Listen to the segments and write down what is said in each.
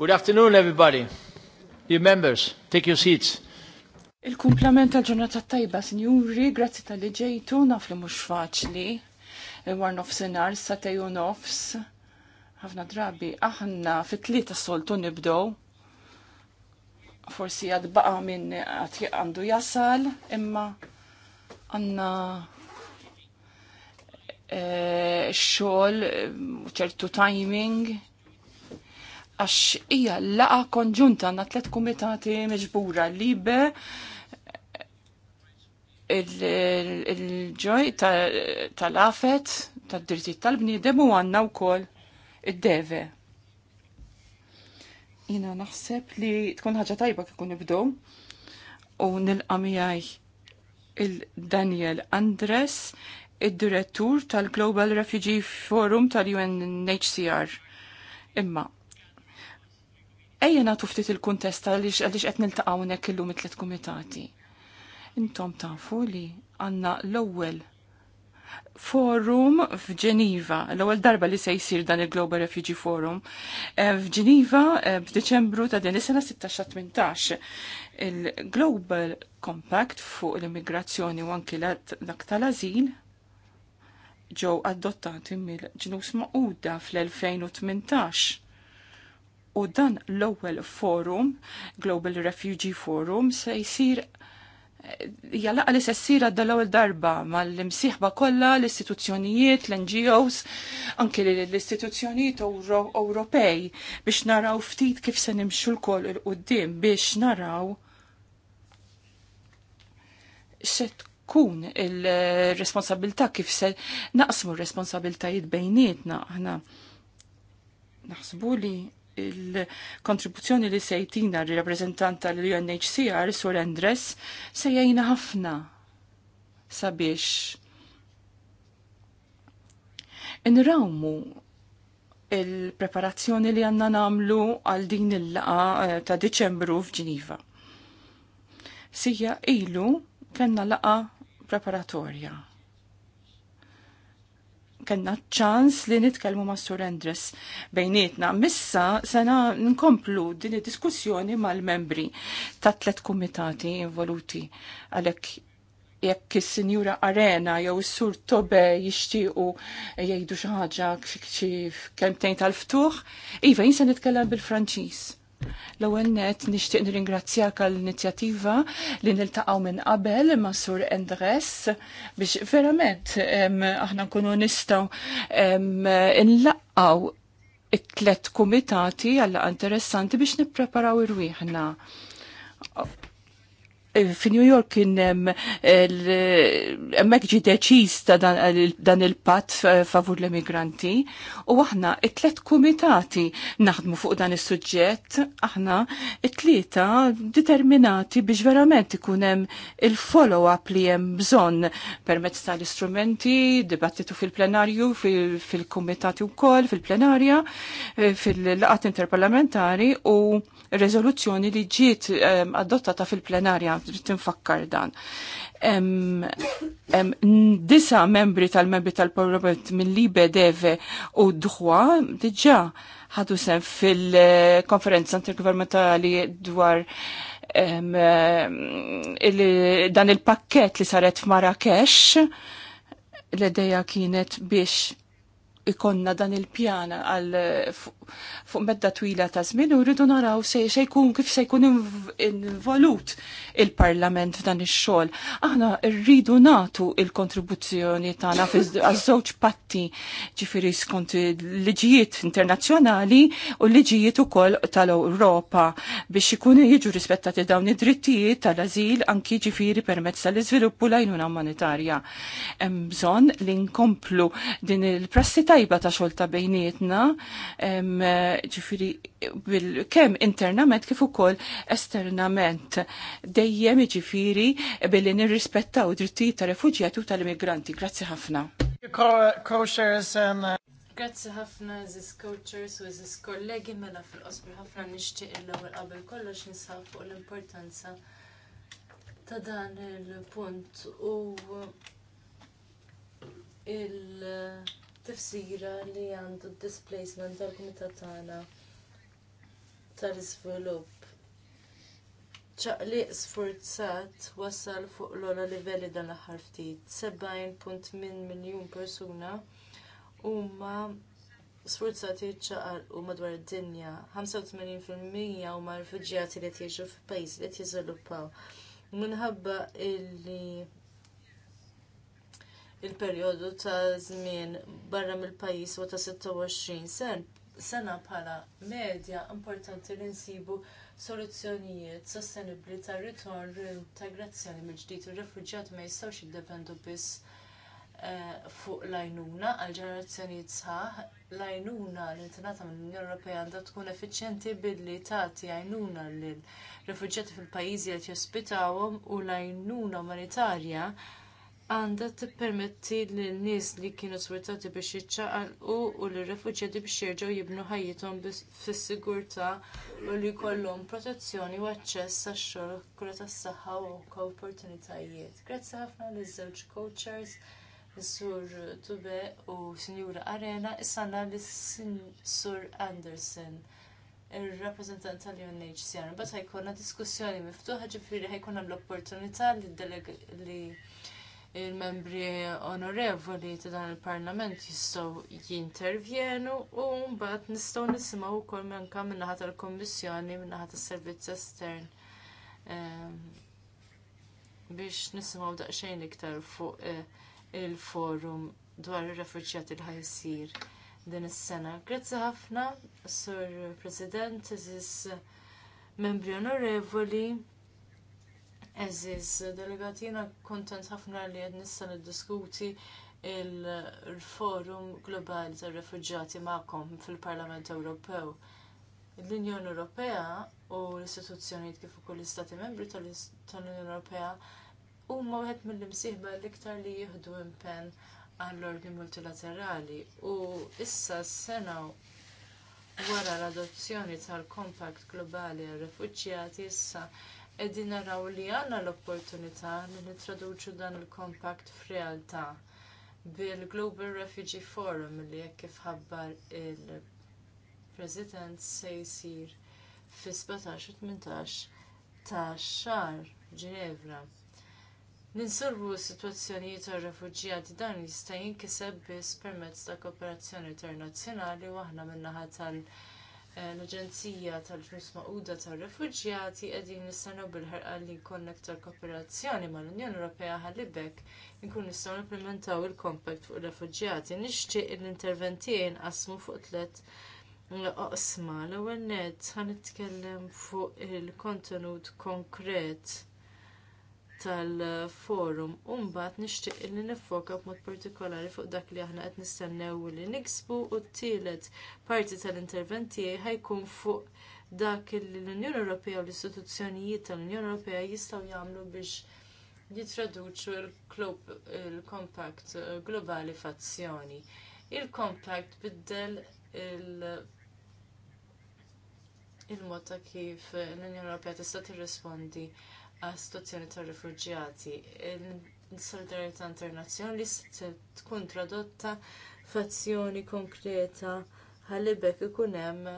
Good afternoon, everybody. Dear members, take your seats. Il-kumplament tal-ġurnata tajba, sinjuri, grazzi tal ġejtu, naf li mux faċli. E, war nofsenar, satej u nofs. Ħafna drabi, aħna fit-tlieta soltu nibdow forsi għad baqa minn għad għandu jasal, imma għanna e, xol, ċertu timing, għax hija laqa konġunta għandna tliet kumitati miġbura libe il-ġoj tal-afet, tal dirti tal-bniedem u għanna wkoll id-deve. Jina naħseb li tkun ħaġa tajba kikun nibdow u nil-qamijaj il-Daniel Andres, id-direttur tal-Global Refugee Forum tal-UNHCR. Imma, Ejja nagħtu ftit il-kuntest għaliex għaliex qed niltaqgħu hawnhekk illum it-tliet kumitati. Intom tafu li għandna l-ewwel forum f'Ġeniva, l-ewwel darba li se jsir dan il-Global Refugee Forum. Eh, F'Ġeniva b'Deċembru eh, ta' din is-sena 16-18 il-Global Compact fuq l-immigrazzjoni u anki dak tal-azil ġew adottati mill-ġnus maquda fl-2018 U dan l-ewwel forum, Global Refugee Forum, se jsir jalaqa li għadda dal-ewwel darba mal-imsieħba kollha l-istituzzjonijiet, l-NGOs, anke l-istituzzjonijiet Ewropej biex naraw ftit kif se nimxu l-koll il-qudiem biex naraw se tkun il-responsabilità kif se naqsmu r-responsabiltajiet bejnietna aħna naħsbu li il-kontribuzzjoni li sejtina r reprezentanta l unhcr Sur Andres, sejjajna ħafna sabiex Nrawmu il-preparazzjoni li għanna namlu għal din il-laqa eh, ta' Deċembru f'Ġiniva. Sija ilu kena laqa preparatorja kellna ċans li nitkellmu ma' Sur Andres bejnietna. Missa sena nkomplu din id-diskussjoni mal-membri ta' tlet kumitati involuti għalhekk jekk is-Sinjura Arena jew is-Sur Tobe jixtiequ jgħidu xi ħaġa kemm kemtejn tal-ftuħ, iva jinsa nitkellem bil-Franċiż. L-ewwel net nixtieq nirringrazzjak għall inizjattiva li niltaqgħu minn qabel ma' Sur Andres biex verament aħna nkunu nistgħu nlaqgħu it-tlet kumitati għalla interessanti biex nippreparaw irwieħna Eh, fi New York kien emmek eh, ġi deċiż ta' dan il pat favur l-immigranti u aħna it-tlet kumitati naħdmu fuq dan is-suġġett aħna it-tlieta determinati biex verament ikun hemm il-follow-up li hemm bżonn permezz tal-istrumenti, dibattitu fil-plenarju, fil-kumitati wkoll, fil-plenarja, eh, fil-laqat interparlamentari u rezoluzzjoni li ġiet ehm, adottata fil-plenarja, trid tinfakkar dan. Disa membri tal-membri tal-Parlament minn libe Deve u Dħwa diġà ħadu sem fil-konferenza intergovernmentali dwar dan il-pakket li saret f'Marrakesh l-edeja kienet biex ikonna dan il-pjana għal fuq medda twila ta' żmien u rridu naraw se jkun kif se jkun involut il-Parlament f'dan ix-xogħol. Aħna rridu natu il-kontribuzzjoni tagħna għaż-żewġ patti ġifieri skont liġijiet internazzjonali u liġijiet ukoll tal-Ewropa biex ikunu jiġu rispettati dawn id-drittijiet tal-ażil anki ġifieri permezz tal-iżviluppu l-għajnuna umanitarja. Hemm bżonn li nkomplu din il-prassi tajba ta' xogħol ta' bejnietna Eh, ġifiri kem internament kif ukoll esternament dejjem ġifiri billi nirrispettaw drittijiet ta' refuġjati u tal-immigranti. Grazzi ħafna. Uh, Grazzi ħafna ziz coachers u ziz kollegi mela fil-qosbi ħafna nixtieq il ewwel qabel kollox nisab fuq l-importanza ta' dan il-punt u il- tifsira li għandu d displacement tal-kumitat tagħna tal-iżvilupp. ċaqliq sfurzat wassal fuq l-ola livelli dan aħħar ftit. 70.8 miljun persuna huma sfurzati ċaqalqu madwar id-dinja. 85% huma rifuġjati li qed jiġu f'pajjiż li qed Minħabba illi il-perjodu ta' żmien barra mill-pajjiż u ta' 26 sen sena bħala medja importanti li nsibu soluzzjonijiet sostenibbli tar ritorn l-integrazzjoni mill-ġdid ir-refuġjat ma jistgħux jiddependu biss eh, fuq l-għajnuna għal ġenerazzjonijiet sħaħ, l-għajnuna li tingħata mill-Unjoni Ewropea għandha tkun effiċjenti billi tagħti għajnuna lil rifuġjati fil-pajjiżi qed jospitawhom u l-għajnuna umanitarja għandha tippermetti li n-nies li kienu sfruttati biex jiċċaqalqu u l r-refuġjati biex jerġgħu jibnu ħajjithom fis-sigurtà u li jkollhom protezzjoni u aċċess għax-xogħol kura tas-saħħa u anke opportunitajiet. Grazzi ħafna liż-żewġ coachers Sur Tube u Sinjura Arena, issa li lis-Sur Anderson il-rappresentant tal-UNHCR. Bat ħajkonna diskussjoni miftuħa ġifiri ħajkonna l-opportunità li il-membri onorevoli ta' dan il-parlament jistgħu jintervjenu u mbagħad nistgħu nisimgħu wkoll minka min-naħa tal-Kummissjoni min-naħa tas-Servizz Estern ehm, biex nisimgħu daqsxejn iktar fuq eh, il-forum dwar ir-refuġjati li ħajsir din is-sena. Grazzi ħafna, Sur President, eżis membri onorevoli. Eżiz, delegatina kontent ħafna li għed nissa niddiskuti il-forum globali tar refugġati ma'kom fil-Parlament Ewropew. L-Unjoni Ewropea u l-istituzzjonijiet kif ukoll l-Istati Membri tal-Unjoni Ewropea huma wieħed mill-imsieħba l-iktar li jieħdu impenn għall-ordni multilaterali u issa s-sena wara l-adozzjoni tal kompakt Globali għal refuġġjati issa qegħdin naraw li għandna l-opportunità li nittraduċu dan il-kompakt f'realtà bil-Global Refugee Forum li jekk kif ħabbar il-President se jsir fi 17-18 ta' xar Ġinevra. Ninsurbu s-sitwazzjonijiet tar refuġjati dan jista' jinkiseb biss permezz ta' kooperazzjoni internazzjonali u aħna min-naħa tal- Eh, l-Aġenzija tal flus Magħquda tar refuġjati qegħdin nistennew bil-ħerqa li jkollna aktar kooperazzjoni mal-Unjoni Ewropea ħalli bekk inkun nistgħu nimplementaw il-Compact fuq ir-refuġjati. Nixtieq l-intervent tiegħi nqasmu fuq tliet oqsma. L-ewwel nett ħanitkellem fuq il-kontenut konkret tal-forum. Umbat nixtieq li nifoka b'mod partikolari fuq dak li aħna qed nistennew li niksbu u t-tielet parti tal-intervent tiegħi ħajkun fuq dak li l-Unjoni Ewropea u l-istituzzjonijiet tal-Unjoni Ewropea jistgħu jagħmlu biex jitraduċu il-compact globali f'azzjoni. Il-compact biddel il- il-mod ta' kif l-Unjoni Ewropea tista' tirrispondi għas-situazzjoni tar-rifuġjati. Il-Solidarjetà Internazzjonali se tkun tradotta f'azzjoni konkreta ħalibek ikun hemm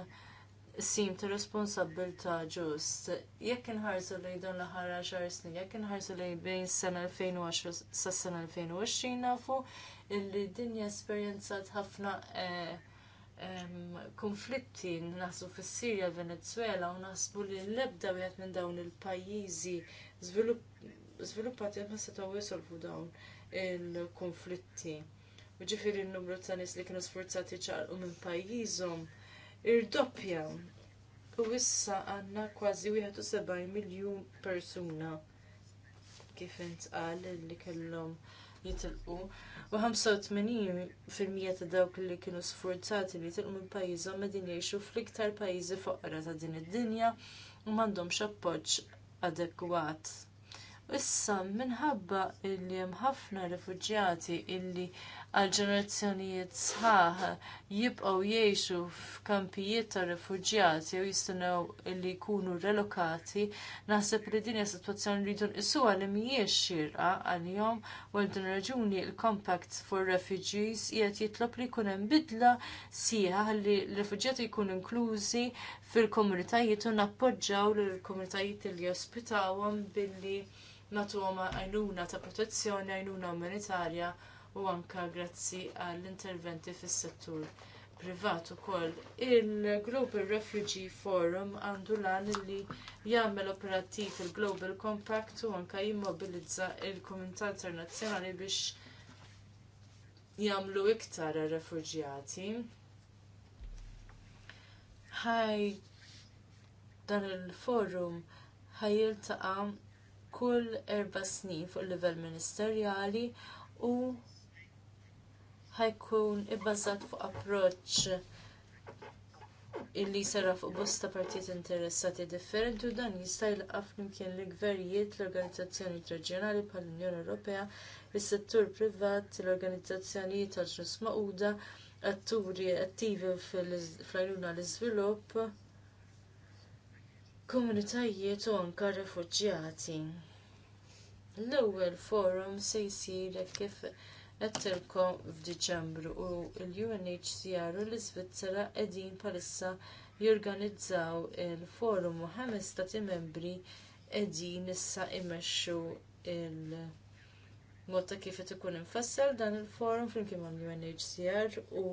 sim ta' responsabilta ġust. Jekk inħarsu lejn dawn l aħħar xar snin, jekk inħarsu lejn bejn sena 2010 sa' sena 2020 nafu illi dinja esperjenzat ħafna eh, konflitti nasu fis-Sirja, Venezuela u nasbu li l-ebda wieħed minn dawn il-pajjiżi żviluppati ma setgħu jisolvu dawn il-konflitti. U ġifieri n-numru ta' nies li kienu sforzati ċaqlqu minn pajjiżhom irdoppja. U issa għandna kważi 71 miljun persuna kif intqal li kellhom jitilqu u 85% ta' dawk li kienu sfurzati li jitilqu minn pajjiżhom qegħdin jgħixu fl-iktar pajjiżi foqra ta' din id-dinja u m'għandhomx appoġġ adekwat. Issa minħabba li hemm ħafna rifuġjati illi għal ġenerazzjonijiet sħaħ jibqgħu jgħixu f'kampijiet ta' refuġjati jew jistennew li jkunu relokati, naħseb li din hija sitwazzjoni li jridu nqisuha li mhijiex xierqa għalihom u għal din raġuni l-Compact for Refugees qiegħed jitlob li jkun hemm bidla sieħa li l-refuġjati jkunu inklużi fil-komunitajiet u nappoġġaw lill-komunitajiet li jospitawhom billi nagħtuhom għajnuna ta' protezzjoni, għajnuna umanitarja u anke grazzi għall-interventi fis-settur privat ukoll. Il-Global Refugee Forum għandu lan li jagħmel operattiv il-Global Compact u anke jimmobilizza l komunità internazzjonali biex jagħmlu iktar refuġjati. Ħaj dan il-forum ħaj jiltaqa' kull erba' snin fuq il livell ministerjali u ħajkun ibbażat fuq approċċ illi jserra fuq bosta partijiet interessati differenti u dan jista' jilqaf flimkien l-gvernijiet, l-organizzazzjoni reġjonali bħall unjoni Ewropea, is-settur privat, l-organizzazzjonijiet tal ġnus maquda, atturi attivi fl-għajnuna l-iżvilupp, komunitajiet u anke refuġjati. L-ewwel forum se jsir kif għattilkom f'Diċembru u l-UNHCR u l iżvizzera qegħdin bħalissa jorganizzaw il-forum u ħames stati membri qegħdin issa imexxu il- mod ta' kif qed ikun infassal dan il-forum flimkien mal UNHCR u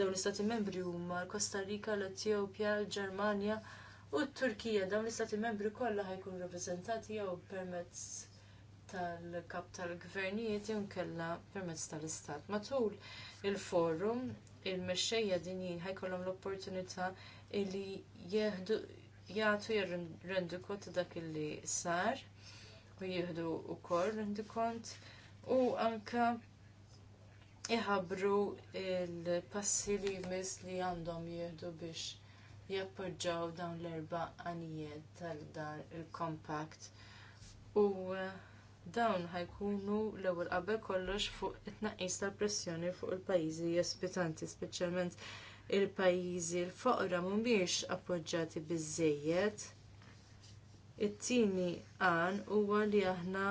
dawn l-istati membri huma l-Kosta Rika, l-Etjopja, l-Ġermanja u t-Turkija. Dawn l-istati membri kollha ħajkunu rappreżentati jew permezz tal-kap tal-gvernijiet jinkella permezz tal-istat. Matul il-forum, il-mexxejja dinjin ħajkollhom l-opportunità li jieħdu jagħtu jirrendu kont dak li sar u jieħdu wkoll rendu kont u anke iħabbru l passi li jmiss li għandhom jieħdu biex jappoġġaw dawn l-erba għanijiet tal-dan il-kompakt. U uh, Dawn ħajkunu l-ewwel qabel kollox fuq it-tnaqqis tal-pressjoni fuq il-pajjiżi ospitanti, speċjalment il-pajjiżi l-foqra mhumiex appoġġjati biżżejjed. It-tieni għan huwa li aħna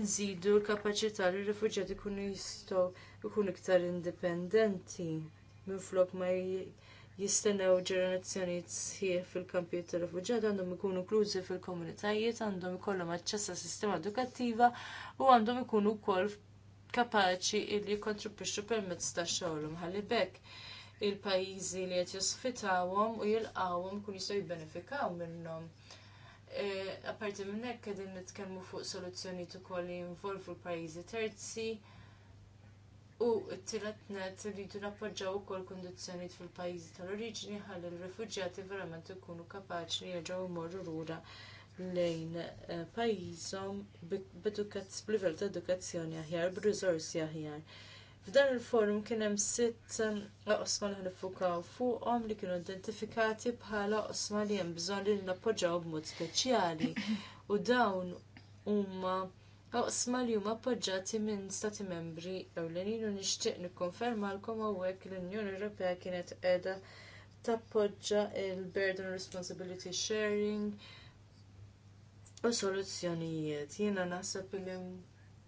inżidu l-kapaċità li r-rifuġjati jkunu jistgħu jkunu iktar indipendenti minflok ma jistennew ġenerazzjonijiet sħiħ fil-kampijiet tar rifuġjati għandhom ikunu klużi fil-komunitajiet, għandhom ikollhom aċċess għas sistema edukattiva u għandhom ikunu wkoll kapaċi li jikkontribwixxu permezz tax xogħolhom ħalli bekk il-pajjiżi li qed josfitawhom u jilqawhom kun jistgħu jibbenefikaw minnhom. E, apparti minn hekk qegħdin nitkellmu fuq soluzzjonijiet ukoll li jinvolvu l-pajjiżi terzi U t-tilet net rridu nappoġġaw ukoll kundizzjonijiet fil-pajjiżi tal-oriġini ħalli l-refuġjati verament ikunu kapaċi jerġgħu jmorru lura lejn eh, pajjiżhom b'livell ta' edukazzjoni aħjar, b'riżorsi aħjar. F'dan il-forum kien hemm sitt eh, oqsma li ħnifukaw fuqhom li kienu identifikati bħala oqsma li hemm bżonn li nappoġġaw b'mod speċjali u dawn huma oqsma li huma appoġġati minn stati membri ewlenin u nixtieq nikkonfermalkom hawnhekk li l-Unjoni Ewropea kienet qiegħda tappoġġa l burden Responsibility Sharing u soluzzjonijiet. Jiena naħseb li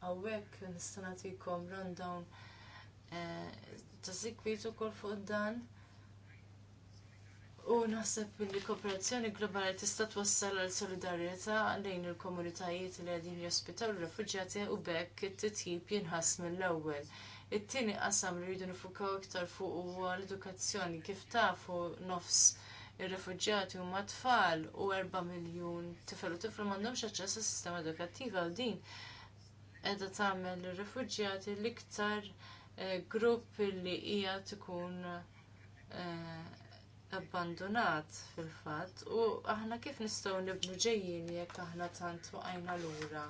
hawnhekk nista' nagħtikom rundown eh, ta' sikwitu kol fuq dan U naħseb li kooperazzjoni globali tista' twassal għal solidarjetà lejn il-komunitajiet li qegħdin jospitaw ir-refuġjati u bekk it-titjib jinħass mill-ewwel. It-tieni qasam li jridu nifukaw iktar fuq huwa l-edukazzjoni kif tafu nofs ir-refuġjati huma tfal u 4 miljun tifel u tifel m'għandhomx aċċess għas-sistema edukattiva għal din qiegħda tagħmel ir-refuġjati l-iktar eh, grupp li hija tkun eh, abbandonat fil-fatt u aħna kif nistgħu nibnu ġejjin jekk aħna tant waqajna lura.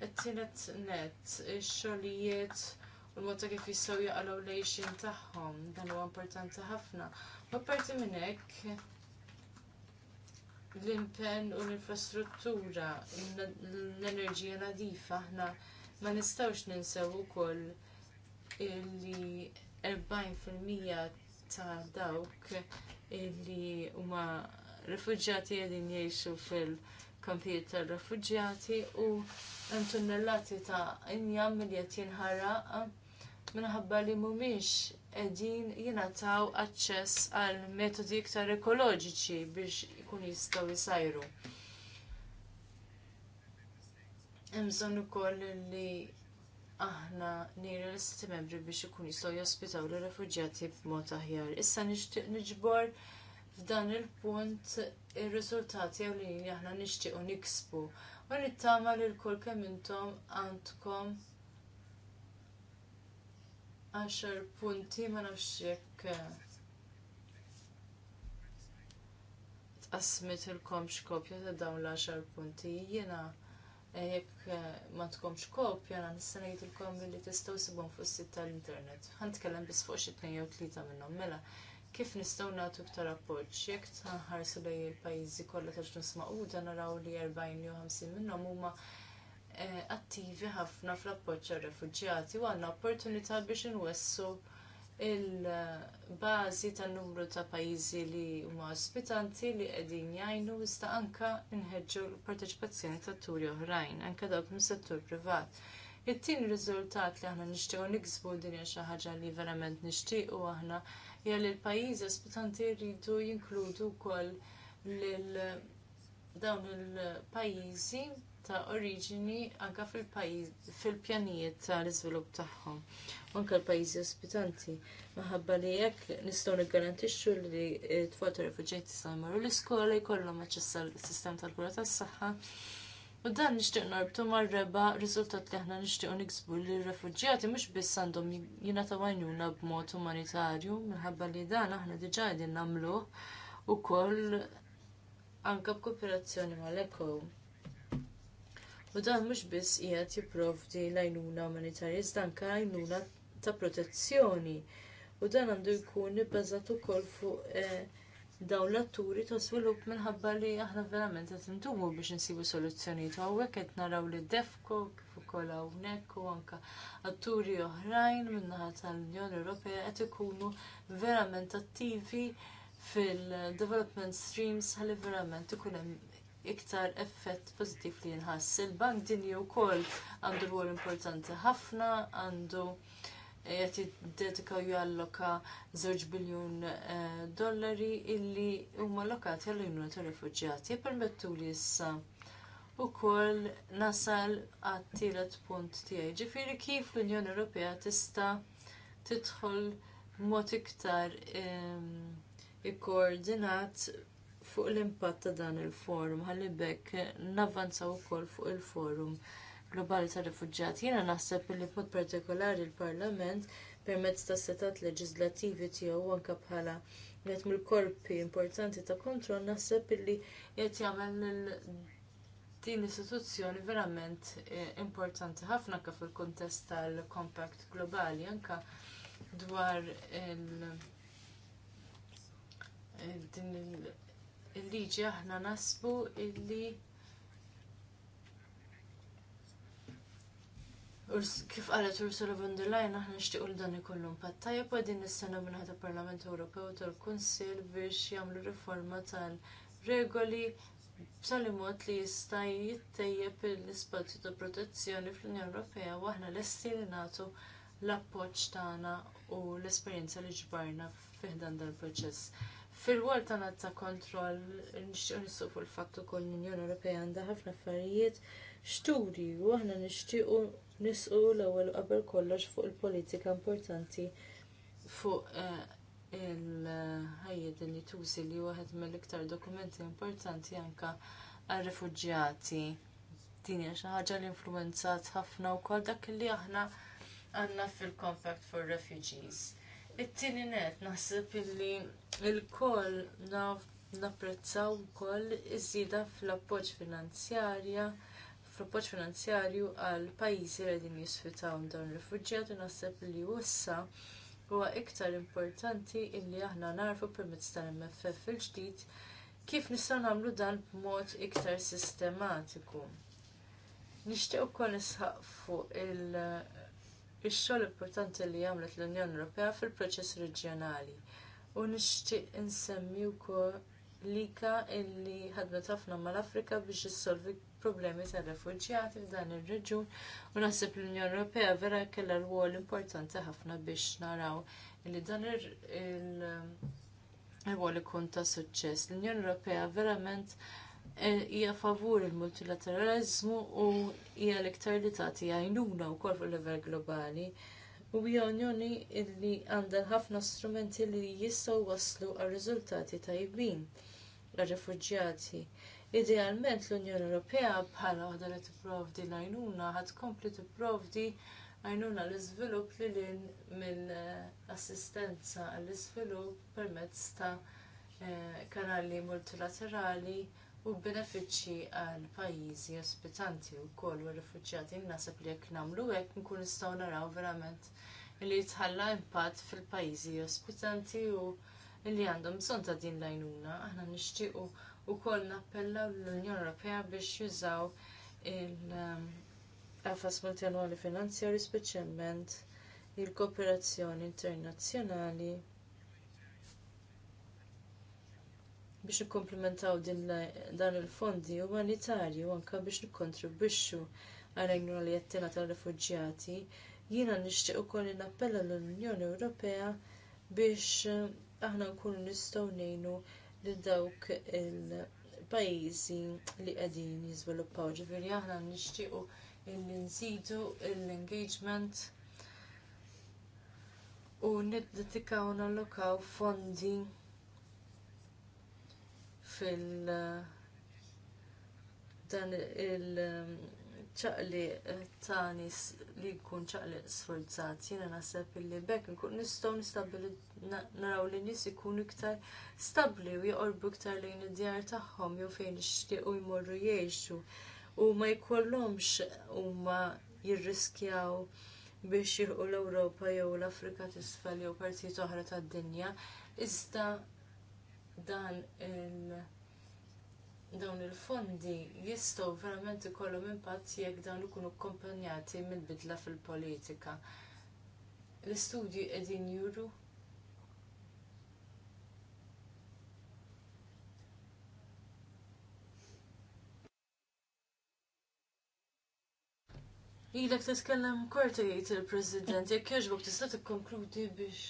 Qed net, ix-xogħlijiet u l-mod ta' kif jistgħu jaqalgħu lejxin tagħhom dan huwa importanti ħafna. U' parti minn hekk l-impenn u l-infrastruttura, l-enerġija nadifa aħna ma nistgħux ninsew ukoll li 40% ta' dawk illi huma rifuġġjati qegħdin jgħixu fil-kampijiet tar-rifuġġjati u hemm tunnellati ta' injam li qed jinħaraq minħabba li mhumiex qegħdin jingħataw aċċess għal metodi iktar ekoloġiċi biex ikun jistgħu jsajru. Hemm bżonn ukoll li aħna nira l-istati membri biex ikun jistgħu jospitaw l-refuġjati b'mod aħjar. Issa nixtieq niġbor f'dan il-punt ir-riżultati il ewlieni li aħna nixtiequ niksbu. U nittama li l-kull kemm intom għandkom 10 punti ma nafx jekk eh, tqasmet il-kom xkopja ta' dawn l-10 punti. Jiena jekk eh, ma tkomx kopja għana nista' ngħidilkom li tistgħu sibhom fuq is-sit tal-internet. Ħantkellem biss fuq xi tnejn jew tlieta minnhom mela kif nistgħu nagħtu iktar appoġġ jekk tħarsu lejn il-pajjiżi kollha ta' ġnus maquda naraw li 40 jew 50 minnhom huma eh, attivi ħafna fl-appoġġ għar-refuġjati u għandna opportunità biex inwessu il-bażi tan-numru ta' pajjiżi li huma ospitanti li qegħdin jgħinu iżda anke nħeġġu l-parteċipazzjoni ta' turi oħrajn, anke dawk mis-settur privat. It-tieni riżultat li aħna nixtiequ niksbu din hija xi ħaġa li verament nixtiequ aħna hija li l-pajjiżi ospitanti jridu jinkludu wkoll lil dawn il-pajjiżi ta' oriġini anka fil-pjanijiet tal-iżvilupp tagħhom. Anke l-pajjiżi ospitanti. Minħabba li jekk nistgħu niggarantixxu li t-tfal ta' refuġjati sa' jmorru l-iskola jkollhom aċċess għall-sistema tal-kura tas-saħħa. U dan nixtieq norbtu mar-reba riżultat li aħna nixtiequ niksbu li r-refuġjati mhux biss għandhom jingħataw għajnuna b'mod umanitarju minħabba li dan aħna diġà qegħdin nagħmluh ukoll anke b'kooperazzjoni mal-ECO U dan mhux biss qiegħed jipprovdi l-għajnuna umanitarja iżda anke għajnuna ta' protezzjoni. U dan għandu jkun ibbażat ukoll fuq eh, dawn l-atturi ta' svilupp minħabba li aħna verament qed intumu biex insibu soluzzjonijiet u hawnhekk qed naraw li defko kif ukoll hawnhekk u anke atturi oħrajn min-naħa tal-Unjoni Ewropea qed ikunu verament attivi fil-development streams ħalli verament ikun hemm iktar effett pożittiv li jinħass. Il-bank dinju wkoll għandu rwol importanti ħafna, għandu eh, jiddedika dedika jalloka 2 biljun eh, dollari illi huma allokati għall-Unjoni ta' Rifuġjati. Permettu li issa wkoll nasal għat-tielet punt tiegħi. Ġifieri kif l-Unjoni Ewropea tista' tidħol mod iktar ehm, ikkoordinat fuq l-impatt ta' dan il-forum ħalli bekk navvanzaw ukoll fuq il-forum globali tar rifuġġjati. Jiena naħseb li mod partikolari l-Parlament permezz ta' setat leġislattivi tiegħu anke bħala qed mill-korpi importanti ta' kontroll naħseb li qed jagħmel din l-istituzzjoni verament eh, importanti ħafna anke fil-kuntest tal-compact globali anke dwar il- din il-liġi aħna nasbu illi Kif qalet Ursula von der Leyen aħna nixtiequ li dan ikollu impatt tajjeb għadin nistennew minn ħadd il-Parlament Ewropew tal-Kunsill biex jagħmlu riforma tal-regoli b'tali mod li jista' jittejjeb l-ispazju ta' protezzjoni fl-Unjoni Ewropea u aħna lesti li nagħtu l-appoġġ tagħna u l-esperjenza li ġbarna f'ħdan dal-proċess. Fil-wol ta' kontroll, nixtieq nisuq fuq il-fatt ukoll l-Unjoni Ewropea għandha ħafna affarijiet xturi u aħna nixtiequ nisqu l-ewwel qabel kollox fuq il-politika importanti fuq eh, il-ħajja li tużi li waħed mill-iktar dokumenti importanti anke għar-refuġjati. Din hija xi ħaġa li influwenzat ħafna wkoll dak li aħna għandna fil-Compact for Refugees It-tieni net naħseb illi l-koll napprezzaw ukoll iż-żieda fl-appoġġ finanzjarja fl-appoġġ finanzjarju għal pajjiżi li din jisfitaw dawn rifuġġjati naħseb li issa huwa iktar importanti illi aħna narfu permezz tal-MFF il-ġdid kif nistgħu nagħmlu dan b'mod iktar sistematiku. Nixtieq ukoll nisħaq fuq il- ix-xogħol importanti li għamlet l-Unjoni Ewropea fil-proċess reġjonali. U nixtieq insemmi wkoll lika illi ħadmet ħafna mal-Afrika biex issolvi problemi tar refuġjati f'dan ir-reġun u naħseb l-Unjoni Ewropea vera kellha rwol importanti ħafna biex naraw li dan ir-rwol ikun ta' suċċess. L-Unjoni Ewropea verament hija favur il-multilateralizmu u hija l-iktar li tagħti għajnuna wkoll fuq livell globali. U hija unjoni li għandha ħafna strumenti li jistgħu waslu għal riżultati tajbin għal refuġjati Idealment l-Unjoni Ewropea bħala għadha li tipprovdi l-għajnuna ħad tkompli tipprovdi għajnuna l-iżvilupp li lin mill-assistenza għall-iżvilupp permezz ta' eh, kanali multilaterali u bbenefiċċji għal pajjiżi ospitanti wkoll u rifuġġjati naħseb li jekk nagħmlu hekk nkun nistgħu naraw verament li jitħalla impatt fil-pajjiżi ospitanti u li għandhom bżonn ta' din l-għajnuna. Aħna nixtiequ wkoll nappellaw l-Unjoni Ewropea biex jużaw il-qafas multjanwali finanzjari speċjalment il-kooperazzjoni internazzjonali biex nikkomplementaw dan il-fondi umanitarju anke biex nikkontribwixxu għal għajnuna li tal-refugġjati, jiena nixtieq ukoll nappella l-Unjoni Ewropea biex eh, aħna nkunu nistgħu ngħinu lil dawk il-pajjiżi li qegħdin jiżviluppaw. Ġifieri aħna nixtiequ illi nżidu l-engagement u nittikaw nallokaw fondi fil- dan il-ċaqli um, eh, tani li jkun ċaqli sforzat, jiena naħseb illi bekk nkun nistgħu nistabili naraw li nis ikunu iktar stabbli u joqorbu iktar lejn id-djar tagħhom jew fejn ixtiequ jmorru jgħixu u ma jkollhomx huma jirriskjaw biex jilqu l-Ewropa jew l-Afrika t'isfel jew partijiet oħra tad-dinja iżda dan il- dawn il-fondi jistgħu verament ikollhom impatt jekk dawn ikunu kkompanjati minn bidla fil-politika. L-istudji qegħdin juru Ilek tkellem kwarta jgħid il-President, jekk jogħġbok tista' tikkonkludi biex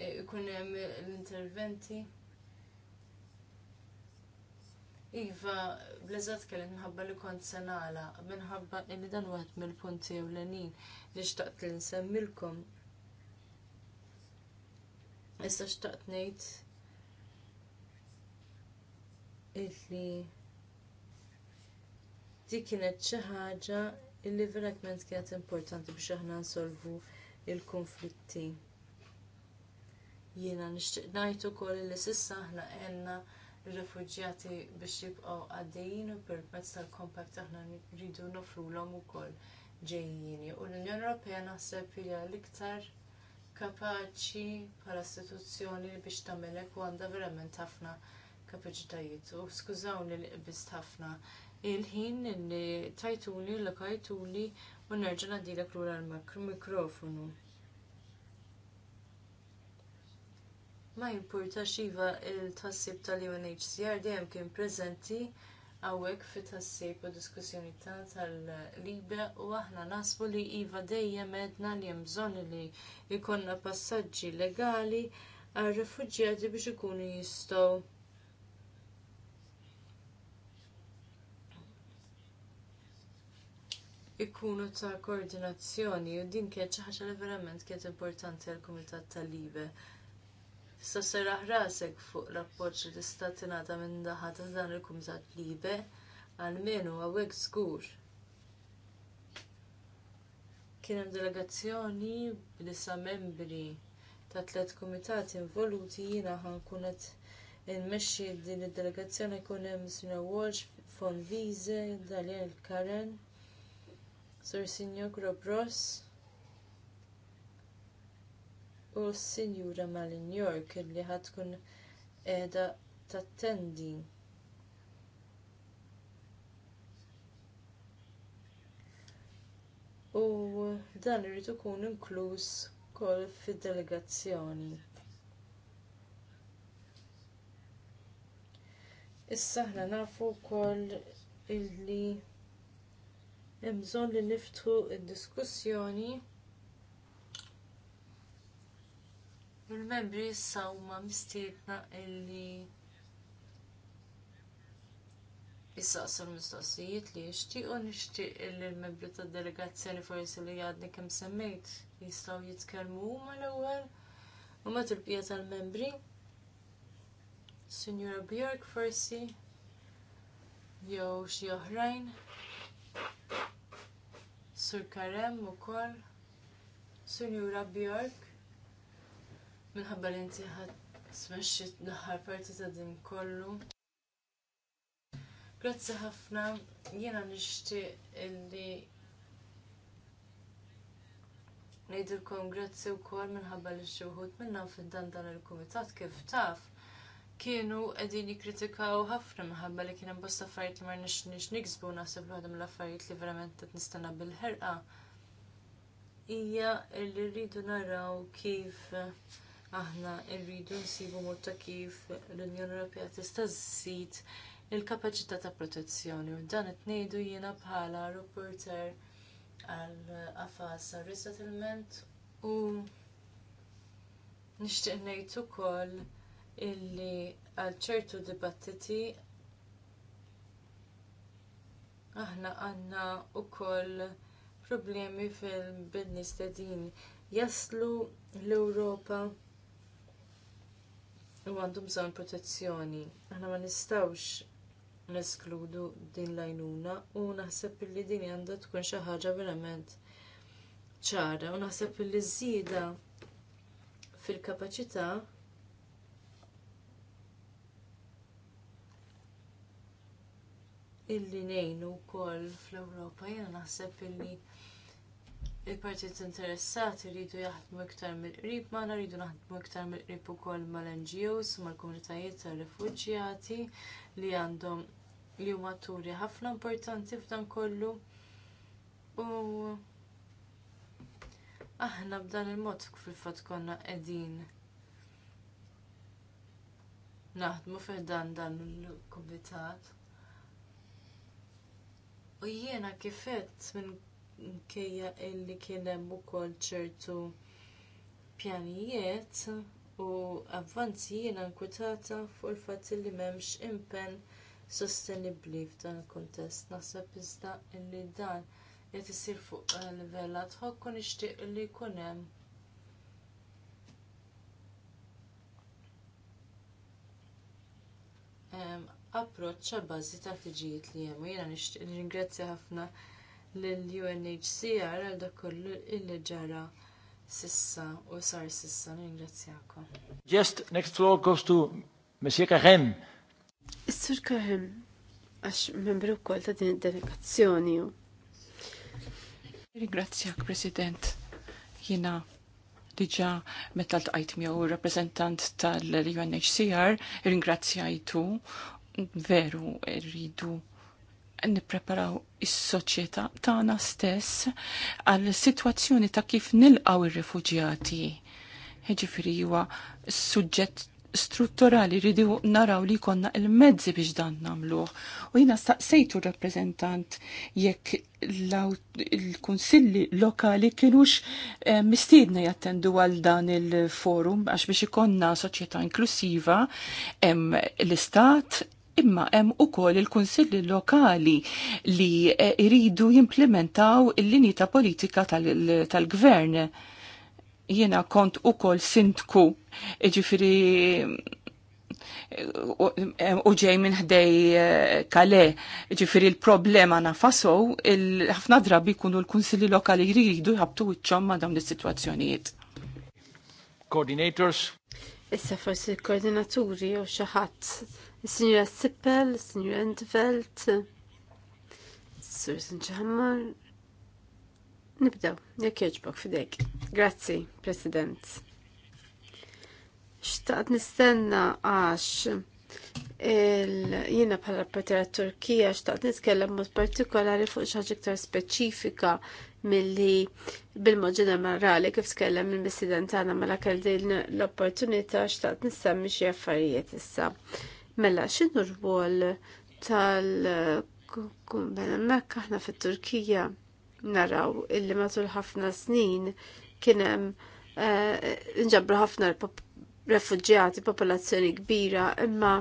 ikun hemm l-interventi. Iva, bleżat kellem minħabba li kont senala, minħabba li dan waħed mill-punti ewlenin li xtaqt li nsemmilkom. Issa xtaqt nejt illi dik kienet xi ħaġa illi verament kienet importanti biex aħna nsolvu l-konflitti. Jiena nixtieq ngħid ukoll li s'issa aħna għandna r-refuġjati biex jibqgħu għaddejjin u permezz tal-kompakt aħna rridu nofruhom ukoll ġejjini. U l-Unjoni Ewropea naħseb hija l-iktar kapaċi bħala istituzzjoni biex tagħmelek u għandha verament ħafna kapaċitajiet. U skużawni li qbist ħafna il-ħin li tajtuli l-lokajtuli u nerġa' nadilek lura l-mikrofonu. Ma jimpurtax iva il-tassib tal-UNHCR dejjem kien preżenti hawnhekk fit tassib u diskussjoni tal libja u aħna nasbu li iva dejjem għedna li hemm bżonn li jkollna passaġġi legali għar rifuġjati biex ikunu jistgħu ikunu ta' koordinazzjoni u din kienet xi ħaġa li verament kienet importanti għall kumitat tal libja Issa serraħ rasek fuq rapport li tista' tingħata minn daħa ta' dan il-Kumitat Libe għalmenu għawek żgur kien hemm delegazzjoni b'nisa membri ta' tliet kumitati involuti jiena nkun qed inmexxi din id-delegazzjoni jkun hemm Sina Walsh, Von Wiese, Daniel Karen, Sir Signor Ross u s-Sinjura Malinjork li ħatkun qiegħda tattendi. U dan irid ikun inkluż ukoll fid-delegazzjoni. Issa aħna nafu wkoll illi hemm bżonn li niftħu d-diskussjoni il il membri issa ma mistiedna illi issa l-mistoqsijiet li u nixtieq illi l-membri tad-delegazzjoni forsi li għadni kem semmejt jistgħu jitkellmu huma l-ewwel u ma tulbija tal-membri. Signora Bjork forsi jew xi oħrajn. Sur Karem ukoll. Signora Bjork minħabba li inti ħadd smexxit aħħar parti ta' din kollu. Grazzi ħafna, jiena nixtieq illi Nejdilkom grazzi u kol minħabba li xuħut minna fid-dan dan il-komitat kif taf kienu għedin jikritikaw ħafna minħabba li kienem bosta affarijiet li ma nix niksbu naħseb li l-affarijiet li verament qed nistenna bil-ħerqa. Ija li rridu naraw kif aħna rridu nsibu mod ta' kif l-Unjoni Ewropea tista' żżid il-kapaċità ta' protezzjoni u dan qed ngħidu jiena bħala reporter għal qafas resettlement u nixtieq ngħid ukoll illi għal ċertu dibattiti aħna għandna wkoll problemi fil-bidni stedin jaslu l-Ewropa u għandu bżonn protezzjoni. Aħna ma nistawx neskludu din l-għajnuna u naħseb li din għandha tkun xi ħaġa verament ċara u naħseb li żieda fil-kapaċità illi nejnu wkoll fl ewropa jena naħseb illi il-partijiet interessati rridu jaħdmu iktar mill-qrib magħna, rridu naħdmu iktar mill-qrib ukoll mal-NGOs, mal-komunitajiet tar-refuġjati li għandhom li huma turi ħafna importanti f'dan kollu. U aħna b'dan il-mod fil-fatt konna qegħdin naħdmu f'dan dan il-kumitat. U jiena kifet minn kejja illi kienem u ukoll ċertu pjanijiet u avvanzi jiena nkwitata fuq il-fatt li m'hemmx impenn sostenibbli f'dan il-kuntest. Naħseb iżda illi dan qed isir fuq livell ad hoc u nixtieq li jkun hemm approċċ għal bażi ta' tiġijiet li hemm. Jiena nixtieq nirringrazzja ħafna lill unhcr għal dak kollu illi ġara sissa u sar sissa ningrazzjakom. Just next floor goes to Monsieur Kahem. Sir Kahem, għax membru wkoll ta' din id-delegazzjoni. Ringrazzjak, President. Jina diġa meta l-tqajt miegħu rappreżentant tal-UNHCR, ringrazzjajtu veru rridu nippreparaw is-soċjetà tagħna stess għal sitwazzjoni ta' kif nilqaw ir-rifuġjati. Ġifieri huwa suġġett strutturali ridu naraw li konna il-mezzi biex dan namluħ. U jina staqsejtu rappresentant jekk il-konsilli lokali kienux eh, mistiedna jattendu għal dan il-forum għax biex ikonna soċjetà inklusiva l-istat imma hemm ukoll il-kunsilli lokali li eh, iridu jimplementaw il-linji ta' politika tal-gvern. Jiena kont ukoll sindku, ġifiri eh, u ġej minn ħdej kale, eh, ġifiri il-problema nafasow, ħafna drabi kunu l-kunsilli lokali jridu jħabtu wiċċom ma dawn is-sitwazzjonijiet. Coordinators. Issa forsi koordinaturi u xaħat il Sippel, il-Sinjura Entvelt, Sur Sinċammar. Nibdew, jek jieġbok fidejk. Grazzi, President. Xtaqt nistenna għax jina bħala rapportera Turkija xtaqt nitkellem mod partikolari fuq ħaġa iktar speċifika milli bil-mod ġenerali kif tkellem il-President tagħna mela kelli l-opportunità xtaqt nissemmi xi affarijiet issa. Mela, x'inhu rwol tal kumbena mekka aħna fit-Turkija naraw illi matul ħafna snin kien hemm eh, inġabru ħafna refugġjati, popolazzjoni kbira imma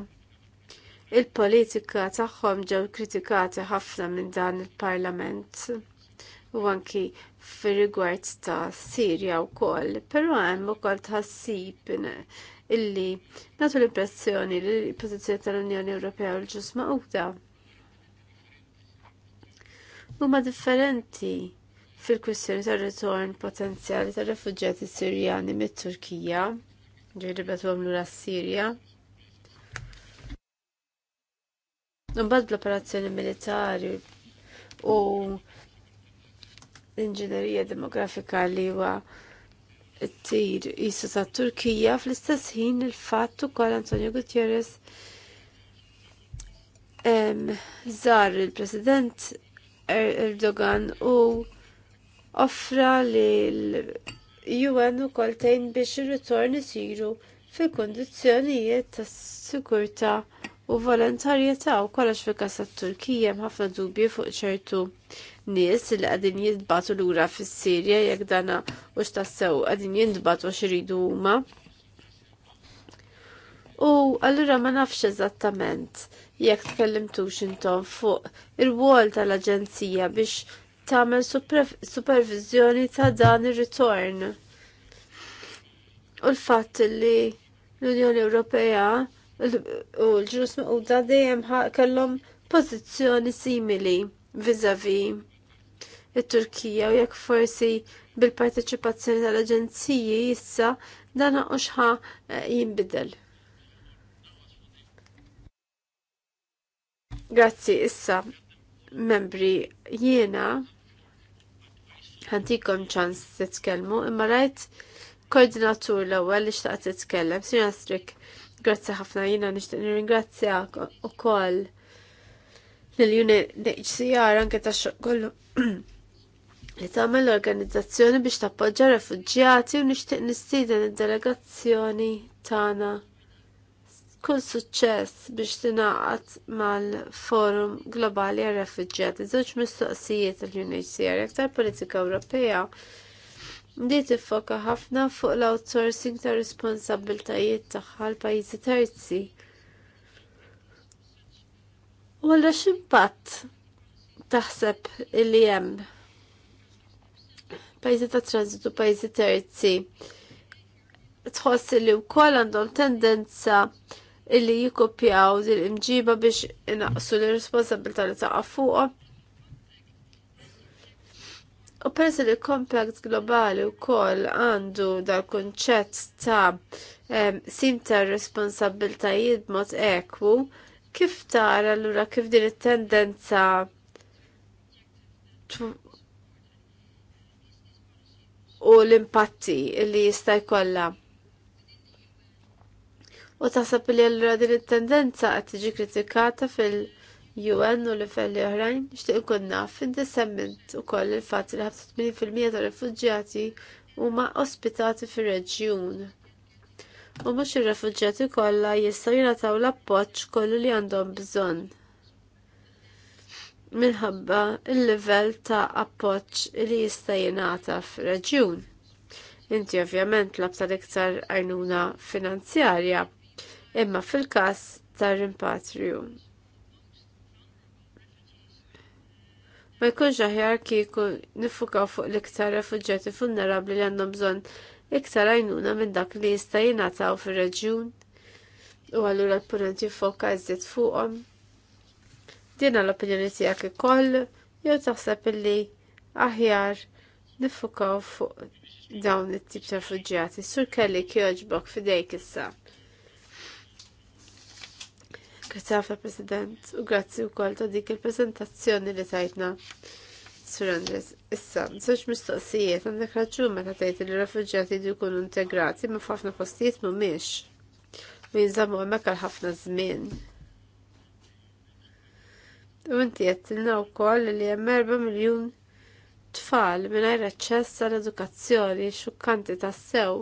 il-politika tagħhom ġew kritikati ħafna minn dan il-Parlament u anki fir rigward ta' Sirja wkoll, però hemm ukoll tħassib illi natu l-impressjoni li l-pozizjoni tal-Unjoni Ewropea u l-ġus maqda huma differenti fil-kwistjoni tar-ritorn potenzjali tar-refuġjati Sirjani mit-Turkija ġiri betu għamlu l-Assirja. Nbad bl-operazzjoni militari u l-inġinerija demografika li huwa tir isu ta' Turkija fl-istess ħin il-fatt ukoll Antonio Gutierrez żar il-President er-, Erdogan u offra li l-UN ukoll tgħin biex ir-ritorn isiru fil kundizzjonijiet tas-sigurtà u volontarjetà u kollox fi kasa Turkija ħafna dubji fuq ċertu nies li qegħdin jintbatu lura fis-Sirja jekk dana u x'tassew qegħdin jintbatu x'iridu huma. U allura ma nafx eżattament jekk tkellimtux intom fuq ir-wol tal-Aġenzija biex tagħmel supervizjoni ta' dan ir-ritorn. U l-fatt li l-Unjoni Ewropea u l-ġus mequda dejjem kellhom pożizzjoni simili viżavi it-Turkija u jekk forsi bil-parteċipazzjoni tal-aġenziji issa dan oxħa eh, jinbidel. Grazzi issa membri jiena ħantikom ċans titkellmu imma rajt koordinatur l-ewwel li xtaqt titkellem, Sir Astrik. Grazzi ħafna jina nixtieq nirringrazzja ukoll lill-UNHCR anke tax kollu li tagħmel l-organizzazzjoni biex tappoġġa refuġjati u nixtieq nistieden id-delegazzjoni tagħna kull suċċess biex tingħaqad mal-Forum Globali għar-Refuġjati żewġ mistoqsijiet l-UNHCR aktar politika Ewropea Mdi tiffoka ħafna fuq l-outsourcing ta' responsabiltajiet tagħha l pajjiżi terzi. Walla x'impatt taħseb illi hemm pajjiżi ta' transitu pajjiżi terzi tħoss li wkoll għandhom tendenza illi jikopjaw dil-imġiba biex inaqsu l-responsabilta li taqa' fuqhom U peress li l globali u koll għandu dal-konċett ta' um, sim responsabiltajiet mod ekwu, kif tara allura kif din it-tendenza u l-impatti li jista' jkollha. U taħseb li allura din it-tendenza qed tiġi kritikata fil- UN u l-ifelli oħrajn xtiq ikun naf indissemmint ukoll il-fatt li ħafna 80% tar-refuġjati huma ospitati fir-reġjun. U mhux ir-refuġjati kollha jistgħu jingħataw l-appoġġ kollu li għandhom bżonn. Minħabba il-livell ta' appoġġ li jista' jingħata f'reġjun. Inti ovvjament labta l-iktar għajnuna finanzjarja, imma fil-każ tar-rimpatriju ma jkunx aħjar kieku nifukaw fuq l-iktar refuġjati vulnerabbli li għandhom bżonn iktar għajnuna minn dak li jista' jingħataw fir-reġjun u allura l-punent jiffoka iżjed fuqhom. Dina l-opinjoni tiegħek ikoll jew taħseb li aħjar nifukaw fuq dawn it-tip ta' refuġjati. Sur kelli kjoġbok fidejk issa. Grazzi President, u grazzi wkoll ta' dik il-prezentazzjoni li tajtna. Sur Andres, issa, soċ mistoqsijiet għandek raġun meta tgħid li r refugġati di jkunu integrati ma' f'ħafna postijiet mhumiex u jinżammu hemmhekk ħafna żmien. U inti u wkoll li hemm 4 miljun tfal mingħajr aċċess għall edukazzjoni xukkanti ta' sew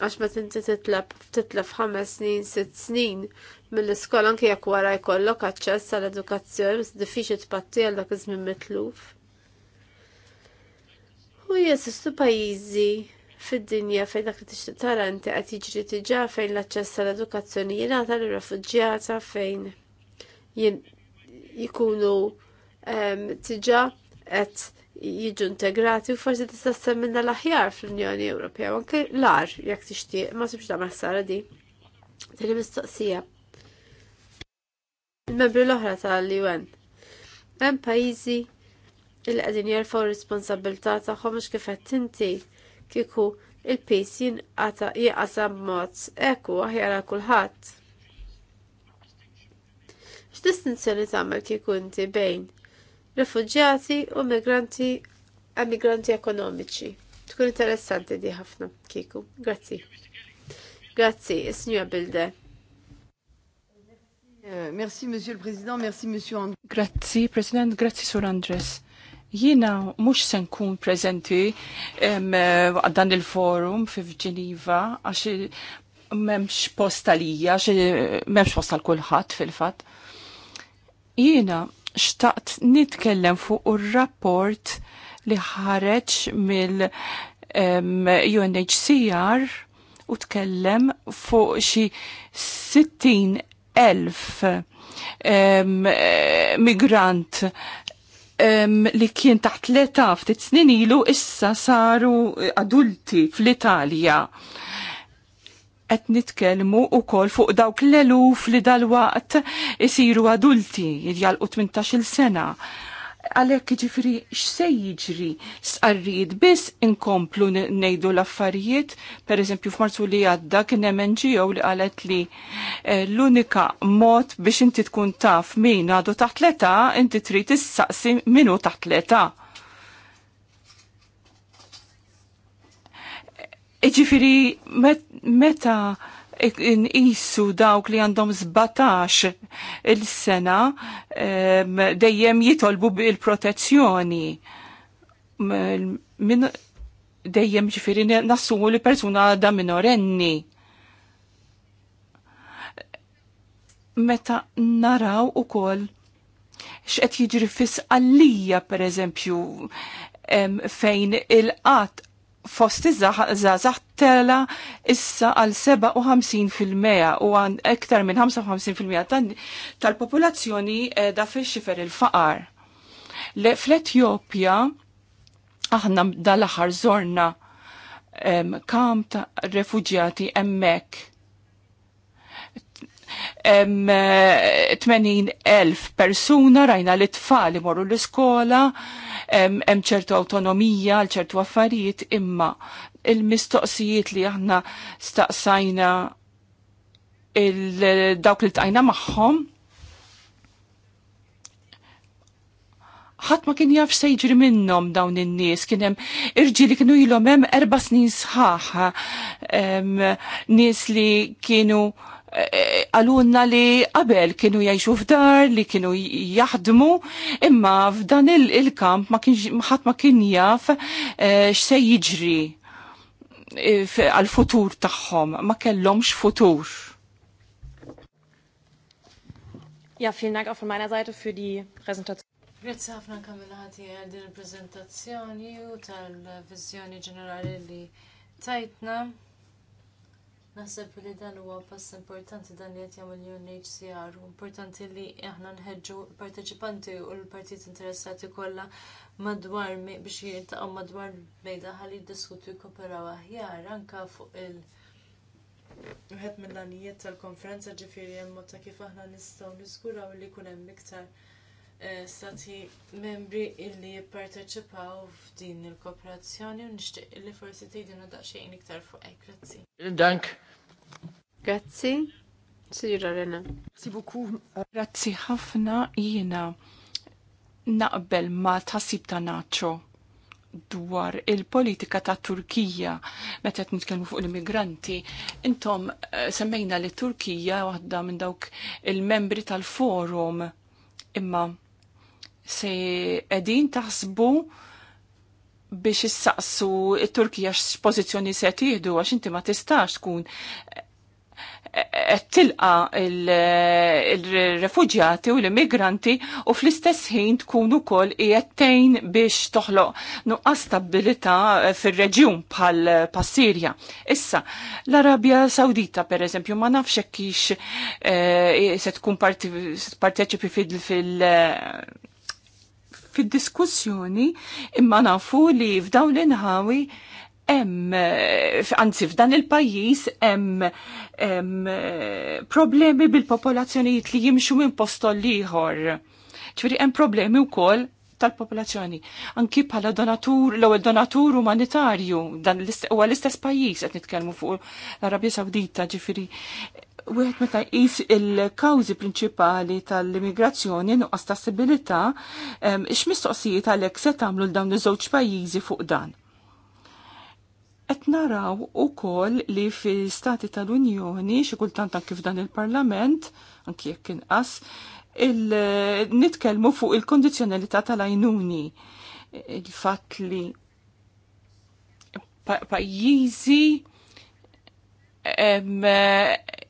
għax ma tinti titlab titlab ħames snin, sitt snin mill-iskola anke jekk wara jkollok aċċess għall edukazzjoni biss diffiċli tpatti għal dak iż-żmien mitluf. U jeżistu pajjiżi fid-dinja fejn dak li tixtieq tara inti qed jiġri diġà fejn l-aċċess għall edukazzjoni jingħata lir refuġġjata fejn jikunu tiġà ehm, qed jiġu integrati u forsi tista' semmilna l-aħjar fl-Unjoni Ewropea, anke l-ar jekk tixtieq, ma sibx ta' sara di. Tieni mistoqsija. Il-membri l-oħra tal-UN. Hemm pajjiżi li qegħdin jerfgħu responsabilità tagħhom mhux kif qed inti kieku il-pis jinqasa b'mod eku aħjar għal kulħadd. X'distinzjoni tagħmel kieku inti bejn rifuġjati u migranti emigranti ekonomiċi. Tkun interessanti di ħafna, Kiku. Grazzi. Grazzi, Isnija Bilde. Eh, merci, Monsieur le Président, merci, Monsieur Andres. Grazzi, President, grazzi, Sur Andres. Jina mux sen kun prezenti eh, dan il-forum fi Ġeniva, għax memx posta lija, għax memx posta l-kulħat fil-fat. Jina xtaqt nitkellem fuq ir-rapport li ħareġ mill-UNHCR u tkellem fuq xi 60 elf migrant li kien taħt l-età ftit snin ilu issa saru adulti fl-Italja qed nitkellmu wkoll fuq dawk l-eluf li dalwaqt isiru adulti jgħalqu 18-il sena. Għalhekk jiġifieri x'se jiġri sqarrid biss inkomplu ngħidu l-affarijiet, pereżempju f'Marzu li għadda kien hemm NGO li qalet li eh, l-unika mod biex inti tkun taf min għadu taħt l-età inti trid issaqsi minu taħt l-età Iġifiri, meta inqisu dawk li għandhom 17 il-sena dejjem jitolbu il-protezzjoni. dejjem ġifiri nassu li persuna da minorenni. Meta naraw u koll xqed jiġri fis għallija per eżempju fejn il-qat fost iż-żazax tela issa għal 57% u għan ektar minn 55% tal-popolazzjoni da fi xifer il-faqar. Fl-Etjopja aħna dal-aħħar zorna kam ta' refugjati emmek 80.000 eh, persuna rajna li tfal morru l-iskola, hemm ċertu autonomija għal ċertu affarijiet, imma il-mistoqsijiet li aħna staqsajna il-dawk li tqajna magħhom ħadd ma kien jaf se jiġri minnhom dawn in-nies kien hemm irġieli kienu ilhom hemm erba' snin sħaħ nies li kienu eh, għalunna li qabel kienu jgħixu f'dar, li kienu jaħdmu, imma f'dan il-kamp ma ħadd ma kien jaf eh, x'se jiġri eh, għal-futur tagħhom, ma kellhomx futur. Ja, vielen Dank auch von meiner Seite für die Präsentation. Grazie ħafna kamil ħati għal din il-prezentazzjoni u tal-vizjoni ġenerali li tajtna. Naħseb li dan huwa pass importanti dan li qed jagħmel UNHCR u importanti li aħna nħeġġu l-parteċipanti u l-partit interessati kollha madwar biex jiltaqgħu madwar mejda ħalli jiddiskutu jkoperaw aħjar anke fuq il- Wieħed mill-għanijiet tal-konferenza ġifieri hemm mod ta' kif aħna nistgħu niżguraw li jkun hemm iktar Eh, stati membri illi jipparteċipaw f'din il-kooperazzjoni u nixtieq illi forsi tgħidilna daqsxejn iktar fuq hekk. Grazzi. Dank. Grazzi. Sira Rena. Grazzi ħafna jiena naqbel ma tasib ta' naċċo dwar il-politika ta' Turkija meta qed nitkellmu fuq l-immigranti, intom eh, semmejna li Turkija waħda minn dawk il-membri tal-forum imma se edin taħsbu biex issaqsu il-Turkija x-pozizjoni se tiħdu, għax inti ma tistax tkun tilqa il-refugjati u l-immigranti u fl-istess ħin tkun ukoll jettejn biex toħloq nuqqas stabilità fir-reġjun bħal Sirja. Issa, l-Arabja Sawdita pereżempju ma nafx hekk eh, se tkun parteċipi fil- fid-diskussjoni imma nafu li f'dawn l-inħawi hemm eh, anzi f'dan il-pajjiż hemm eh, problemi bil-popolazzjonijiet li jimxu minn postol ieħor. Ġifieri hemm problemi wkoll tal-popolazzjoni. Anki bħala donatur, l-ewwel donatur umanitarju, dan huwa l-istess pajjiż qed nitkellmu fuq l-Arabja Sawdita, ġifieri wieħed meta jqis il-kawżi prinċipali tal-immigrazzjoni nuqqas ta' stabilità x'mistoqsijiet għalhekk se tagħmlu l dawn iż-żewġ pajjiżi fuq dan. Qed naraw ukoll li fil-Stati tal-Unjoni xi kultant anke f'dan il-Parlament, anke jekk inqas, nitkellmu fuq il-kondizzjonalità tal-għajnuni. Il-fatt li pajjiżi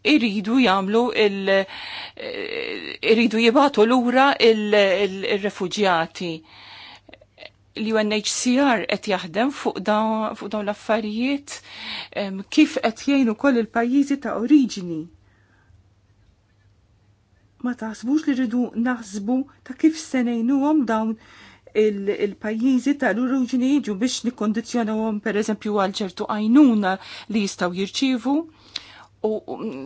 iridu jamlu il iridu jibatu lura il-refugjati. L-UNHCR qed jaħdem fuq dawn l-affarijiet kif qed jgħinu koll il-pajjiżi ta' oriġini. Ma taħsbux li rridu naħsbu ta' kif se ngħinuhom dawn il-pajjiżi tal uruġni jiġu biex nikkondizjonawhom pereżempju għal ċertu għajnuna li jistgħu jirċievu. U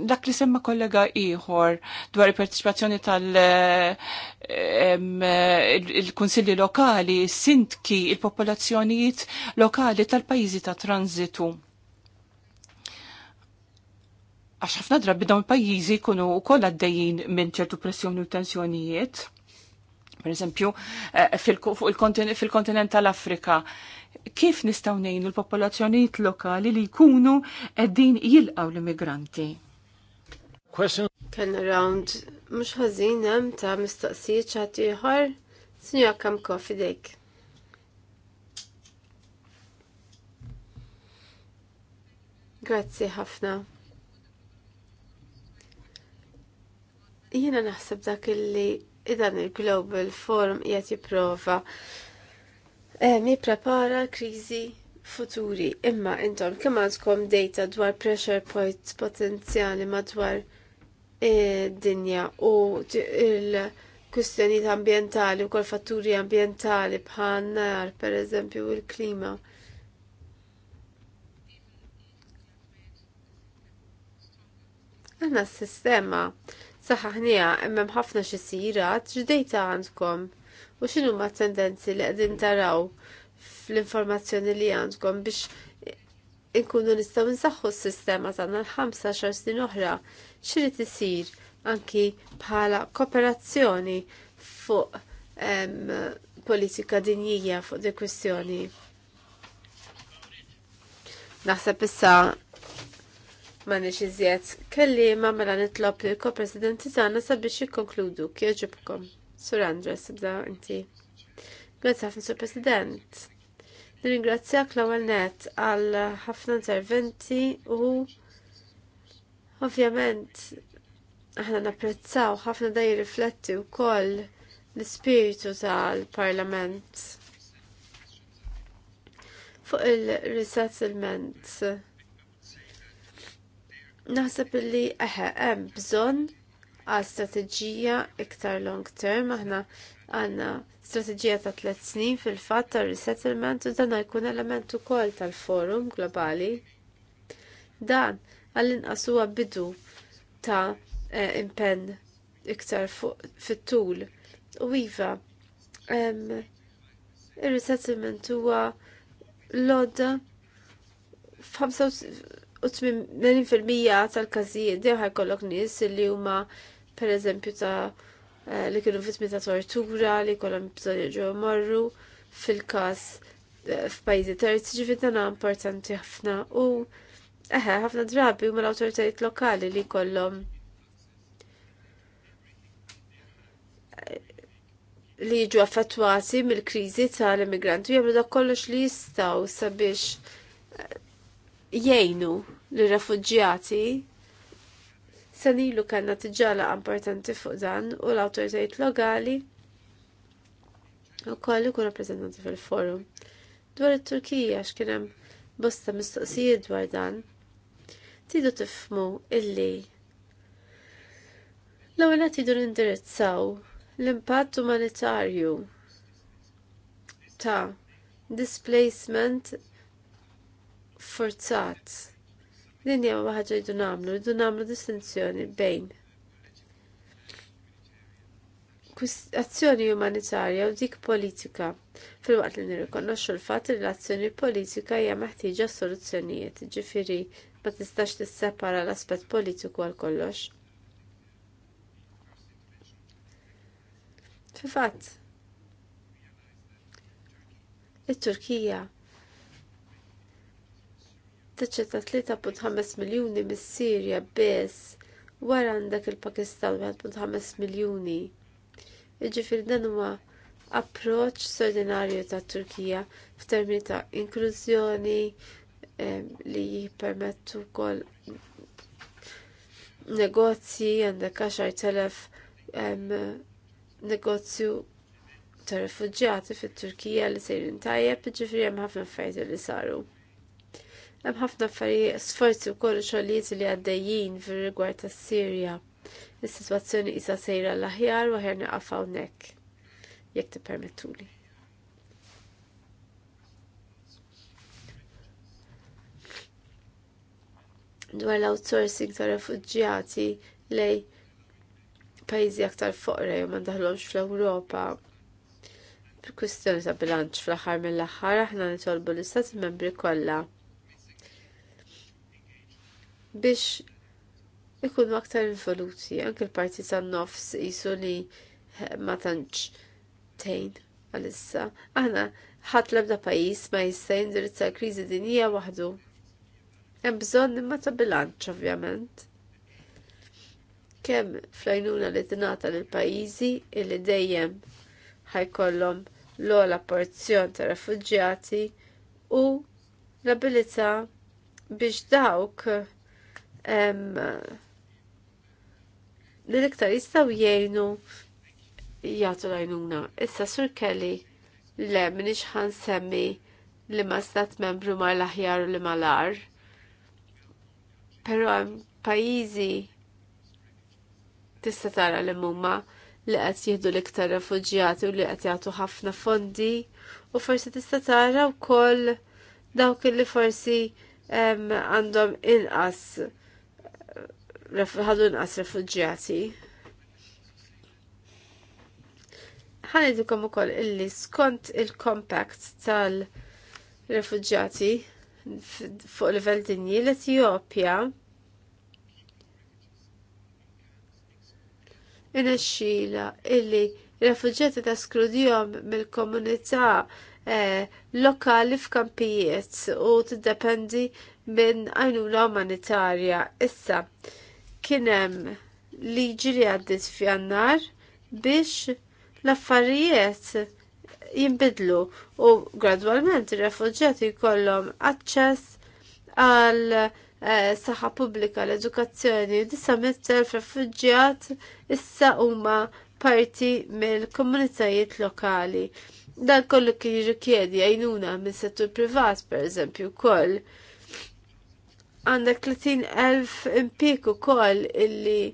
dak li semma kollega ieħor dwar il-partiċipazzjoni tal-kunsilli lokali, sintki, il-popolazzjonijiet lokali tal-pajjiżi ta' tranzitu għax ħafna drabi dawn il-pajjiżi jkunu wkoll għaddejjin minn ċertu pressjoni u tensjonijiet per eżempju, eh, fil-kontinent tal-Afrika, kif nistaw nejnu l-popolazzjonijiet lokali li jkunu din jilqaw l-immigranti? Question. Turn around, mux ħazin hemm ta' mistaqsijiet ċati ieħor, sinja kam kofidek. Grazzi ħafna. Jiena naħseb dak illi dan il-Global Forum jgħat jiprofa eh, mi prepara krizi futuri imma intom kemm għandkom data dwar pressure points potenzjali madwar id-dinja eh, u il-kustjonijiet ambientali u kol fatturi ambientali bħal nar per eżempju il-klima. Għanna s-sistema saħħnija hemm ħafna xi sirat x'dejta għandkom u x'inhu ma tendenzi li qegħdin taraw fl-informazzjoni li għandkom biex inkunu nistgħu nsaħħu s-sistema tagħna l 15 snin oħra rid isir anki bħala kooperazzjoni fuq em, politika dinjija fuq di kwistjoni. Naħseb issa ma nix iżjed ma mela nitlob li ko-presidenti tagħna sabiex jikkonkludu ġibkom? Sur Andres, bda inti. Grazzi ħafna sur President. Nirringrazzjak l-ewwel net għal ħafna interventi u ovvjament aħna napprezzaw ħafna da jirrifletti wkoll l-ispiritu tal-Parlament fuq il-resettlement Naħseb li eħe hemm bżonn għal strateġija iktar long term aħna għandna strateġija ta' tliet snin fil-fatt ta' resettlement u dan jkun element ukoll tal-forum globali. Dan għall-inqas huwa bidu ta' eh, impenn iktar fit-tul. U iva, ir-resettlement huwa l-odda u 80% tal-każijiet dew ħajkollok nies li huma pereżempju ta' eh, li kienu vittmi ta' tortura li kollhom bżonn jiġu marru fil-każ eh, f'pajjiżi terzi ġifi dan importanti ħafna u eħe ħafna drabi huma l-awtoritajiet lokali li kollhom eh, li jiġu affettwati mill-kriżi tal-immigranti jagħmlu dak kollox li jistgħu sabiex jgħinu l-refugġjati sanilu kanna tġala importanti fuq dan u l-autoritajt lokali u kollu kun rappresentanti fil-forum. Dwar it-Turkija x'kienem bosta mistoqsijiet dwar dan, tidu tifmu illi l-ewwel tidu nindirizzaw l-impatt umanitarju ta' displacement forzat. Din hija ħaġa jdu nagħmlu, jdu nagħmlu distinzjoni bejn azzjoni umanitarja u dik politika fil-waqt li nirrikonoxxu l-fatt li l-azzjoni politika hija meħtieġa soluzzjonijiet, ġifieri ma tistax tissepara l-aspett politiku għal kollox. Fi fatt, it-Turkija taċċetta 3.5 miljuni mis-Sirja biss wara għandek il-Pakistan 1.5 miljuni. Jiġifieri dan huwa approċċ straordinarju tat Turkija f'termini ta' inklużjoni li jippermettu wkoll negozji għandek 10,000 negozju ta' refugġjati fit-Turkija li sejrin tajjeb ġifri hemm ħafna affarijiet li saru. Hemm ħafna affarijiet sforzi wkoll xogħlijiet li għaddejjin fir-rigward tas-Sirja. Is-sitwazzjoni isa sejra l-aħjar u ħer naqaf hawnhekk jekk tippermettuli. Dwar l-outsourcing ta' refuġġjati lej pajjiżi aktar foqra jew ma fl-Ewropa kwistjoni ta' bilanċ fl-aħħar mill-aħħar aħna nitolbu l-istati membri kollha biex ikunu aktar involuti, anke l-parti tan-nofs jisu li ma tantx tejn għalissa. Aħna ħadd l-ebda pajjiż ma jista' jindirizza l-kriżi dinija waħdu. Hemm bżonn imma ta' bilanċ ovvjament. Kemm flajnuna li tingħata lil pajjiżi illi dejjem ħajkollhom l-ogħla porzjon ta' refuġjati u l-abilità biex dawk l-iktar jistaw jgħinu jgħatu lajnuna. Issa sur Kelly, le minix ħan semmi li ma stat membru ma l-aħjar u li ma l-ar. Pero għem pajizi tista tara li mumma li qed jihdu l-iktar refuġjati u li qed jagħtu ħafna fondi u forsi tista tara wkoll dawk li forsi għandhom inqas ħadu nqas refugġjati. Ħanidukom ukoll illi skont il-compact tal-refugġjati fuq livell dinji l-Etjopja inexxila illi refugġjati ta' skrudjom mill-komunità eh, lokali f'kampijiet u tiddependi minn għajnuna umanitarja. Issa, kienem liġi li għaddit fjannar biex l-affarijiet jimbidlu u gradwalment ir-refugġati jkollhom aċċess għal eh, saħħa pubblika l-edukazzjoni u disa mittel refugġjat issa huma parti mill-komunitajiet lokali. Dan kollu kien jirrikjedi għajnuna minn settur privat, per eżempju, koll għandek 30.000 impiku kol illi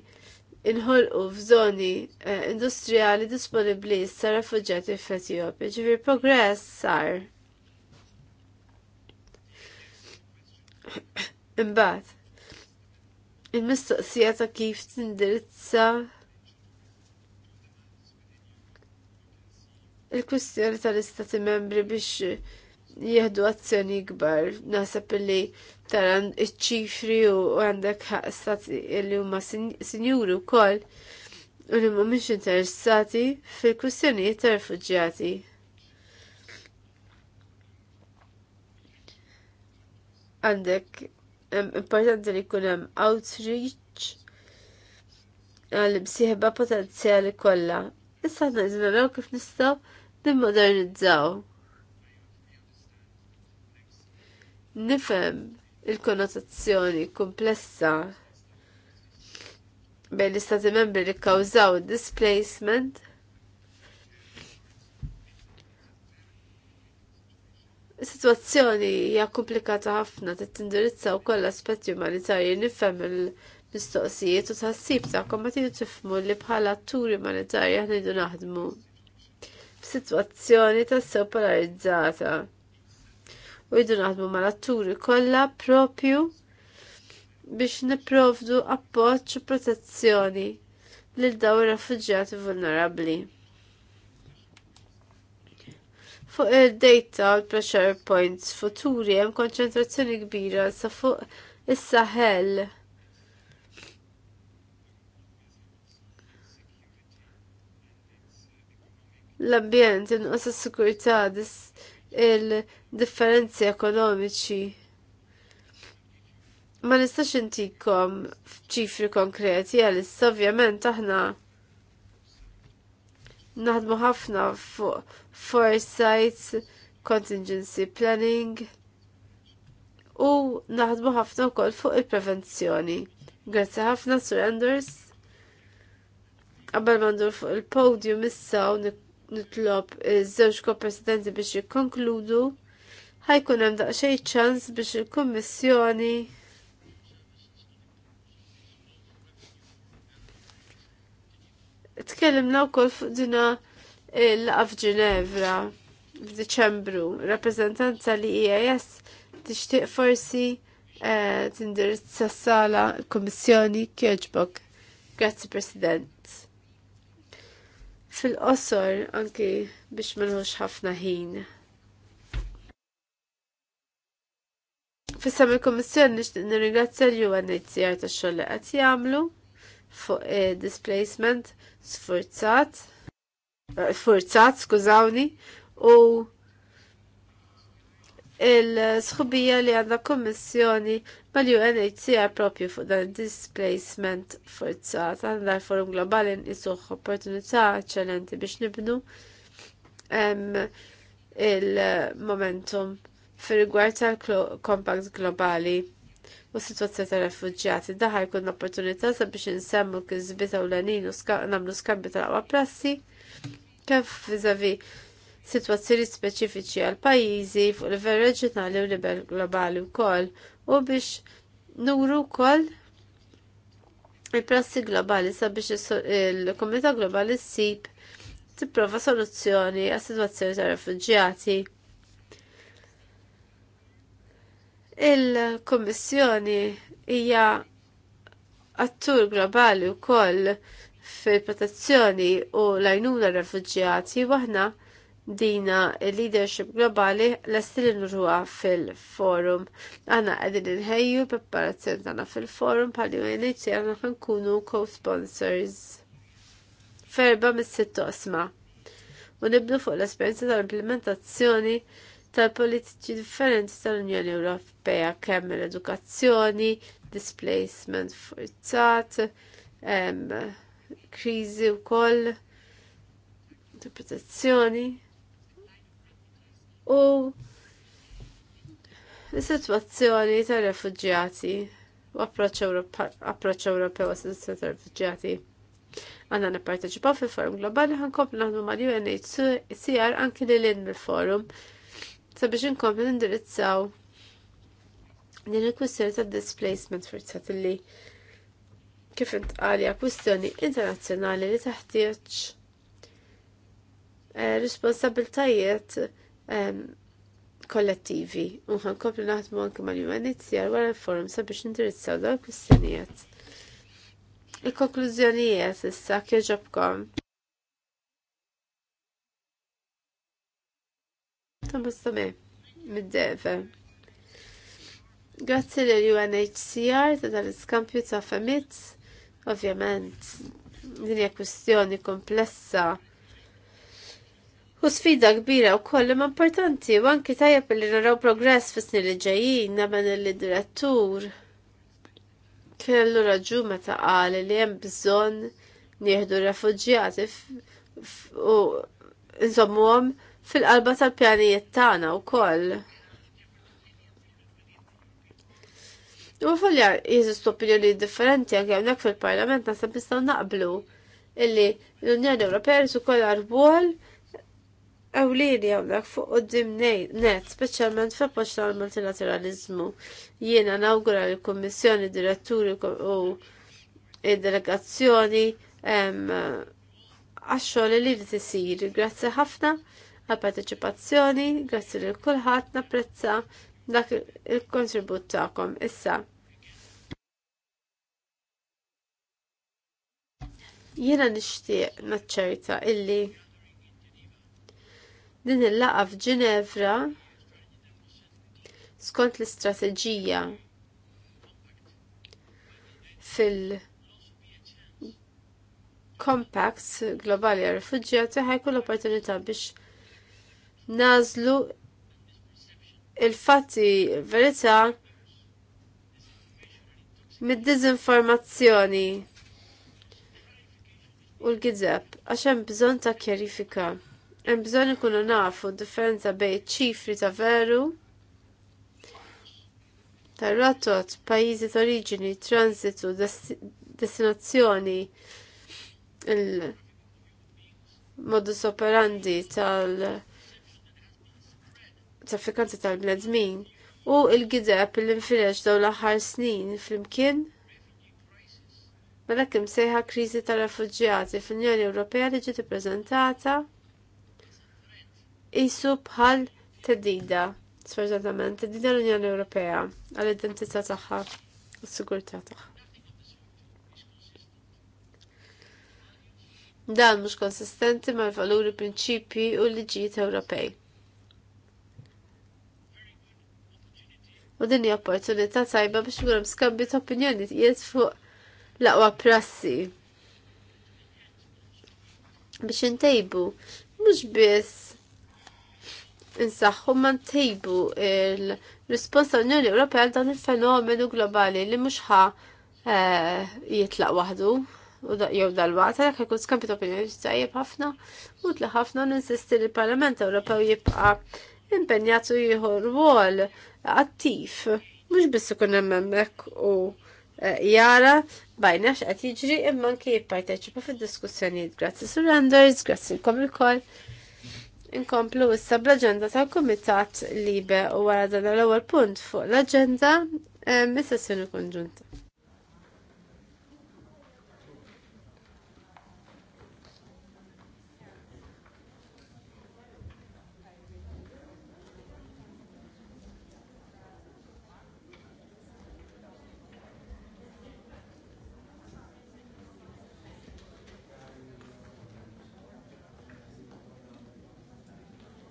inħolqu f'żoni eh, industrijali disponibbli issa refuġjati f'Etjopja. Ġifier progress sar. Imbagħad il-mistoqsija ta' kif tindirizza il-kwistjoni tal-istati membri biex jieħdu azzjoni kbar. Naħseb li taran iċ-ċifri u għandek ħaqstat li huma sinjuri wkoll u li ma mhux interessati fil-kwistjonijiet ta' rifuġjati. Għandek importanti li jkun hemm outreach għal-msieħba potenzjali kollha. Issa naraw kif nistgħu nimmodernizzaw Nifhem il-konnotazzjoni komplessa bejn l-istati membri li kkawżaw displacement Is-sitwazzjoni hija komplikata ħafna trid tindirizza wkoll aspetti umanitarji nifhem il-mistoqsijiet u tħassib tagħkom ma tidu tifhmu li bħala atturi umanitarji aħna ngħidu naħdmu f'sitwazzjoni tassew polarizzata u jiddu naħdmu l atturi kollha propju biex nipprovdu appoġġ u protezzjoni lil daw ir-refuġjati vulnerabbli. Fuq id-data u l-pressure points futuri hemm konċentrazzjoni kbira sa fuq is-Saħel. L-ambjent inqas is-sikurtà il-differenzi ekonomiċi. Ma nistax intikom f'ċifri konkreti għalis, ovvjament aħna naħdmu ħafna fuq foresight, contingency planning u naħdmu ħafna wkoll fuq il-prevenzjoni. Grazzi ħafna Surrenders. Qabel ma fuq il-podium issa u nitlob iż-żewġ ko-presidenti biex jikkonkludu. Ħajkun hemm daqsxejn ċans biex il-Kummissjoni Tkellimna wkoll fuq dina il-laqa f'Diċembru, rappreżentanza li e IAS tixtieq forsi eh, tindirizza s-sala l-Kummissjoni kieġbok. Grazzi President fil-qosor anki biex manħux ħafna ħin. Fissam il-Komissjoni nixtieq nirringrazzja l-UNHCR tax-xogħol li qed jagħmlu fuq eh, displacement sforzat, eh, forzat, skużawni, u il-sħubija li għandha kommissjoni mal-UNHCR propju fuq dan displacement forzat għandha l-forum globali nisuħ opportunità eccellenti biex nibnu il-momentum fil-rigward tal-kompakt globali u situazzjoni ta' refugġjati. Daħar kun opportunità sabiex nsemmu kizbita u l-għanin u namlu skambju tal-aqwa prassi kif vizavi situazzjoni speċifiċi għal pajjiżi fuq livell reġjonali u livell globali wkoll u biex nuru wkoll il-prassi globali sabiex il-komunità globali ssib tipprova soluzzjoni għas situazzjoni ta' refuġjati. Il-Kommissjoni hija attur globali wkoll fil-protezzjoni u l-għajnuna refuġjati waħna dina leadership globali l-estilin ruha fil-forum. Għana għedin nħejju preparazzjoni tagħna fil-forum pal UNHCR għana ħankunu co-sponsors ferba mis-sitt osma. U nibdu fuq l-esperjenza tal-implementazzjoni tal-politiċi differenti tal-Unjoni Ewropea kemm l-edukazzjoni, displacement forzat, kriżi wkoll, protezzjoni u l-situazzjoni tal-refugġjati u approċċ Ewropew għas tal-refugġjati. Għanna nipparteċipaw fil forum globali ħankomplu naħdmu mal-UNHCR anki li l-in mill-forum sabiex inkomplu nindirizzaw din il-kwistjoni ta' displacement forzat li kif intqalja kwistjoni internazzjonali li taħtieġ eh, responsabiltajiet kollettivi u ħankomplu naħdmu anke mal-UNHCR wara l-forum sabiex indirizzaw dawn il-kwistjonijiet. Il-konklużjonijiet issa kieġobkom. mid-deve. Grazzi l-UNHCR ta' dal-iskampju ta' femmit, ovvjament, din hija kwistjoni komplessa U sfida kbira u koll ma importanti u anki tajab li naraw progress fis snin li ġejjin namen il-direttur. Kellu raġu meta qal li hemm bżonn nieħdu refuġjati u nżommuhom fil-qalba tal-pjanijiet tagħna wkoll. U folja jeżistu opinjoni differenti anke hawnhekk fil-Parlament naħseb nistgħu naqblu illi l-Unjoni Ewropea jrisu kollha rwol ewlieni hawnhekk fuq qudiem net, speċjalment fil poċta tal-multilateralizmu. Jiena nawgura l kummissjoni diretturi u il delegazzjoni għax li li li sir Grazzi ħafna għal-parteċipazzjoni, grazzi lil kulħadd napprezza dak il-kontribut tagħkom issa. Jiena nixtieq naċċerta illi Din il-laqa f'Ġinevra skont l-istrateġija fil- compact globali għal rifugġjati ħajkun l-opportunità biex nażlu il-fatti verità mid-dizinformazzjoni u l-gizeb għax hemm bżonn ta' kjerifika. Hemm bżonn ikunu nafu differenza bejn ċifri ta' veru ta' rotot, pajjiżi ta' oriġini, transitu, destinazzjoni, il-modus operandi tal- traffikanti tal-bnedmin u il-gideb l nfireġ daw l-aħħar snin fl-imkien mela kemm sejħa kriżi tar-refuġjati fl-Unjoni Ewropea li ġiet ippreżentata jisu bħal tedida, sfortunatament, tedida l-Unjoni Ewropea għall-identità tagħha u s-sigurtà tagħha. Dan mhux konsistenti mal-valuri prinċipji u l-liġijiet Ewropej. u din hija opportunità tajba biex ikun hemm skambju ta' jiet fuq l-aqwa prassi. Biex intejbu mhux biss insaħħu ma ntejbu il-risponsa l-Unjoni Ewropea għal dan il-fenomenu globali li mhux ħa eh, jitlaq waħdu u jew dal-waqt għalhekk ikun skampi ta' opinjoni tajjeb ħafna u tla ħafna ninsisti li l-Parlament Ewropew jibqa' impenjat u jieħu rwol attiv mhux biss ikun hemm hemmhekk u eh, jara bajnax qed jiġri imma anke jipparteċipa fid-diskussjonijiet. Grazzi Surrenders, grazzi lkom il Inkomplu issa bl-agenda tal-Kumitat Libe u wara dan l-ewwel punt fuq l-agenda eh, mis-sessjoni konġunta.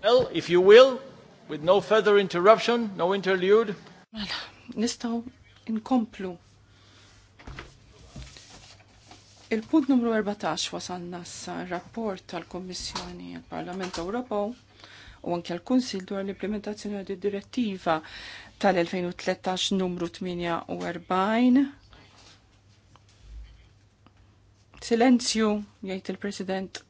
Well, if you will, with no further interruption, no interlude. Mela, nistaw inkomplu. Il-punt numru 14 wasalna sa rapport tal-Kommissjoni għal-Parlament Ewropew u anke l-Kunsil dwar l-implementazzjoni għad direttiva tal-2013 numru 48. Silenzju, jgħid il-President.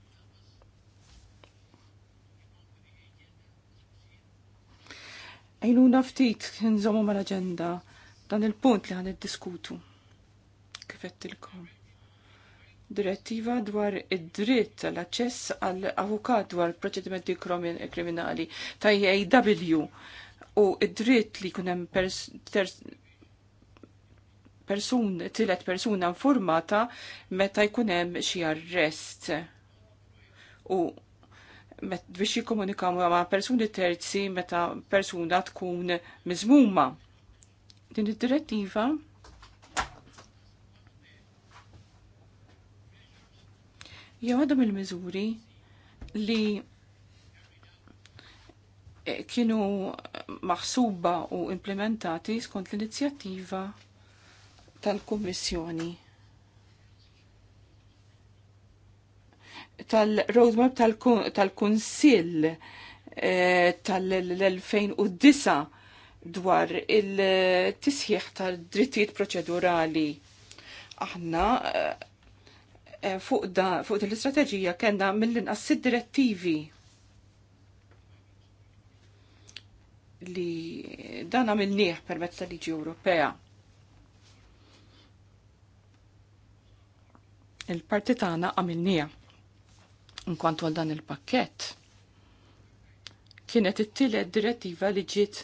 Ejnuna ftit nżommu mal-agenda dan il-punt li għan Kifett il-kom. Direttiva dwar id-dritt għall aċċess għall avukat dwar proċedimenti kriminali ta' EAW u id-dritt li kunem person, tillet tilet persuna informata meta jkunem xi arrest u biex jikkomunikaw ma' persuni terzi meta persuna tkun miżmuma. Din id-direttiva jew għadhom il-miżuri li eh, kienu maħsuba u implementati skont l-inizjattiva tal-Kummissjoni. tal-roadmap tal-Kunsill eh, tal-2009 dwar il-tisħiħ tal-drittijiet proċedurali. Aħna eh, eh, fuq din l-istrateġija kellna mill-inqas direttivi li dan għamilnieh permezz tal-Liġi Ewropea. Il-parti tagħna għamilnieh Nkwantu għal dan il-pakket, kienet it-tielet direttiva li ġiet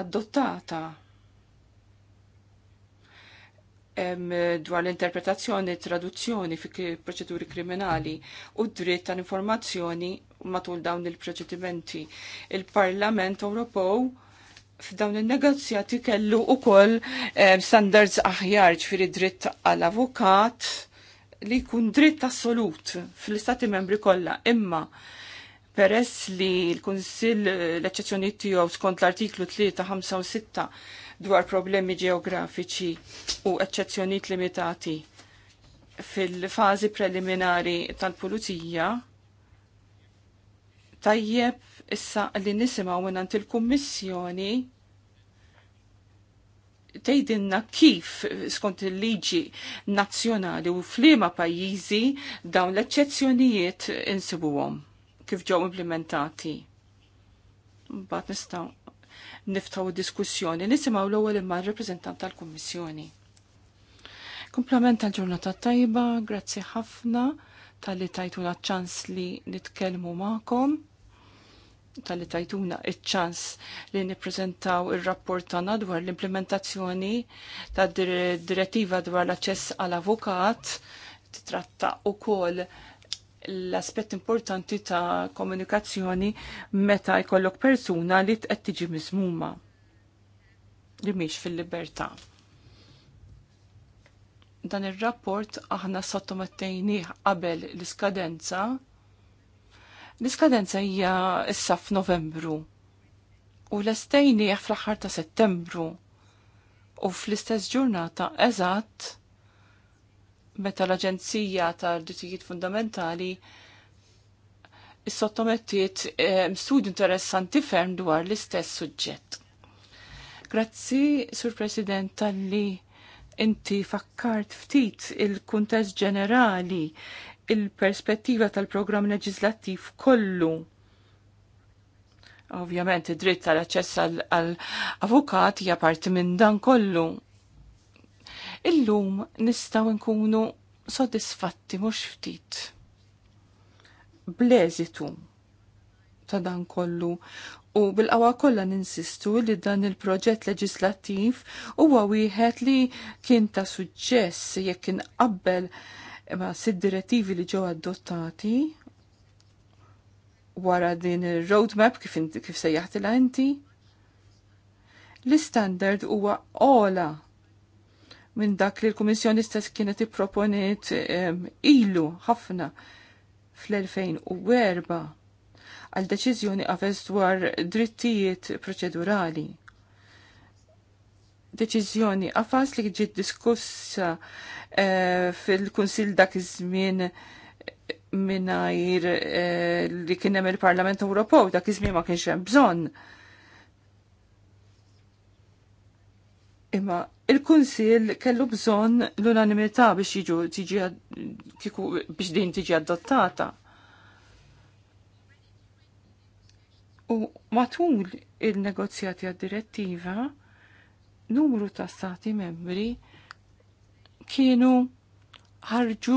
adottata em, dwar l-interpretazzjoni, traduzzjoni fi proċeduri kriminali u dritt tal informazzjoni matul dawn il-proċedimenti. Il-Parlament Ewropew f'dawn il-negozjati kellu u koll standards aħjar fir dritt għal-avukat, li jkun dritt assolut fl-istati membri kollha, imma peress li l-Kunsill l-eċċezzjoni tiegħu skont l-artiklu 3, 5 6 dwar problemi ġeografiċi u eċċezzjonijiet limitati fil-fażi preliminari tal-pulizija, tajjeb issa li nisimgħu minn il-Kummissjoni tgħidilna kif skont il-liġi nazzjonali u fliema pajjiżi dawn l-eċċezzjonijiet insibuhom kif ġew implementati. Mbagħad nistgħu niftaw diskussjoni nisimgħu l-ewwel imma r-rappreżentant tal-Kummissjoni. Komplement tal-ġurnata tajba, grazzi ħafna tal-li tajtuna ċans li nitkellmu magħkom tal-li tajtuna il-ċans li niprezentaw il-rapport tagħna dwar l-implementazzjoni ta' direttiva dwar l-aċċess għal avukat titratta kol l-aspett importanti ta' komunikazzjoni meta jkollok persuna li qed tiġi miżmuma li mhix fil-libertà. Dan ir-rapport aħna sottomettejnieh qabel l-iskadenza L-iskadenza hija issa f'Novembru u l-estejni fl-aħħar ta' Settembru u fl-istess ġurnata eżatt meta l-Aġenzija tal-Drittijiet Fundamentali is-sottomettiet eh, studju interessanti ferm dwar l-istess suġġett. Grazzi, Sur President, tal-li inti fakkart ftit il-kuntest ġenerali il-perspettiva tal-programm leġislattiv kollu ovvjament id-dritt tal-aċċess għall-avukat hija parti minn dan kollu. Illum nistgħu nkunu sodisfatti mhux ftit. Bleżitu ta' dan kollu u bil-qawa kollha ninsistu li dan il-proġett leġislattiv huwa wieħed li kien ta' suġġess jekk inqabbel qabbel imma sid-direttivi li ġew adottati wara din il-roadmap kif, kif sejjaħtilha inti, l-istandard huwa ola minn dak li l-Kummissjoni stess kienet ipproponiet um, ilu ħafna fl-2004 għal deċiżjoni għafez dwar drittijiet proċedurali deċiżjoni għafas li ġiet diskussa eh, fil-Kunsil dak iż-żmien mingħajr eh, li kien hemm il-Parlament Ewropew dak iż-żmien ma kienx hemm bżonn. Imma il-Kunsil kellu bżonn l-unanimità biex jiġu tiġi biex din tiġi adottata. U matul il-negozjati għad-direttiva, numru ta' stati membri kienu ħarġu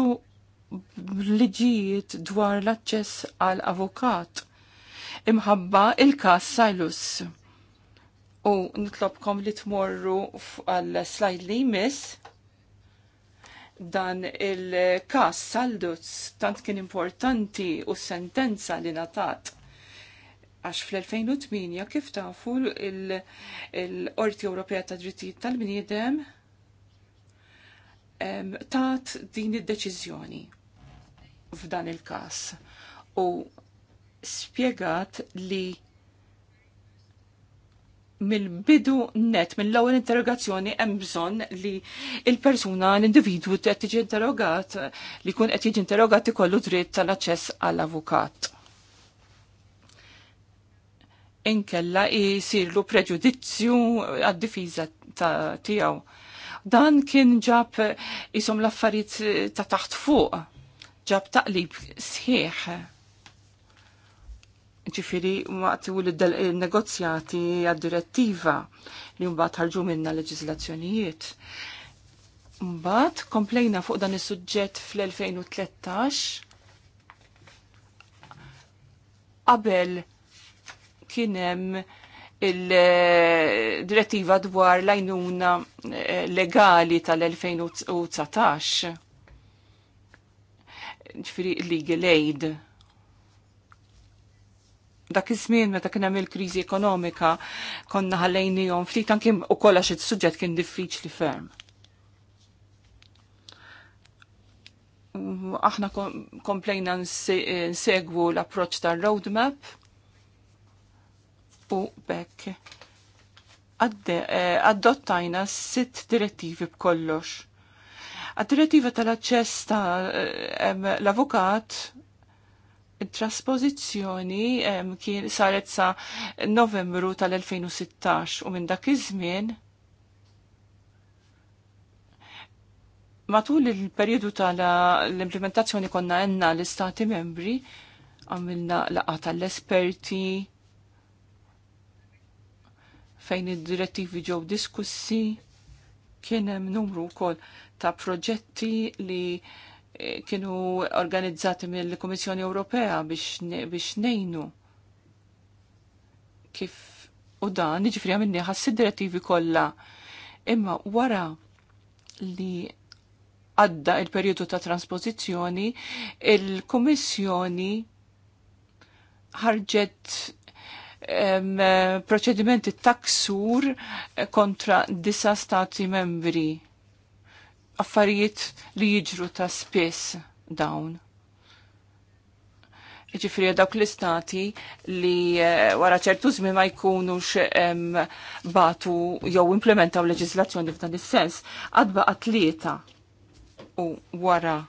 liġijiet dwar l-aċċess għal avukat imħabba il-kas Silus. U nitlobkom li tmorru għal slide li jmiss dan il-kas Saldus tant kien importanti u sentenza li natat Għax fl-2008 kif tafu l-Qorti Ewropea ta' Drittijiet tal-Bniedem tat din id-deċiżjoni f'dan il-każ u spjegat li mill-bidu net, mill-ewwel interrogazzjoni hemm bżonn li il-persuna l-individwu qed tiġi interrogat li jkun qed jiġi interrogat ikollu dritt tal-aċċess għall-avukat inkella jisirlu preġudizzju għad-difiża tiegħu. Dan kien ġab isom l-affarijiet ta' taħt fuq, ġab taqlib sħiħ. Ġifiri, waqt u l-negozjati għad-direttiva li mbagħad ħarġu minna leġiżlazzjonijiet. Mbagħad komplejna fuq dan is-suġġett fl-2013 qabel kienem il-direttiva dwar lajnuna eh, legali tal-2019 ġifiri legal aid. Dak iż-żmien meta kien hemm il-kriżi ekonomika konna ħallejnihom ftit anke ukoll għax suġġett kien diffiċli ferm. Aħna komplejna eh, nsegwu l-approċċ tar-roadmap u bekk eh, Adottajna sitt direttivi b'kollox. Għad-direttiva tal-aċċess ta' eh, l-avukat trasposizjoni kien saret sa novembru tal-2016 u minn dak iż-żmien matul il-periodu tal-implementazzjoni konna għenna l-istati membri għamilna laqa tal-esperti fejn id-direttivi ġew diskussi kien hemm numru wkoll ta' proġetti li eh, kienu organizzati mill-Kummissjoni Ewropea biex, biex nejnu kif u dan jiġifieri għamilni ħass id-direttivi kollha imma wara li għadda il-periodu ta' transpożizzjoni il-Kummissjoni ħarġet Eh, proċedimenti taksur eh, kontra disa stati membri. Affarijiet li jiġru ta' spiss dawn. Ġifri dawk l-istati li eh, wara ċertu żmien ma jkunux batu jew implementaw leġislazzjoni f'dan is-sens. Għadba tlieta u wara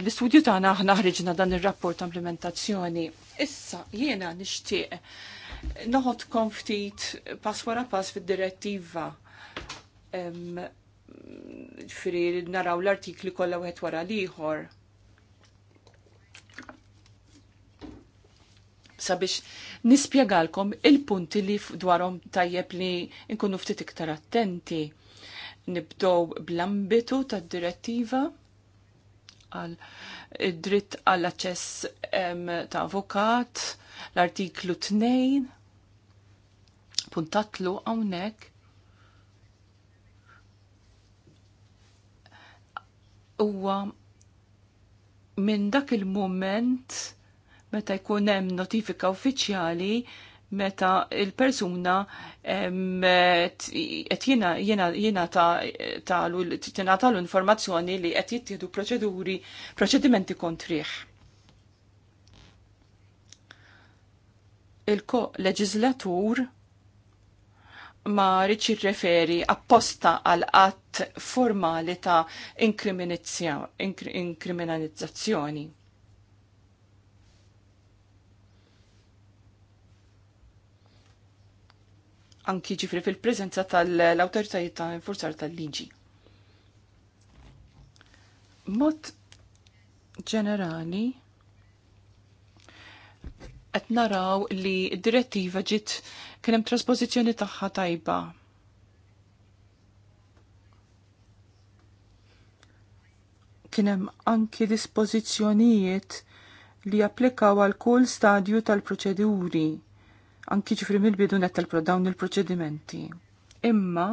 l-istudju tagħna aħna ħriġna dan ir-rapport implementazzjoni. Issa jiena nixtieq noħot konftit pass wara pass fid-direttiva ġifiri naraw l-artikli kolla wieħed wara liħor. Sabiex nispjegalkom il-punti li dwarhom tajjeb li nkunu ftit iktar attenti. Nibdow bl-ambitu tad-direttiva għal dritt għall aċċess ta' avukat, l-artiklu 2, puntatlu hawnhekk huwa minn dak il-moment meta jkun hemm notifika uffiċjali meta il-persuna jena, ta' l-informazzjoni li qed jittieħdu proċeduri, proċedimenti kontriħ. il-ko-leġizlatur ma rridx referi apposta għal att formali ta' inkriminalizzazzjoni. anki ġifri fil-prezenza tal-autoritajiet ta' infurzar tal-liġi. Mod ġenerali, qed naraw li d-direttiva ġiet kien hemm trasposizzjoni tagħha tajba. Kien hemm anki dispożizzjonijiet li applikaw għal kull stadju tal-proċeduri anki ġifri mil bidu nettalpro dawn il-proċedimenti. Imma,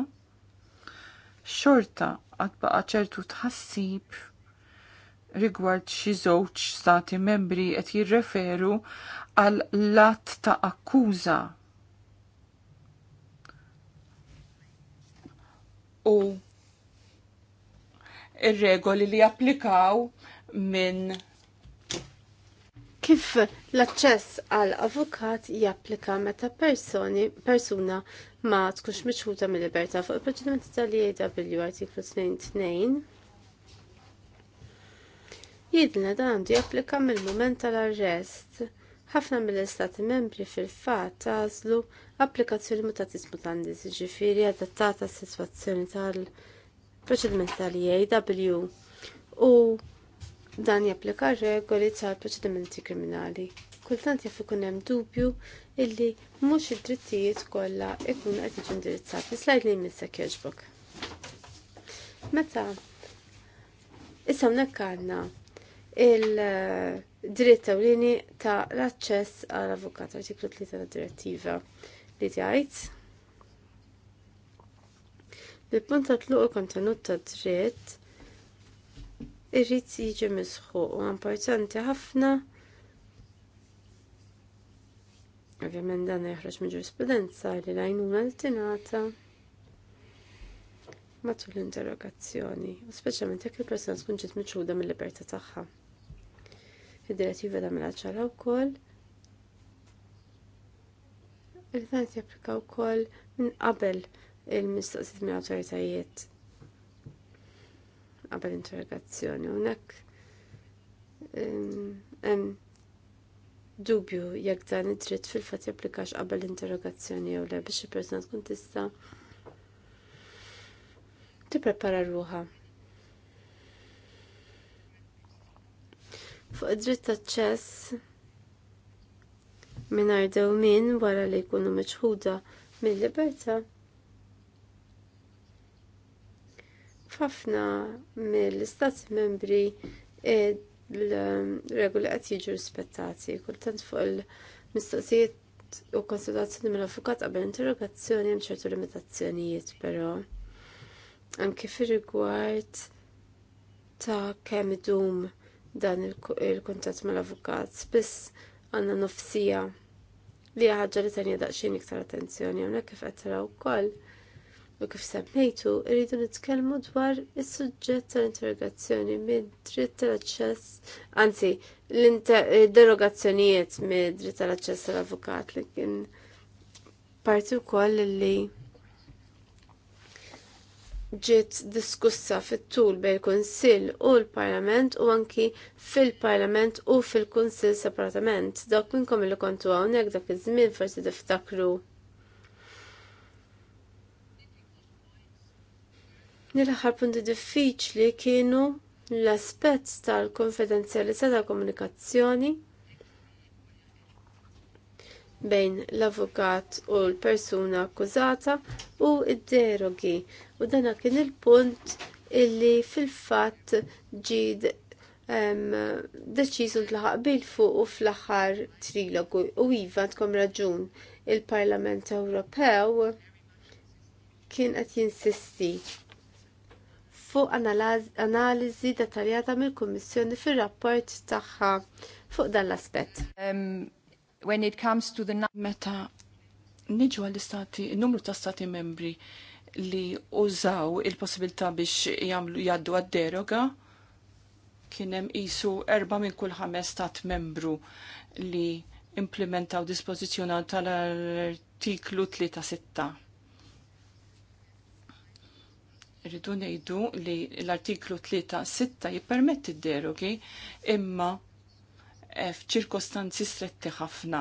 xorta għad baqa ċertu tħassib rigward xi żewġ stati membri qed jirreferu għal lat ta' akkuża. U ir-regoli li applikaw minn kif l-aċċess għal avukat japplika meta personi, persuna ma tkunx miċħuta mill-libertà fuq il-proċedimenti tal-EAW artiklu 22. Jidna dan għandu japplika mill-moment tal-arrest. Ħafna mill-istati membri fil-fat għażlu applikazzjoni mutatizmu tandis, ġifiri adattata s-situazzjoni tal-proċedimenti tal-EAW u dan japplika regoli tal-proċedimenti kriminali. Kultant jaf ikun hemm dubju illi mhux id-drittijiet kollha ikun qed jiġu indirizzati. Slajd li jmissek jogħġbok. Meta issa hawnhekk għandna il-dritt ewlieni ta' l-aċċess għall avukat artiklu 3 tad-direttiva li tgħid il punt tat tluq kontenut ta' dritt irrid jiġi misħu u importanti ħafna Ovvjament dan jħroġ minn ġurisprudenza li l-għajnuna l-tinata matul l-interrogazzjoni, u speċjalment jekk il persona tkun ġiet miċħuda mill-libertà tagħha. Id-direttiva mela ċara wkoll il-tant japplika wkoll minn qabel il-mistoqsijiet mill awtoritajiet qabel interrogazzjoni unek hemm dubju jekk dan id-dritt fil-fatt japplikax qabel interrogazzjoni jew le biex il-persuna tkun tista' tipprepara ruha. Fuq id-dritt taċċess ċess mingħajr min wara li jkunu meċħuda mill-libertà Ħafna mill-istati membri il-regoli qed jiġu rispettati. Kultant fuq il-mistoqsijiet u konsultazzjoni mill-avukat qabel interrogazzjoni hemm ċertu limitazzjonijiet però anke fir-rigward ta' kemm idum dan il-kuntatt mal-avukat spiss għandna nofsija li ħaġa li tanja daqsxejn iktar attenzjoni hawnhekk kif qed taraw ukoll U kif semmejtu, irridu nitkellmu dwar is-suġġett tal-interrogazzjoni minn dritt tal-aċċess, anzi, l-derogazzjonijiet minn dritt tal-aċċess tal-avukat li kien parti wkoll li ġiet diskussa fit-tul bejn il-Kunsill u l-Parlament u anki fil-Parlament u fil-Kunsill separatament. Dak minnkom li kontu hawnhekk dak iż-żmien forsi tiftakru Nil-ħar punti diffiċli kienu l-aspett tal-konfidenzjalità ta' komunikazzjoni bejn l-avukat u l-persuna akkużata u id-derogi. U dana kien il-punt illi fil-fatt ġid deċiżu tlaħaq bil fuq u fl-aħħar trilogu u iva tkom raġun il-Parlament Ewropew kien qed jinsisti fuq analiżi dettaljata mill-Kummissjoni fir-rapport tagħha fuq dan l-aspett. Um, when it comes to the meta niġu għall-istati, numru ta' stati membri li użaw il-possibilità biex jamlu jaddu għad-deroga kien hemm erba' minn kull ħames stat membru li implementaw dispozizjonal tal-artiklu 3-6. Rridu ngħidu li l-artiklu 3-6 jippermetti d-derogi imma eh, f'ċirkostanzi stretti ħafna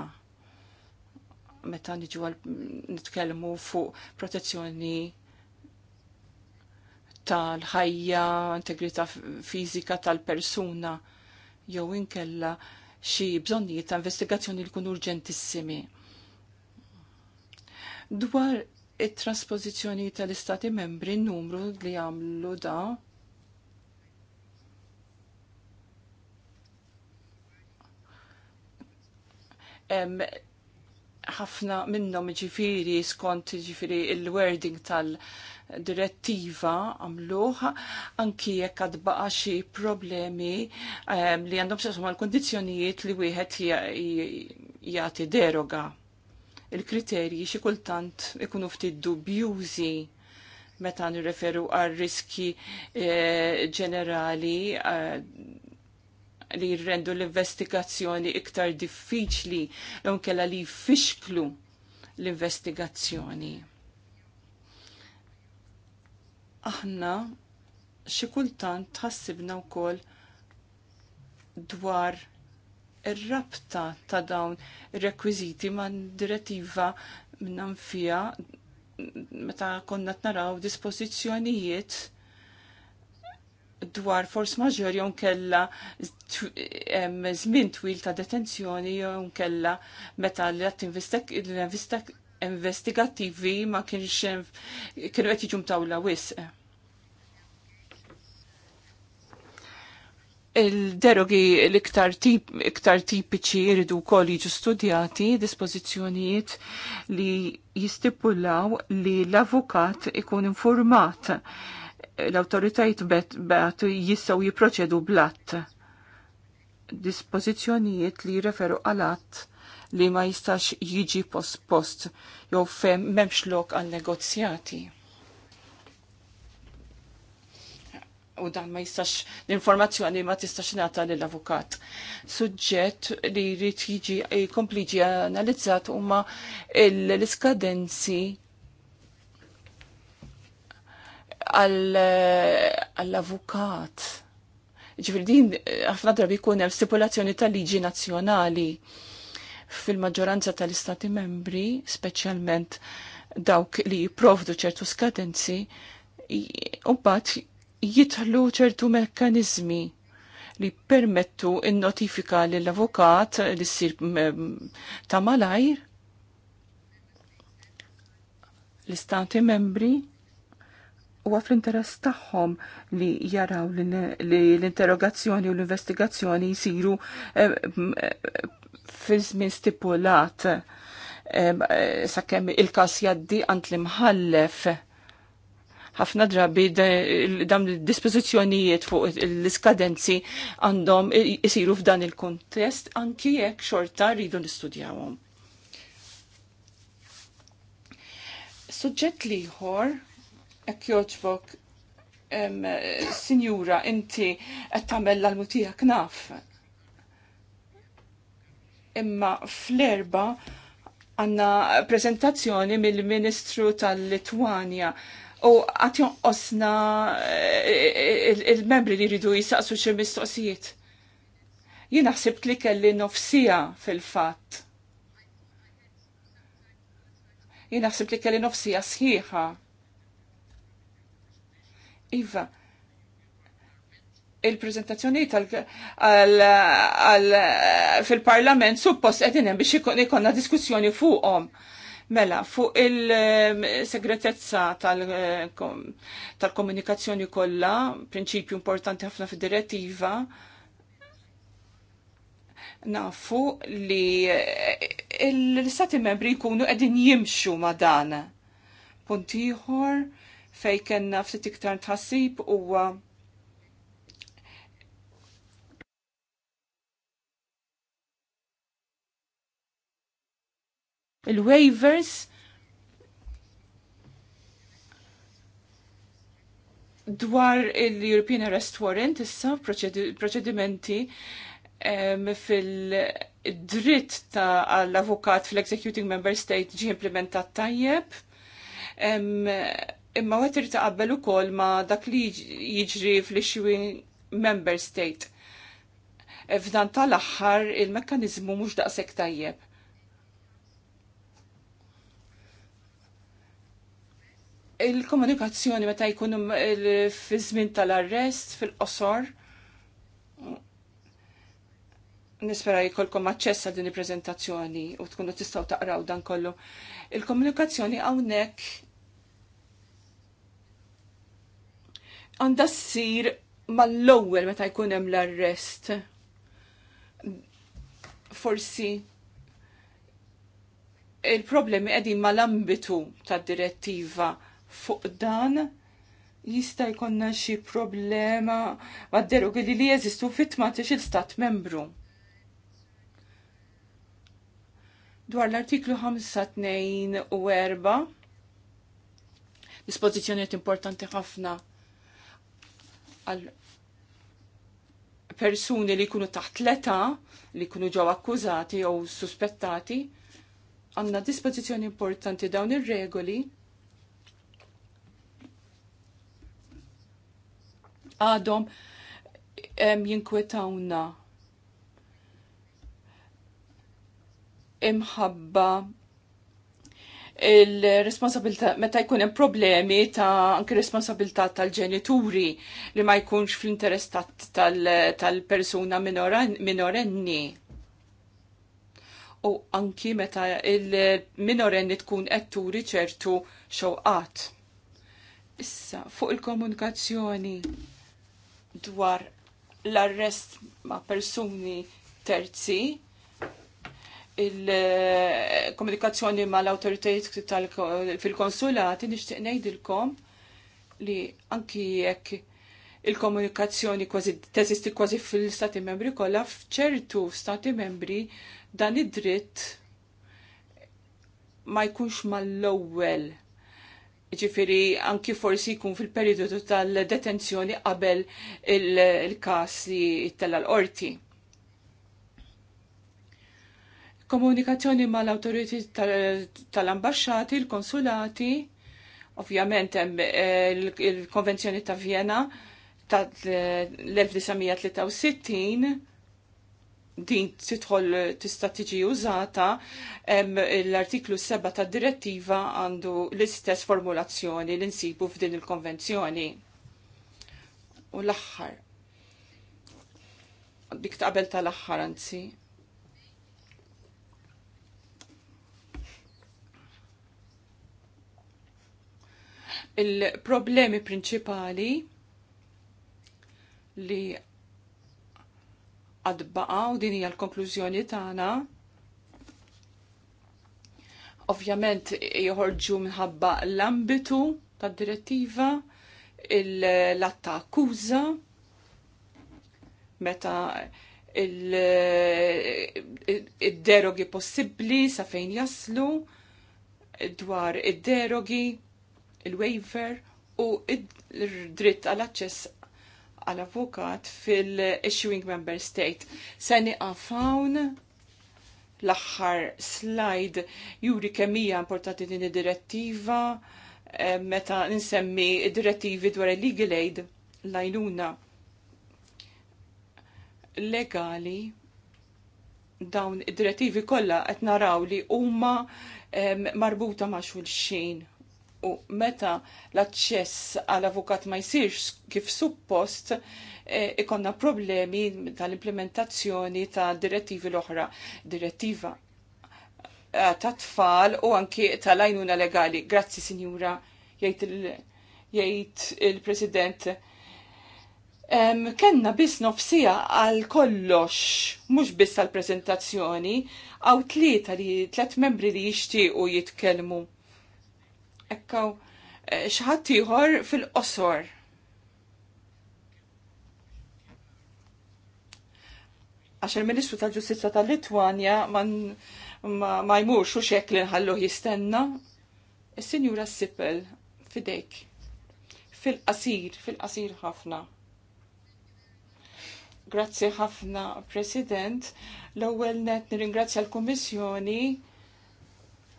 meta niġu nitkellmu fuq protezzjoni tal-ħajja, integrità fiżika tal-persuna jew inkella xi bżonnijiet ta' investigazzjoni li kun urġentissimi. Dwar it-trasposizjoni tal-istati membri n-numru li għamlu da ħafna minnom ġifiri skont ġifiri il-wording tal-direttiva għamluħ anki jekk għad baqa xi problemi li għandhom xasum għal kondizjonijiet li wieħed jagħti deroga il-kriterji xi kultant ikunu ftit dubjużi meta nirreferu għal riski eh, ġenerali eh, li jirrendu l-investigazzjoni iktar diffiċli l kella li fixklu l-investigazzjoni. Aħna xi kultant tħassibna wkoll dwar il rabta ta' dawn ir-rekwiżiti man direttiva minnan fija meta konna naraw dispożizzjonijiet dwar fors maġġor jew kella żmien twil ta' detenzjoni jew kella meta li għat investigattivi ma kienx kienu qed jiġu mtawla wisq il-derogi l-iktar tip, tipiċi jiridu kol jiġu studjati dispozizjonijiet li jistipullaw li l-avukat ikun informat l-autoritajt bet, bet jissaw jiproċedu blatt dispozizjonijiet li referu għalat li ma jistax jiġi post-post jew fem memx lok għal negozjati u dan ma jistax l-informazzjoni ma tistax nata l-avukat. Suġġett li jrid jiġi kompliġi analizzat huma l-iskadenzi għall-avukat. Ġifir din ħafna drabi jkun hemm stipulazzjoni tal-liġi nazzjonali fil-maġġoranza tal-istati membri, speċjalment dawk li jipprovdu ċertu skadenzi, u bat jitħlu ċertu mekkanizmi li permettu il notifika l-avokat li ssir ta' malajr l-istati membri u fl interess tagħhom li jaraw li l-interrogazzjoni u l-investigazzjoni jisiru eh, eh, fi żmien stipulat eh, sakemm il-każ jaddi għant l-imħallef ħafna drabi dam dispożizzjonijiet fuq l-iskadenzi għandhom isiru f'dan il-kontest anki jekk xorta rridu nistudjawhom. Suġġett liħor, jekk joġbok, sinjura, inti qed tagħmel l-mutijak naf. Imma fl-erba' għanna prezentazzjoni mill-Ministru tal-Litwanja U għatjon osna eh, eh, eh, il-membri li ridu jisaqsu xie mistoqsijiet. Jina naħseb li kelli nofsija fil-fat. Jina naħseb li kelli nofsija sħiħa. Iva, il-prezentazzjoni tal-fil-parlament suppost edinem biex ikonna diskussjoni fuqom. Mela, fuq il-segretezza tal-komunikazzjoni tal kollha, prinċipju importanti ħafna fid-direttiva, nafu li l-istati membri jkunu qegħdin jimxu ma' dan. Punt ieħor fejn kellna ftit iktar tħassib huwa Il-waivers dwar il-European Arrest Warrant issa proċedimenti fil-dritt ta' għall-avukat fil-executing member state ġi implementat tajjeb. Imma għet irta qabbel u kol ma' dak li jiġri fil-issuing member state. F'dan tal-axħar il-mekkanizmu mux daqsek tajjeb il-komunikazzjoni meta jkunu fi żmien tal-arrest fil-qosor. Nispera jkollkom maċċessa din il-preżentazzjoni u tkunu tistgħu taqraw dan kollu. Il-komunikazzjoni hawnhekk għandha ssir mal-ewwel meta jkun hemm l-arrest. Forsi il-problemi qegħdin mal-ambitu tad-direttiva fuq dan jista' jkollna xi problema mad-derogi li li jeżistu fitma 18 il-Stat membru. Dwar l-artiklu 5 u 4, dispożizzjonijiet importanti ħafna għal persuni li jkunu taħt l-età li jkunu ġew akkużati jew suspettati għandna dispożizzjoni importanti dawn ir-regoli għadhom jinkwetawna. Imħabba il-responsabilità, meta jkun hemm problemi ta' anke responsabilità tal-ġenituri li ma jkunx fl-interess tal-persuna minorenni. U anki meta il-minorenni tkun qed turi ċertu xewqat. Issa, fuq il-komunikazzjoni dwar l-arrest ma' persuni terzi, il-komunikazzjoni ma' l-autoritajiet fil-konsulati nixtieq ngħidilkom li anki jekk il-komunikazzjoni kważi teżisti kważi fil-stati membri kollha f'ċertu stati membri dan id-dritt ma jkunx mal-ewwel ġifiri anki forsi jkun fil-periodu tal-detenzjoni qabel il-kas li jittella l-orti. Komunikazzjoni mal autoriti tal-ambasċati, tal ambasċati l konsulati ovvjament hemm il-Konvenzjoni ta' Vienna tal-1963 din titħol tista' tiġi użata l-artiklu 7 tad direttiva għandu l-istess formulazzjoni li nsibu f'din il-konvenzjoni. U l-aħħar. Dik taqbel tal-aħħar anzi. Il-problemi prinċipali li għadbaqa u din hija l-konklużjoni tagħna. Ovvjament joħorġu minħabba l-ambitu tad-direttiva l-atta akkuża meta il-derogi possibbli sa fejn jaslu dwar id-derogi, il-waiver u id-dritt għal aċċess għal-avukat fil-issuing member state. Sani għafawn l-axħar slide juri kemija importanti din id-direttiva eh, meta nsemmi id-direttivi dwar il-legal aid lajnuna legali dawn id-direttivi kollha qed naraw li huma eh, marbuta ma' xulxin u meta l-aċċess għal avukat ma jsirx kif suppost e, ikonna problemi tal-implementazzjoni ta' direttivi l-oħra, direttiva e, ta' tfal u anki tal ajnuna legali. Grazzi, Sinjura, jgħid il-President. um, kenna bis nofsija għal kollox, mux bis għal prezentazzjoni, għaw tlieta li tlet membri li jixtiequ jitkelmu ekkaw eh, xħat ieħor fil-qosor. Għax il-Ministru tal-Ġustizza tal-Litwanja ma jmurx u xekk li nħalluh jistenna. Is-Sinjura Sipel fidejk fil-qasir, fil-qasir ħafna. Grazzi ħafna, President. L-ewwel net nirringrazzja l-Kummissjoni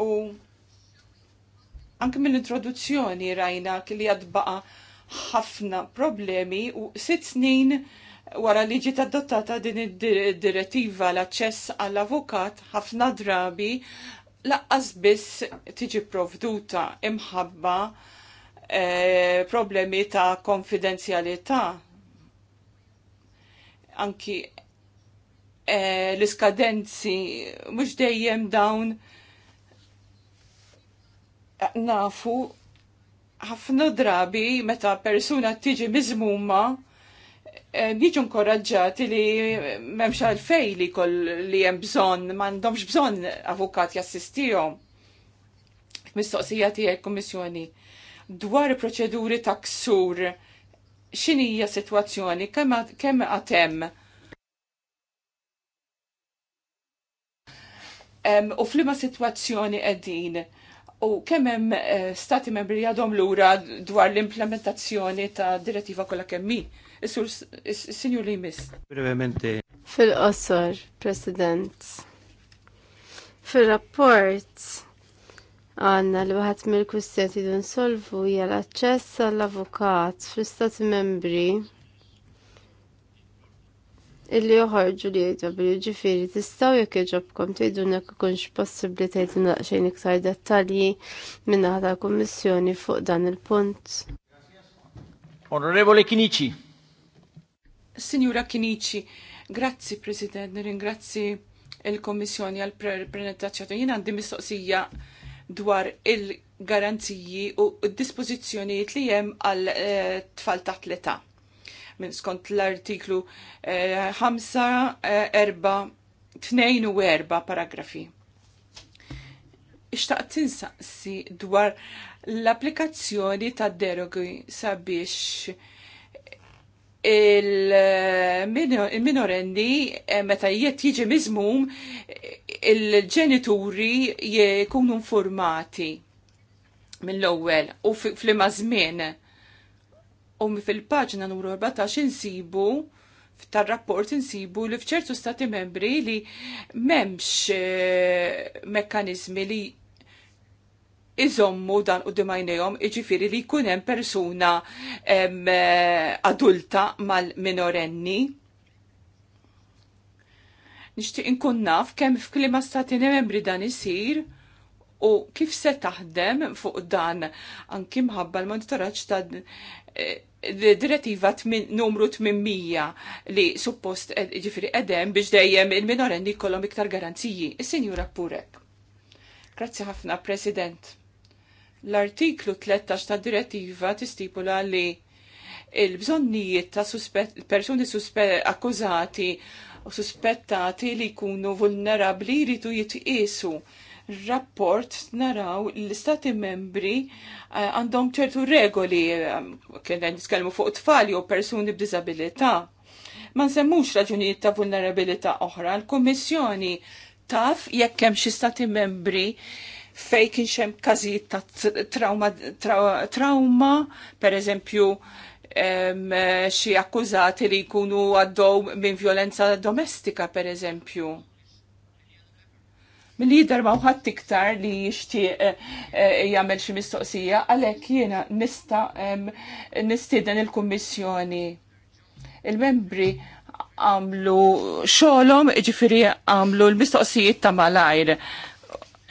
u Anke mill-introduzzjoni rajna li baqa ħafna problemi u sitt snin wara li ġiet adottata din id-direttiva l-aċċess għall-avukat ħafna drabi laqqas biss tiġi provduta imħabba eh, problemi ta' konfidenzjalità. Anki eh, l-iskadenzi mhux dejjem dawn nafu ħafna drabi meta persuna tiġi miżmuma eh, niġu nkoraġġati li memx għalfej li koll li jem bżon, mandomx bżon avukat jassistijom. Mistoqsija tijaj kommissjoni. Dwar proċeduri ta' ksur, xinija situazzjoni, kemm għatem? u flima situazzjoni għedin? U kemm hemm eh, stati membri għadhom lura dwar l-implementazzjoni ta' direttiva kollha kemm hi. Is-sinjur li mis? Brevemente. Fil-qosor, President. Fil-rapport għanna li waħat mill-kustjoni d insolvu hija l-aċċess għall-avukat fl-Stati membri illi joħorġu li jgħidu ġifiri tistaw jekk jġobkom tgħidu nek ikunx possibbli tgħidu naqxejn iktar dettalji minnaħa tal-Kummissjoni fuq dan il-punt. Onorevole Kinici. Signora Kinici, grazzi President, ringrazzi il-Kommissjoni għal prenetazzjoni. Jien għandi mistoqsija dwar il-garanziji u d-dispożizzjonijiet li hemm għal eh, tfal ta' l-età minn skont l-artiklu 5, eh, 4, eh, paragrafi. Ixtaq tinsaqsi dwar l-applikazzjoni ta' derogi sabiex il-minorenni eh, meta jiet jiġi mizmum il-ġenituri jkunu informati mill-ewwel u fl-imma żmien U fil-paġna numru 14 insibu tar-rapport insibu li fċertu stati membri li memx eh, mekkanizmi li iżommu dan u dimajnejom iġifiri li kunem persuna eh, adulta mal-minorenni. Nishtiq inkun naf kemm f'klima stati membri dan isir u kif se taħdem fuq dan anki mħabba l monitoraċ ta' eh, direttiva numru 800 li suppost eh, ġifri edem biex dejjem il-minorenni kolom iktar garanziji. il sinjura Purek. Grazzi ħafna, President. L-artiklu 13 ta' direttiva tistipula li il-bżonnijiet ta' persuni akkużati u suspettati li jkunu vulnerabli jridu jitqisu rapport naraw l-istati membri eh, għandhom ċertu regoli, eh, kien niskalmu fuq tfal jew persuni b'diżabilità. Ma nsemmux raġunijiet ta' vulnerabilità oħra, l-Kummissjoni taf jekk hemm xi stati membri fejn kien xem każijiet ta' trauma, tra, trauma per eżempju, eh, xi akkużati li jkunu għaddew minn violenza domestika, per eżempju mill-li darba uħat iktar li jixtieq eh, eh, jagħmel xi mistoqsija għalhekk jiena nista nistieden il-kummissjoni. Il-membri għamlu xolom, ġifiri għamlu l-mistoqsijiet ta' malajr.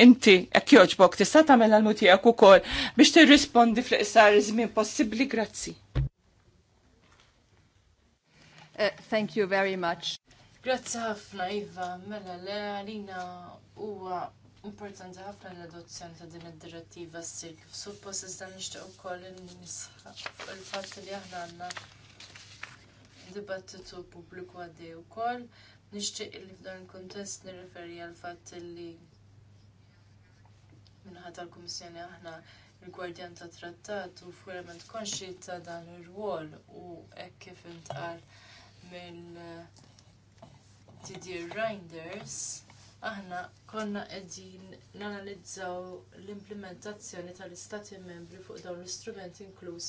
Inti, ek joġbok, tista tamel għal-mutijak u kol biex t-rispondi fl-iqsar zmin possibli, grazzi. Uh, thank you very much. Grazzi ħafna, Iva, mela le għalina huwa importanti ħafna l-adozzjoni ta' din id-direttiva s sil Suppos iżda nixtieq ukoll il-fatt li aħna għandna dibattitu pubbliku għaddej ukoll. Nixtieq li f'dan il-kuntest nirreferi għal fatt li minħat tal-Kummissjoni aħna il-Gwardjan ta' Trattat u f'verament konxi ta' dan ir-rwol u hekk kif intqal mill- Didier Reinders, aħna konna qegħdin nanalizzaw l-implementazzjoni tal-Istati membri fuq dawn l-istrumenti inkluż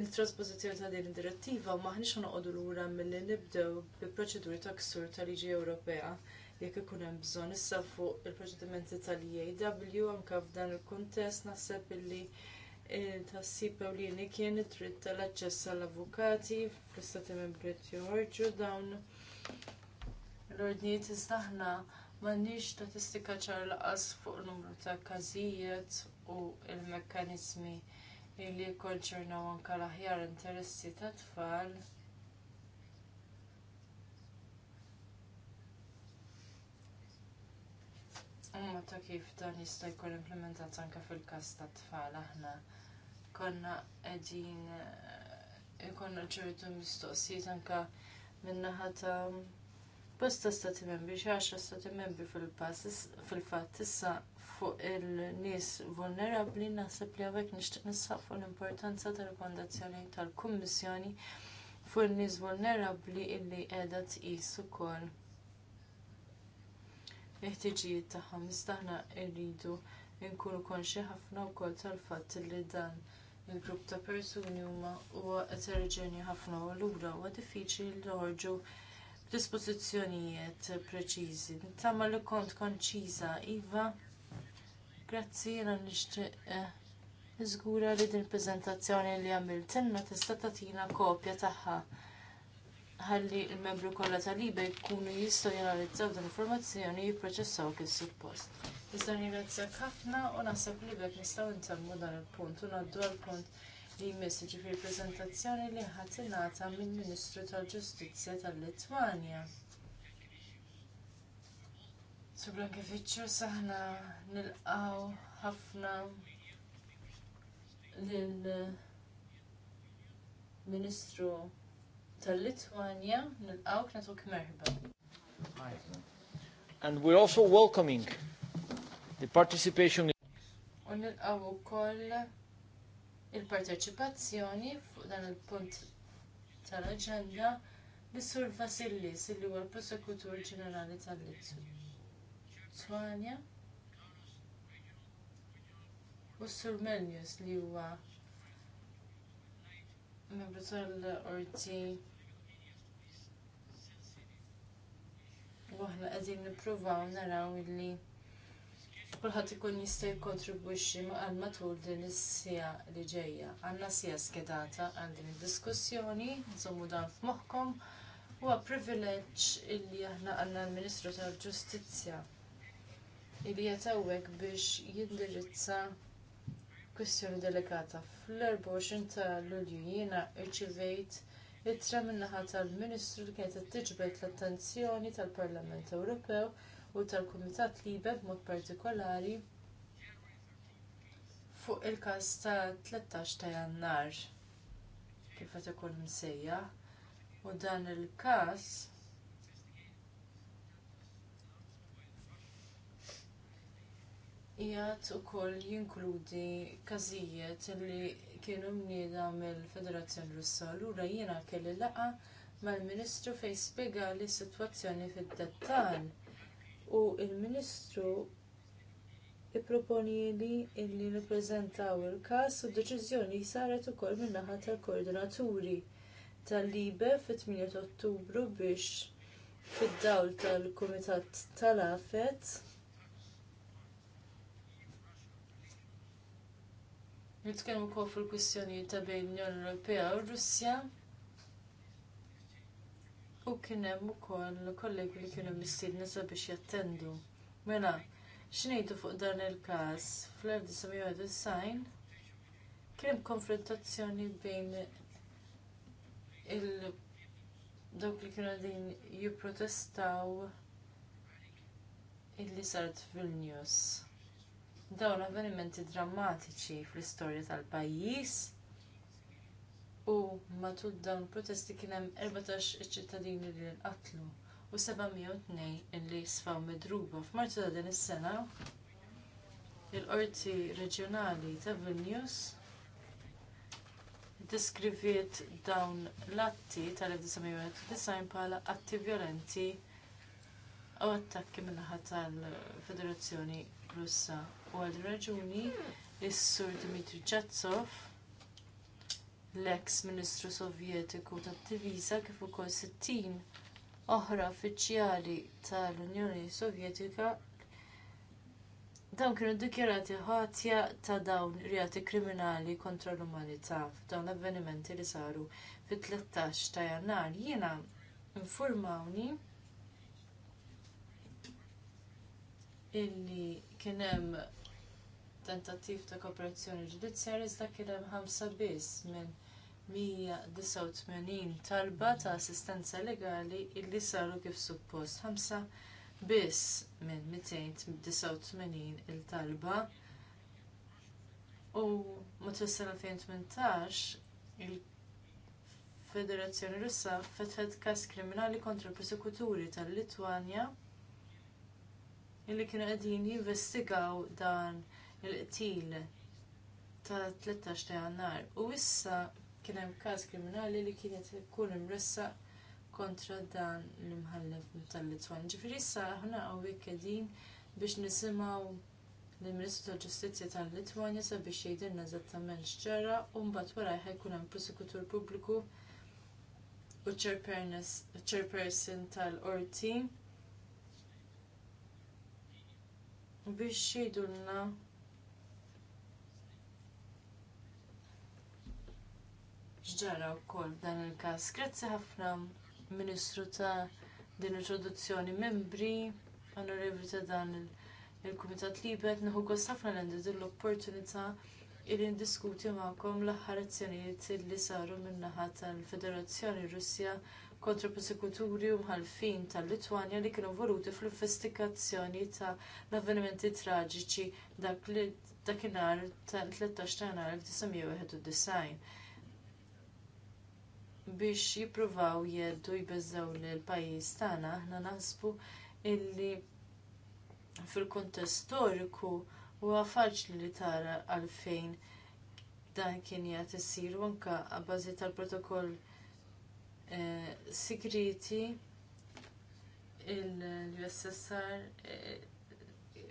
il-trasposizjoni ta' din id-direttiva u maħniex noqogħdu lura milli nibdew bi proċeduri ta' ksur tal-Liġi Ewropea jekk ikun hemm bżonn issa fuq il-proċedimenti tal-EAW anke f'dan il-kuntest naħseb illi tassib ewlieni kien id-dritt tal-aċċess għall-avukati fl-istati membri joħorġu dawn l-ordnijiet iżda aħna m'għandniex statistika ċar laqas fuq numru ta' każijiet u l-mekkaniżmi li jikkonċernaw anke l-aħjar interessi tat tfal. Imma ta' kif dan jista' jkun implementat anke fil-każ tat tfal aħna konna qegħdin eh, ikonna ċertu mistoqsijiet anke min-naħa ta' Bosta stati membri, xaxa stati membri fil-fat issa fuq il-nis vulnerabli naħseb li għavek nishtiq nisħaq fuq l-importanza tal-rekomendazzjoni tal-Kummissjoni fuq il-nis vulnerabli illi qiegħda tqis ukoll. Iħtiġijiet tagħhom iżda rridu nkunu konxi ħafna wkoll tal-fatt li dan il-grupp ta' persuni huma huwa eterġenju ħafna u allura huwa diffiċli li joħorġu dispożizzjonijiet preċiżi. Tamma li kont konċiża, Iva, grazzi jena nixtieq eh, iżgura li din il-preżentazzjoni li għamiltinna tista' tagħtina kopja tagħha ħalli l membru kollha tal-libe jkunu jistgħu jenalizzaw din informazzjoni jipproċessaw kif suppost. Iżda nirazzak ħafna u naħseb li bek nistgħu ntemmu dan il-punt u ngħaddu għall punt li jmiss ġifir prezentazzjoni li ħadd ingħata mill-Ministru tal-Ġustizzja tal-Litwanja. Subrankeviċċju saħna nilqgħu ħafna lill-Ministru tal-Litwanja nilqgħu kienet merħba. And we're also welcoming the participation in il-parteċipazzjoni fuq dan il-punt tal-aġenda bis-Sur Vasillis li huwa l-Prosekutur Ġenerali tal-Litwanja u s-Sur Melnius li huwa membru tal-Orti u qegħdin nippruvaw naraw illi kulħadd ikun jista' jikkontribwixxi għal matul din is-sija li ġejja. Għandna sija skedata għal din id-diskussjoni, nżommu dan f'moħħkom, huwa privileġġ illi aħna għandna l-Ministru tal-Ġustizzja illi qed hawnhekk biex jindirizza kwistjoni delikata. Fl-24 ta' Lulju jiena rċivejt ittra min-naħa tal-Ministru li kienet tiġbed l-attenzjoni tal-Parlament Ewropew u tal-Kumitat Libe b'mod partikolari fuq il każ ta' 13 ta' jannar kif qed ikun msejja u dan il-każ jgħat ukoll jinkludi każijiet li kienu mnieda mill-Federazzjoni Russa lura jiena kelli laqgħa mal-Ministru fejn spjega li s-sitwazzjoni fid-dettall u l ministru ipproponi li illi nippreżentaw il-każ u d deċiżjoni saret ukoll min-naħa tal-koordinaturi tal-Libe fit-8 Ottubru biex fid-dawl tal-Kumitat tal-Afet Nitkellmu wkoll fil kwistjoni ta' bejn l-Unjoni Ewropea u r Russja U kien hemm ukoll kollegi li kienu mistiedni sabiex jattendu. Mela, xnejtu fuq dan il-każ fl-1991 kien hemm konfrontazzjoni bejn il dawk li kienu din jipprotestaw illi saret fil-news. Dawn avvenimenti drammatiċi fl-istorja tal-pajjiż U matul dawn protesti kien hemm 14 iċ-ċittadini li nqatlu u 702 illi sfaw midruba f'Marzu ta' din is-sena il-qorti reġjonali ta' Vilnius deskriviet dawn l-atti tal-1991 bħala atti vjolenti u attakki min-naħa tal-Federazzjoni Russa. U għal raġuni is-Sur Dmitri Ġazzov l-eks Ministru Sovjetiku tad-Divisa kif ukoll sittin oħra uffiċjali tal-Unjoni Sovjetika dawn kienu ddikjarati ħatja ta' dawn reati kriminali kontra l-umanità f'dawn l-avvenimenti li saru fit-13 ta' jannar. Jiena informawni illi kien hemm tentattiv ta' kooperazzjoni ġudizzjarja iżda kien hemm ħamsa biss minn 189 talba ta' assistenza legali illi saru kif suppost ħamsa biss minn 289 il-talba u matul sena 2018 il-Federazzjoni Russa fetħet każ kriminali kontra persekuturi tal-Litwanja illi kienu qegħdin jinvestigaw dan il-qtil ta' 13 ta' jannar u issa kien hemm każ kriminali li kienet ikun imressa kontra dan l-imħallef tal-Litwan. Ġifieri issa aħna hawnhekk qegħdin biex nisimgħu l-Ministru tal-Ġustizzja tal-Litwanja sabiex jgħidilna eżattament x'ġara u mbagħad wara jkun hemm prosekutur pubbliku u chairperson tal-qorti biex jgħidulna u wkoll f'dan il każ Grazzi ħafna, Ministru ta' din introduzzjoni membri, onorevoli ta' dan il-Kumitat Libet, nħu gost ħafna l din l-opportunità li ndiskuti magħkom l-aħħar azzjonijiet li saru min-naħa tal-Federazzjoni Russja kontra prosekuturi u mħalfin tal-Litwanja li kienu voluti fl-investigazzjoni ta' l-avvenimenti traġiċi dakinhar tal-13 ta' 1991 biex jippruvaw jeddu jbeżżgħu lill pajjiż tagħna aħna naħsbu illi fil-kuntest storiku huwa faċli li tara għalfejn dan kien qed isir anke għabbażi tal-protokoll eh, sigriti il-USSR eh,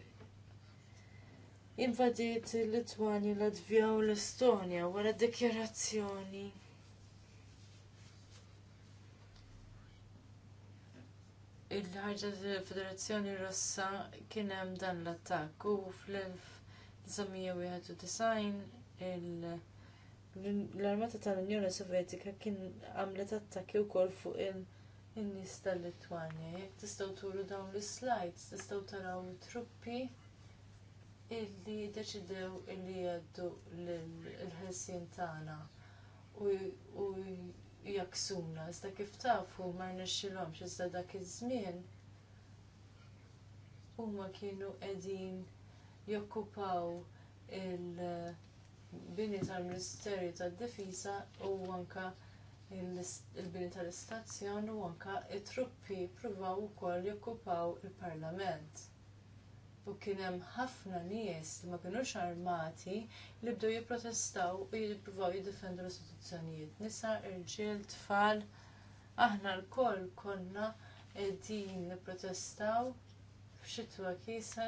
invadiet il-Litwani, l-Latvija u l-Estonja wara d dikjarazzjoni il-ħarġa federazzjoni Rossa kien hemm dan l-attakk u fl-1991 l-armata tal-Unjoni Sovjetika kien għamlet attakki wkoll fuq in-nies tal-Litwanja. Jekk tistgħu turu dawn l-slides, tistgħu taraw truppi illi deċidew illi jgħaddu l-ħelsien tagħna u jaksuna, iżda kif tafu ma rnexxilhomx iżda dak iż-żmien huma kienu qegħdin jokkupaw il-bini tal ministeru tad-Difiża u anke il-bini tal-istazzjon u anke t truppi ppruvaw ukoll jokkupaw il-Parlament u kien hemm ħafna nies li ma kinux armati li bdew jipprotestaw u jippruvaw jiddefendu l-istituzzjonijiet. Nisa, irġiel, tfal, aħna lkoll konna qegħdin nipprotestaw f'xitwa kisa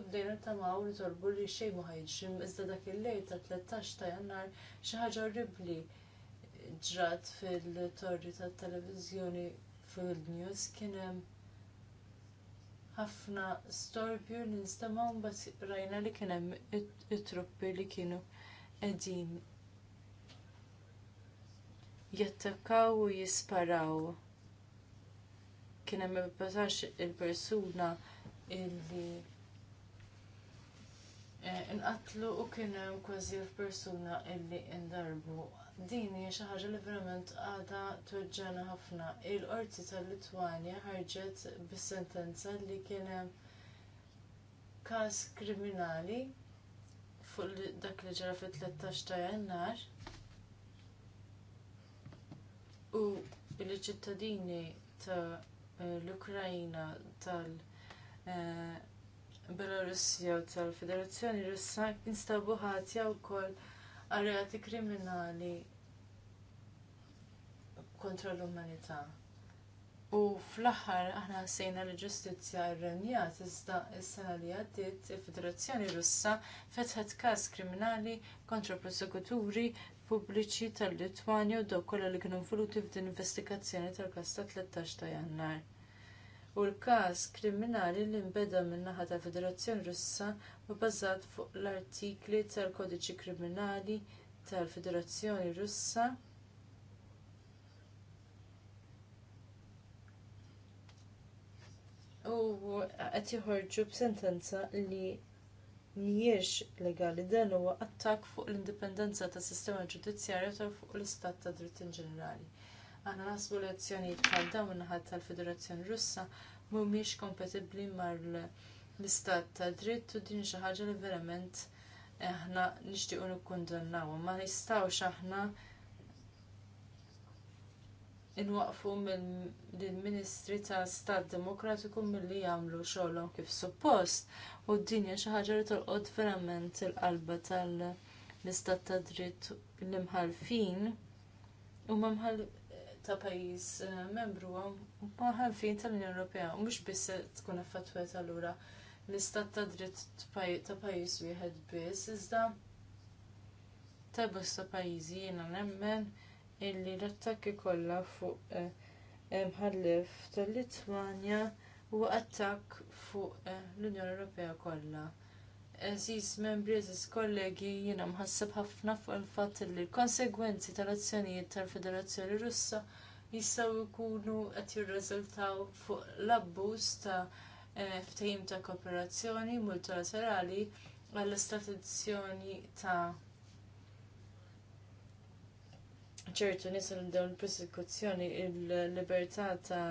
u bdejna tamaw li torbu li xejn ma iżda dak il-lejl ta' 13 ta' jannar xi ħaġa orribbli ġrat fil-torri tat-televiżjoni fil-news kien hemm ħafna storbju li nistamaw mbagħad rajna li kien hemm it-truppi li kienu qegħdin jattakkaw u jisparaw. Kien hemm ibbatax il-persuna illi eh, inqatlu u kien hemm kważi persuna illi indarbu Din hija xi ħaġa li verament għadha tweġġana ħafna. Il-qorti tal-Litwanja ħarġet bis-sentenza li kien hemm każ kriminali fuq dak li ġara fit-13 ta' jannar. U l-ċittadini ta' l-Ukrajna tal- eh, belarussija u tal-Federazzjoni Russa instabu ħati wkoll għal-reati kriminali kontra l-umanità. U fl-aħħar aħna sejna l ġustizzja r-renjat iżda s-sena li għaddiet il-Federazzjoni Russa fetħet każ kriminali kontra prosekuturi pubbliċi tal-Litwanja u dok kollha li kienu involuti f'din investigazzjoni tal kas ta' 13 ta' Jannar u l-każ kriminali li nbeda min-naħa tal Federazzjoni Russa u bbażat fuq l-artikli tal-Kodiċi Kriminali tal-Federazzjoni Russa u qed joħorġu b'sentenza li mhijiex legali dan huwa attakk fuq l-indipendenza tas sistema ġudizzjarju u fuq l-istat ta' dritt in ġenerali. Aħna nasbu l bħal dawn minnaħat tal-Federazzjoni Russa mhumiex kompatibbli mal-istat ta' dritt u din xi ħaġa li verament aħna nixtiequ nikkundannaw. Ma nistgħux aħna inwaqfu mill-Ministri ta' Stat Demokratiku milli jagħmlu xogħolhom kif suppost u d-dinja xi ħaġa li tolqod verament il-qalba tal-istat ta' dritt l-imħalfin huma ta' pajjiż eh, membru ma' ħalfin tal-Unjoni Ewropea u mhux biss tkun affatwet allura l-istat ta' dritt ta' pajjiż wieħed biss iżda ta' bosta pajjiżi jiena nemmen illi l-attakki kollha fuq eh, mħallef tal-Litwanja huwa attakk fuq eh, l-Unjoni Ewropea kollha. Eżiz membri, kollegi, jiena mħassab ħafna fuq il-fat li l-konsegwenzi tal-azzjonijiet tal-Federazzjoni Russa jistaw ikunu qed jirriżultaw fuq l-abbuż ta' eh, ftehim ta' kooperazzjoni multilaterali għall-istituzzjoni ta' ċertu nies dawn il-prosekuzzjoni il-libertà ta'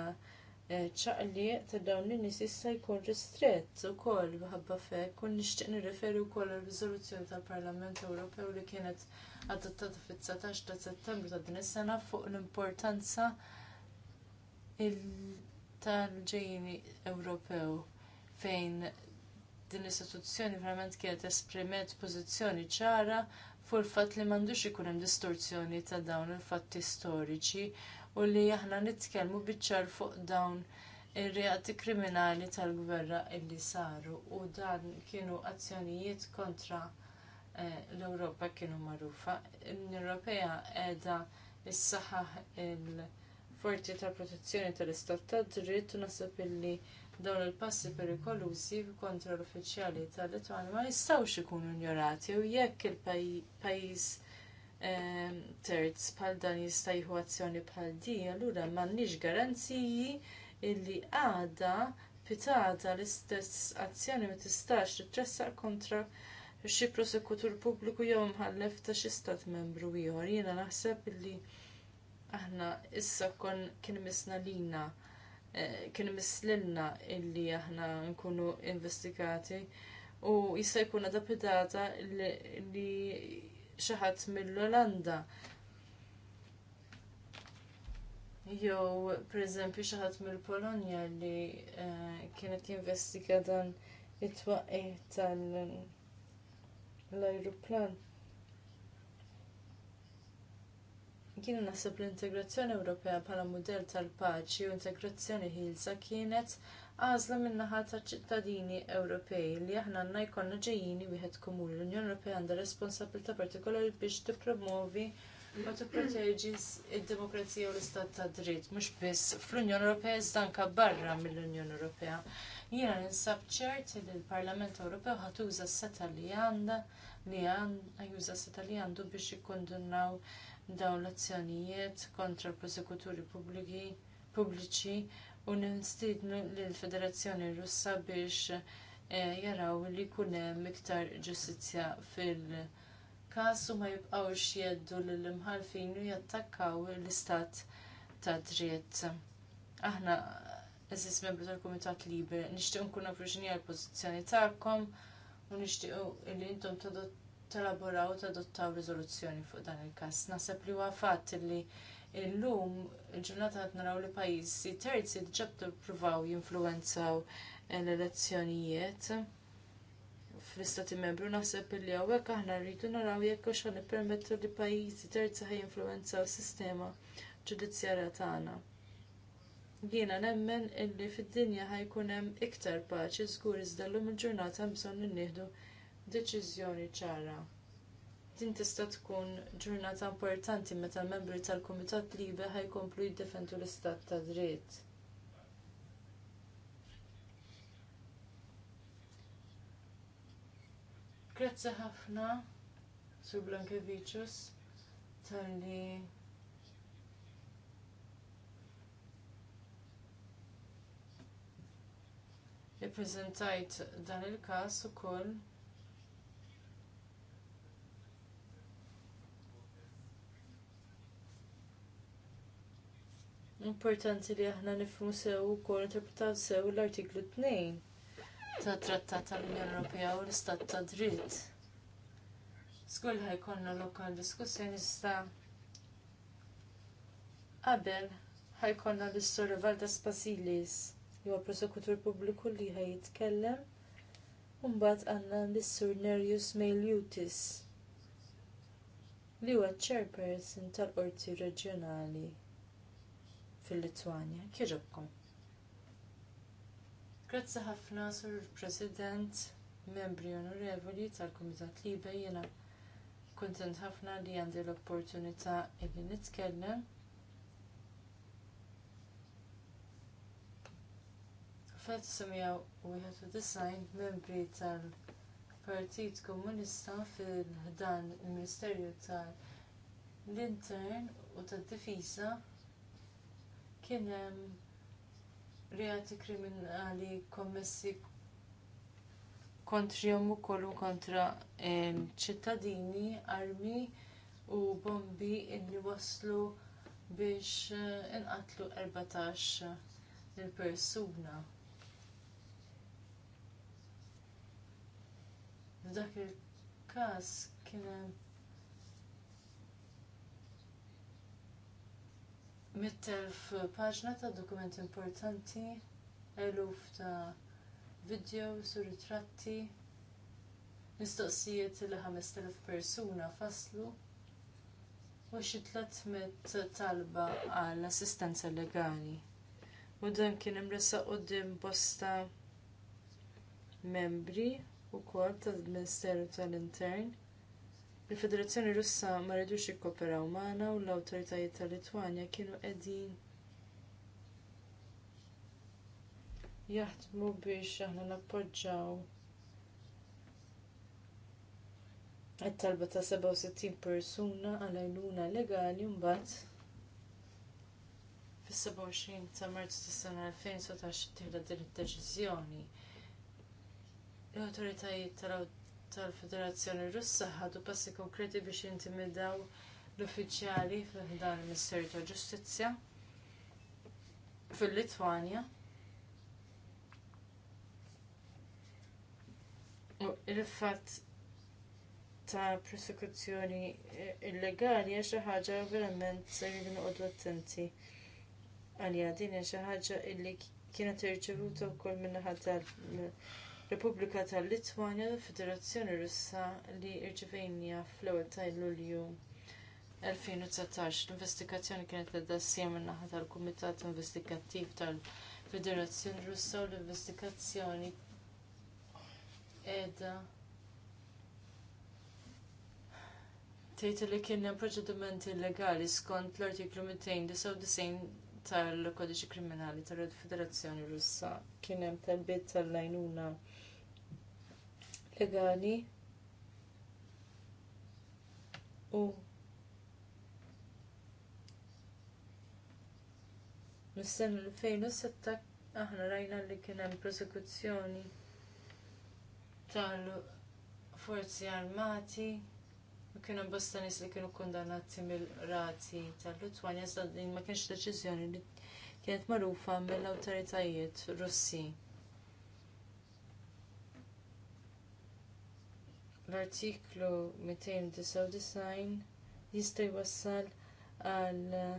ċaqli ta' dawn li nies issa jkun ristrett ukoll minħabba fek, kun nixtieq nirreferi wkoll ir-riżoluzzjoni tal-Parlament Ewropew li kienet adottata fit-19 ta' Settembru ta' din is-sena fuq l-importanza tal-ġejjini Ewropew fejn din l-istituzzjoni verament kienet esprimet pożizzjoni ċara fuq il-fatt li m'għandux ikun hemm distorzjoni ta' dawn il-fatti storiċi u li aħna nitkellmu biċ-ċar fuq dawn ir-reati kriminali tal-gwerra illi saru u dan kienu azzjonijiet kontra eh, l-Ewropa kienu magħrufa. L-Unjoni Ewropea qiegħda issaħħaħ il-forti tal protezzjoni tal-istat tad dritt u nasib illi dawn il-passi perikolużi kontra l-uffiċjali tal-Litwani ma jistgħux ikunu injorati u jekk il-pajjiż terz bħal dan jista' jieħu azzjoni bħal di, allura m'għandniex garanziji illi għada pitata l-istess azzjoni ma tistax titressaq kontra xi prosekutur pubbliku jew mħallef ta' xi stat membru ieħor. Jiena naħseb illi aħna issa kon kien misna lina e, kien mislilna illi aħna nkunu investigati u jista' jkun pitata li xi ħadd mill-Olanda. Jew pereżempju xi ħadd mill-Polonja li uh, kienet jinvestiga dan it-twaqqih tal-ajruplan. Kienu naħseb l-integrazzjoni Ewropea bħala mudell tal-paċi u integrazzjoni ħilsa kienet għażla min-naħa taċ ċittadini Ewropej li aħna għandna jkollna ġejjini wieħed komuni. L-Unjoni Ewropea għandha responsabilità partikolari biex tippromovi u tipproteġi id-demokrazija u l-istat ta' dritt, mhux biss fl-Unjoni Ewropea iżda anke barra mill-Unjoni Europea. Jiena ninsab ċert li l-Parlament Ewropew ħatuża s-seta li għandha li għandha s-seta li għandu biex ikkondunnaw dawn l-azzjonijiet kontra l-prosekuturi pubbliċi u instidnu l-Federazzjoni Russa biex eh, jaraw li kunem iktar ġustizzja fil kasu u ma jibqawx jeddu l-imħalfin u jattakkaw l-istat ta' dritt. Aħna, eżis membru tal-Komitat Liber, nishtiq nkun nafruġni għal-pozizjoni ta'kom u nishtiq li intom talaboraw u tadottaw rizoluzzjoni fuq dan il-kas. Nasab li huwa li Illum il-ġurnata qed naraw li pajjiżi terzi ġabtu ppruvaw jinfluwenzaw l-elezzjonijiet fl-istati membru naħseb li hawnhekk aħna rridu naraw jekk hux nippermettu li pajjiżi terzi ħaj influenzaw sistema ġudizzjarja tagħna. Jiena nemmen illi fid-dinja ħajkun hemm iktar paċi żgur iżda llum il-ġurnata hemm bżonn nieħdu deċiżjoni ċara. Din tista' tkun ġurnata importanti meta membri tal-Kumitat Libe ħajkomplu jiddefendu l-istat ta' dritt. Grazzi ħafna, Sur Blankevicius, tal-li Ippreżentajt dan il każ ukoll importanti li aħna nifhmu sew ukoll interpretaw sew l-artiklu 2 ta' Trattat tal-Unjoni Ewropea u l-Istat ta' Dritt. Skull ħajkonna lokal diskussjoni sta qabel ħajkonna l-istorja Valda Spasilis li huwa prosekutur pubbliku li ħajitkellem u mbagħad għandna l-Sur Nerius Mejliutis li huwa chairperson tal-qorti reġjonali fil-Litwanja. Kieġobkom. Grazzi ħafna, Sur President, membri onorevoli tal-Kumitat Libe, jena kontent ħafna li għandi l-opportunità illi nitkellem. Fet semjaw u design membri tal-Partit Komunista fil-ħdan il-Ministerju tal-Intern u tad-Difiża kien hemm reati kriminali kommessi kontrihom ukoll kontra ċittadini armi u bombi illi waslu biex eh, inqatlu 14 il-persuna. il kien mittelf paġna ta' dokument importanti, eluf ta' videos u ritratti, mistoqsijiet li 5000 persuna faslu u xi 300 talba għal assistenza legali. U dan kien imressaq quddiem bosta membri wkoll tal-Ministeru tal-Intern Il-Federazzjoni Russa ma rridux jikkoperaw magħna u l-awtoritajiet ta' Litwanja kienu qegħdin jaħdmu biex aħna nappoġġaw it-talba ta' 67 persuna għal għajnuna legali mbagħad fis-27 ta' Marzu tas-sena 2017 tieħda din id-deċiżjoni. L-awtoritajiet tal tal-Federazzjoni Russa ħadu passi konkreti biex intimidaw l-uffiċjali fil-ħdan il ta' Ġustizzja fil-Litwanja. U il-fatt ta' prosekuzzjoni illegali hija xi ħaġa verament se jridu noqogħdu attenti għalija din hija xi ħaġa illi kienet irċevuta wkoll min-naħa Repubblika tal-Litwanja u Federazzjoni Russa li irċivejnija fl-ewwel ta' Lulju 2019. L-investigazzjoni kienet għadda sija min-naħa tal-Kumitat Investigattiv tal-Federazzjoni Russa u l-investigazzjoni qiegħda tgħid li kien hemm proċedimenti illegali skont l-artiklu 299 tal-Kodiċi Kriminali tal-Federazzjoni Russa kien hemm talbiet tal-lajnuna legali u mis-sen 2006 aħna rajna li kien hemm prosekuzzjoni tal-forzi armati u kienu bosta nies li kienu kondannati mill-rati tal-Lutwanja, ma kienx deċiżjoni li kienet magħrufa mill awtoritajiet Russi. l-artiklu 299 jista' jwassal għal eh,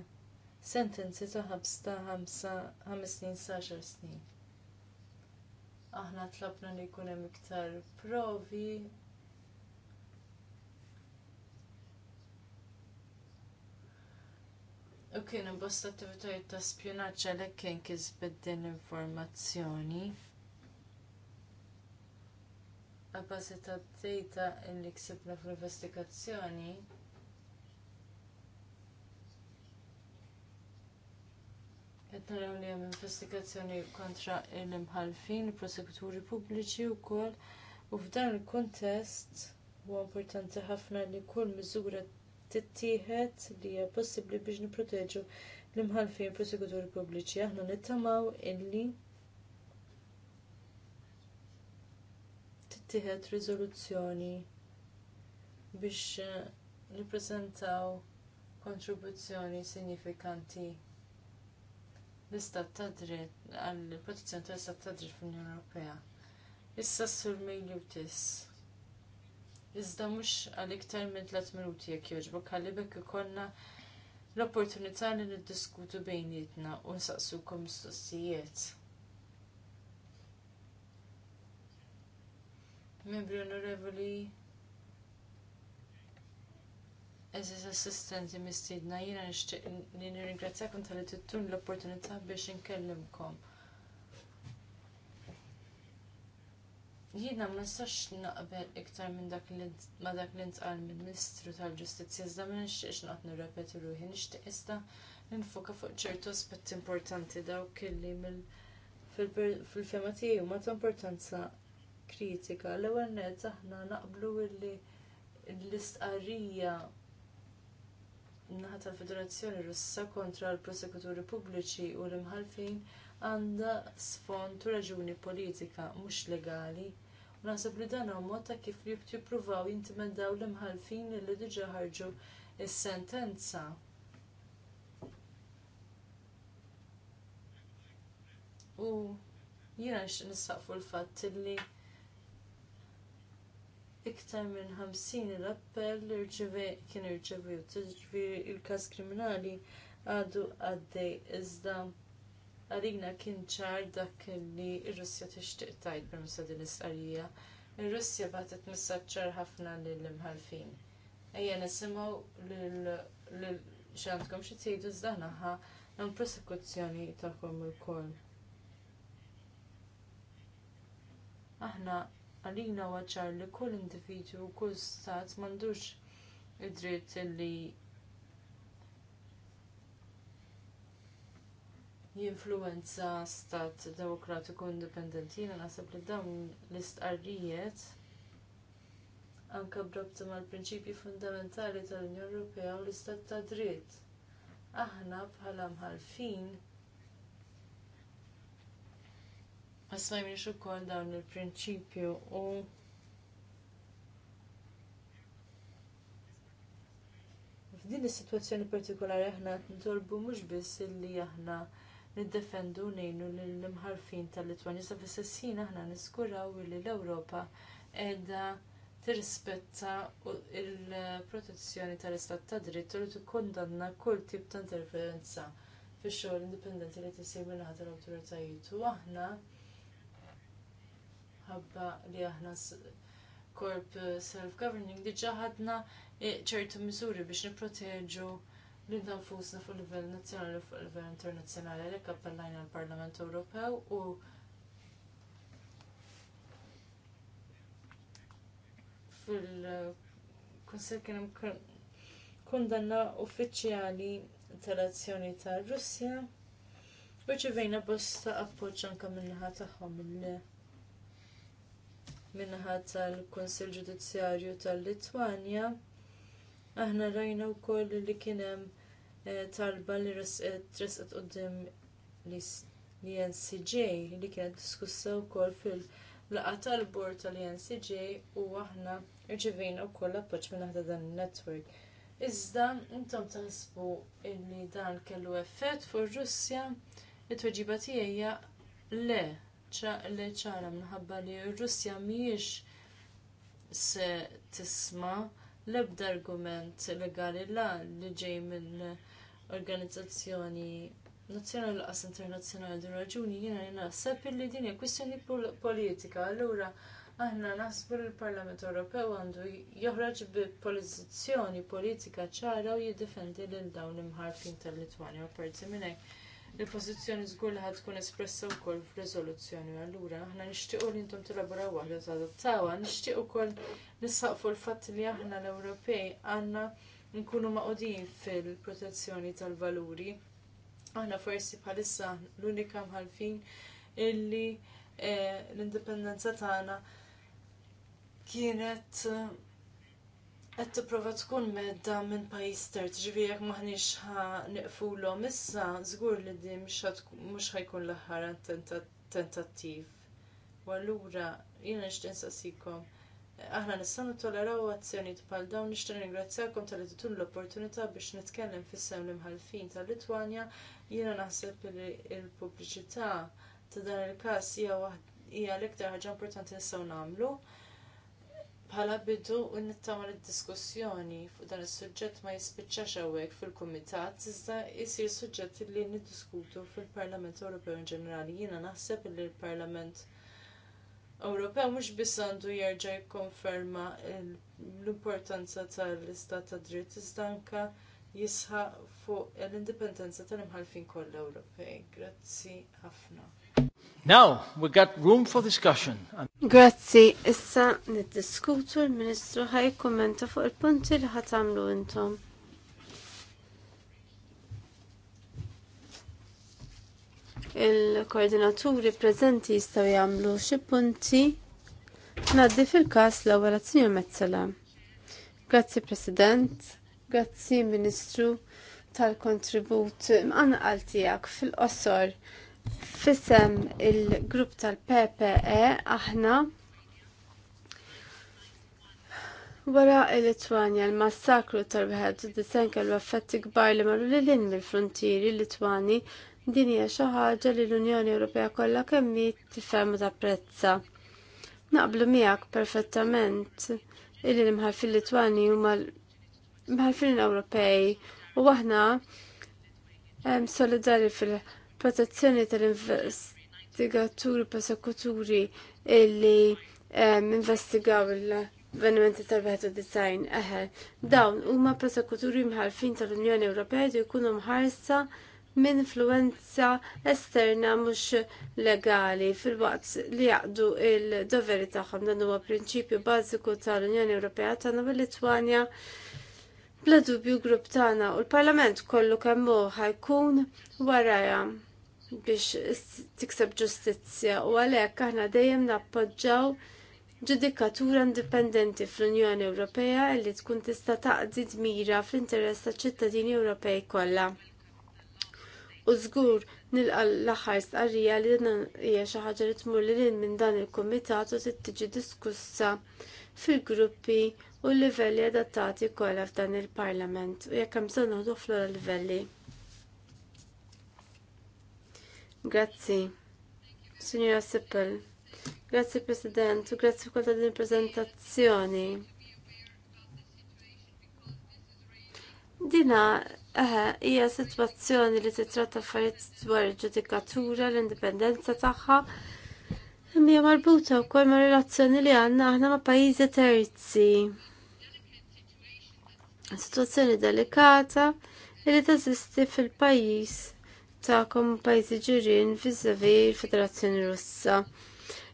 sentenzi ta' ħabs ta' 5 snin sa' 10 snin. Aħna tlabna li jkun hemm iktar provi U kien bosta attivitajiet ta' spjonaċċa li kien kisbed din informazzjoni għabbażi ta' data li ksibna fl-investigazzjoni Qed naraw li hemm investigazzjoni kontra l-imħalfin, il-prosekuturi pubbliċi wkoll u f'dan il-kuntest huwa importanti ħafna li kull miżura tittieħed li hija possibbli biex nipproteġu l-imħalfin prosekuturi pubbliċi. Aħna nittamaw illi tieħed riżoluzzjoni biex eh, nippreżentaw kontribuzzjoni sinifikanti l-istat ta' dritt għall protezzjoni tal-istat ta' dritt fl-Unjoni Ewropea. Issa s-sur Mejlutis. Iżda mhux għal iktar minn tliet minuti jekk jogħġbok għalli bekk ikollna l-opportunità li niddiskutu bejnietna u nsaqsu nsaqsukom mistoqsijiet. membri onorevoli, eżiz assistenti mistidna, jina nishtiq li nirringrazzjakom tal-li tittun l-opportunità biex nkellimkom. Jina ma nistax naqbel iktar minn dak li ma dak li ntqal mill-Ministru tal-Ġustizzja iżda ma nixtieqx naqt nirrepeti ruħi, nixtieq iżda ninfoka fuq ċertu aspetti importanti dawk kelli mill fil-fema tiegħu ma ta' importanza kritika. L-ewwel nett aħna naqblu illi l-istqarrija naħa tal-Federazzjoni Russa kontra l-prosekuturi pubbliċi u l-imħalfin għandha sfond u raġuni politika mhux legali. U naħseb li dan mod ta' kif li jippruvaw jintimidaw l-imħalfin li diġà ħarġu is-sentenza. U jiena nixtieq l-fatt li iktar minn 50 il-appell kien irċevew tiġifieri il-każ kriminali għadu għaddej iżda għalina kien ċar dak li r-Russja tixtieq tgħid permezz din l-istqarrija. Ir-Russja bagħtet messaġġar ħafna l imħalfin Ejja nisimgħu lil x'għandkom xi tgħidu iżda naħa hemm prosekuzzjoni il ukoll. Aħna għalina huwa ċar li kull individwu u kull stat m'għandux id-dritt li jinfluwenza stat demokratiku indipendenti. Jiena naħseb li dawn l-istqarrijiet anke brabta mal-prinċipji fundamentali tal-Unjoni Ewropea u l-istat ta' dritt. Aħna bħala mħalfin ma smajniex ukoll dawn il-prinċipju u f'din is-sitwazzjoni partikolari aħna qed nitolbu mhux biss illi aħna niddefendu ngħinu lill-imħarfin tal-Litwanja sa fis-sess aħna niskuraw li l-Ewropa qiegħda tirrispetta l protezzjoni tal-istat ta' dritt u li tikkundanna kull tip ta' interferenza fix-xogħol indipendenti li tisir minn ħadd l-awtoritajiet u aħna Ħabba li aħna korp eh, self-governing diġa ħadna eh, ċertu miżuri biex nipproteġu lil nfusna fuq livell nazzjonali u fuq livell internazzjonali għalhekk appellajna l-Parlament Ewropew u fil-Kunsel kien hemm kundanna uffiċjali tal-azzjoni tar Russja u ċivejna bosta appoġġ anke min-naħa tagħhom minnaħa tal-Konsil Ġudizzjarju tal-Litwanja. Aħna rajna wkoll li kien hemm eh, talba li eh, tresqet quddiem l-NCJ li kienet diskussa wkoll fil laqgħa tal-bord tal incj u aħna rċevejna wkoll appoġġ minn aħda dan in-netwerk. Iżda intom taħsbu li dan kellu effett fuq Russja, it-tweġiba tiegħi le li ċara minħabba li r-Russja mhijiex se tisma l-ebda argument legali la li ġej minn organizzazzjoni nazzjonali laqas internazzjonali din raġuni jiena naħseb illi din hija kwistjoni politika. Allura aħna naħsbu li l-Parlament Ewropew għandu joħroġ bi pożizzjoni politika ċara u jiddefendi lil dawn l-imħarfin tal-Litwanja u parti minn hekk. Il-pożizzjoni żgur li ħad tkun espressa wkoll f'riżoluzzjoni allura aħna nixtiequ li intom tilaboraw waħda tadottawa, nixtieq ukoll nissaqfu l-fatt li aħna l-Ewropej għandna nkunu maqudin fil-protezzjoni tal-valuri. Aħna forsi bħalissa l-unika mħalfin illi eh, l-indipendenza tagħna kienet qed tipprova tkun medda minn pajjiż tert, ġifieri jekk maħniex ħa niqfulhom issa, żgur li din mhux ħajkun l-aħħar tentattiv. U allura jiena nixtieq nsaqsikom. Aħna nistgħu nittoleraw azzjonijiet bħal dawn nixtieq ningrazzjakom tal-li l-opportunità biex nitkellem fis-sem l-imħalfin tal-Litwanja. Jiena naħseb li l-pubbliċità ta' dan il-każ hija l-iktar ħaġa importanti nistgħu nagħmlu bħala bidu u nittama l-diskussjoni fuq dan is-suġġett ma jispiċċax hawnhekk fil-kumitat iżda jsir suġġett li niddiskutu fil-Parlament Ewropew in ġenerali. Jiena naħseb li l-Parlament Ewropew mhux biss għandu jerġa' jikkonferma l-importanza tal-istat ta' dritt iżda anke jisħaq fuq l-indipendenza tal-imħalfin kollha Ewropej. Grazzi ħafna. Now, we got room for discussion. Grazzi, issa niddiskutu l-Ministru ħaj kommenta fuq il-punti li ħatamlu intom. Il-koordinaturi prezenti jistaw jagħmlu xi punti ngħaddi fil-każ l-ewwel azzjoni mezzela. Grazzi President, grazzi Ministru tal-kontribut mqanqal tiegħek fil qossor Fissem il-grupp tal-PPE aħna wara il-Litwanja l-massakru tal-91 kellu effetti kbar li marru li mill-frontieri Litwani din hija xi ħaġa li l-Unjoni Ewropea kollha kemm tifhem u tapprezza. Naqblu miegħek perfettament illi l-imħalfin Litwani huma l-imħalfin Ewropej u aħna solidari fil- protezzjoni tal-investigaturi persekuturi illi ehm, investigaw l-avvenimenti tal design eħe. Dawn huma persekuturi mħalfin tal-Unjoni Ewropea li jkunu mħarsa minn influenza esterna mhux legali fil-waqt li jaqdu il-doveri tagħhom dan huwa prinċipju bażiku tal-Unjoni Ewropea tagħna bil-Litwanja Bla dubju grupp tagħna u l-Parlament kollu kemm hu ħajkun warajam biex tikseb ġustizzja u għalhekk aħna dejjem nappoġġaw ġudikatura indipendenti fl-Unjoni Ewropea li tkun tista' taqdi dmira fl-interess tal-ċittadini Ewropej kollha. U żgur nilqa l-aħħar stqarrija li dan hija xi ħaġa li tmur lil minn dan il-kumitat u tiġi diskussa fil-gruppi u l-livelli adattati kollha f'dan il-Parlament u jekk hemm bżonn fl-livelli. Grazzi. Signora Sippel. Grazie President u per kol presentazione. Dina, eh, Dina hija situazzjoni li titratta affarijiet dwar il-ġudikatura, l-indipendenza tagħha. Hija marbuta wkoll ma' relazzjoni li għandna aħna ma' pajjiżi terzi. Situazzjoni delikata li teżisti fil-pajjiż ta'kom pajzi ġurin vizavi l-Federazzjoni Russa.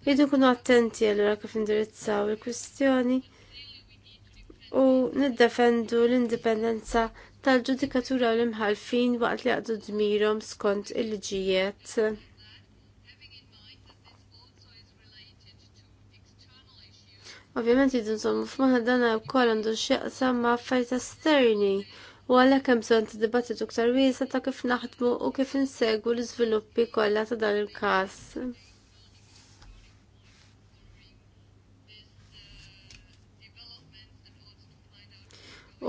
Jidu kunu attenti għallura kif indirizzaw il-kwistjoni u niddefendu l-indipendenza tal-ġudikatura u l-imħalfin waqt li għaddu dmirom skont il-ġijiet. Ovvjament jiddu nżommu f'maħna u wkoll għandu x'jaqsam ma' affarijiet esterni u għalhekk hemm bżonn ta' dibattitu iktar wiesa ta' kif naħdmu u kif insegwu l-iżviluppi kollha ta' dan il-każ.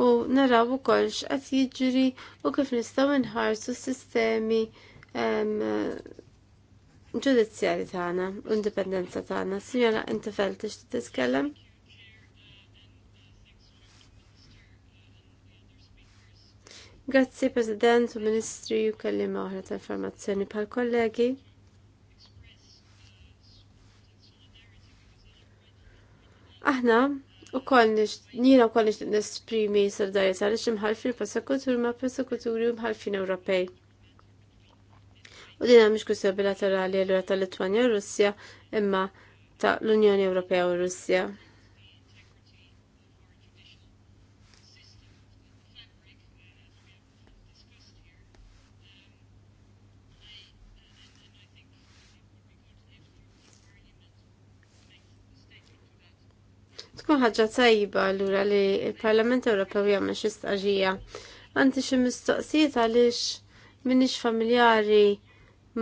U naraw ukoll x'qed jiġri u kif nistgħu nħarsu s-sistemi ġudizzjari tagħna, indipendenza tagħna. Sinjora, inti feltix t-tiskellem? Grazzi President u Ministri u kellim oħra ta' informazzjoni pal kollegi. Aħna u kollniġ, nina u kollniġ nesprimi solidarieta li ximħalfin prosekutur ma' prosekuturi u mħalfin Ewropej. U din mhix kwistja bilaterali għal tal-Litwanja u Russja imma ta' l-Unjoni Ewropea u Russja. Tkun ħaġa tajba allura li il-Parlament Ewropew jagħmel xi staġija. Għandi xi mistoqsijiet għaliex m'iniex familjari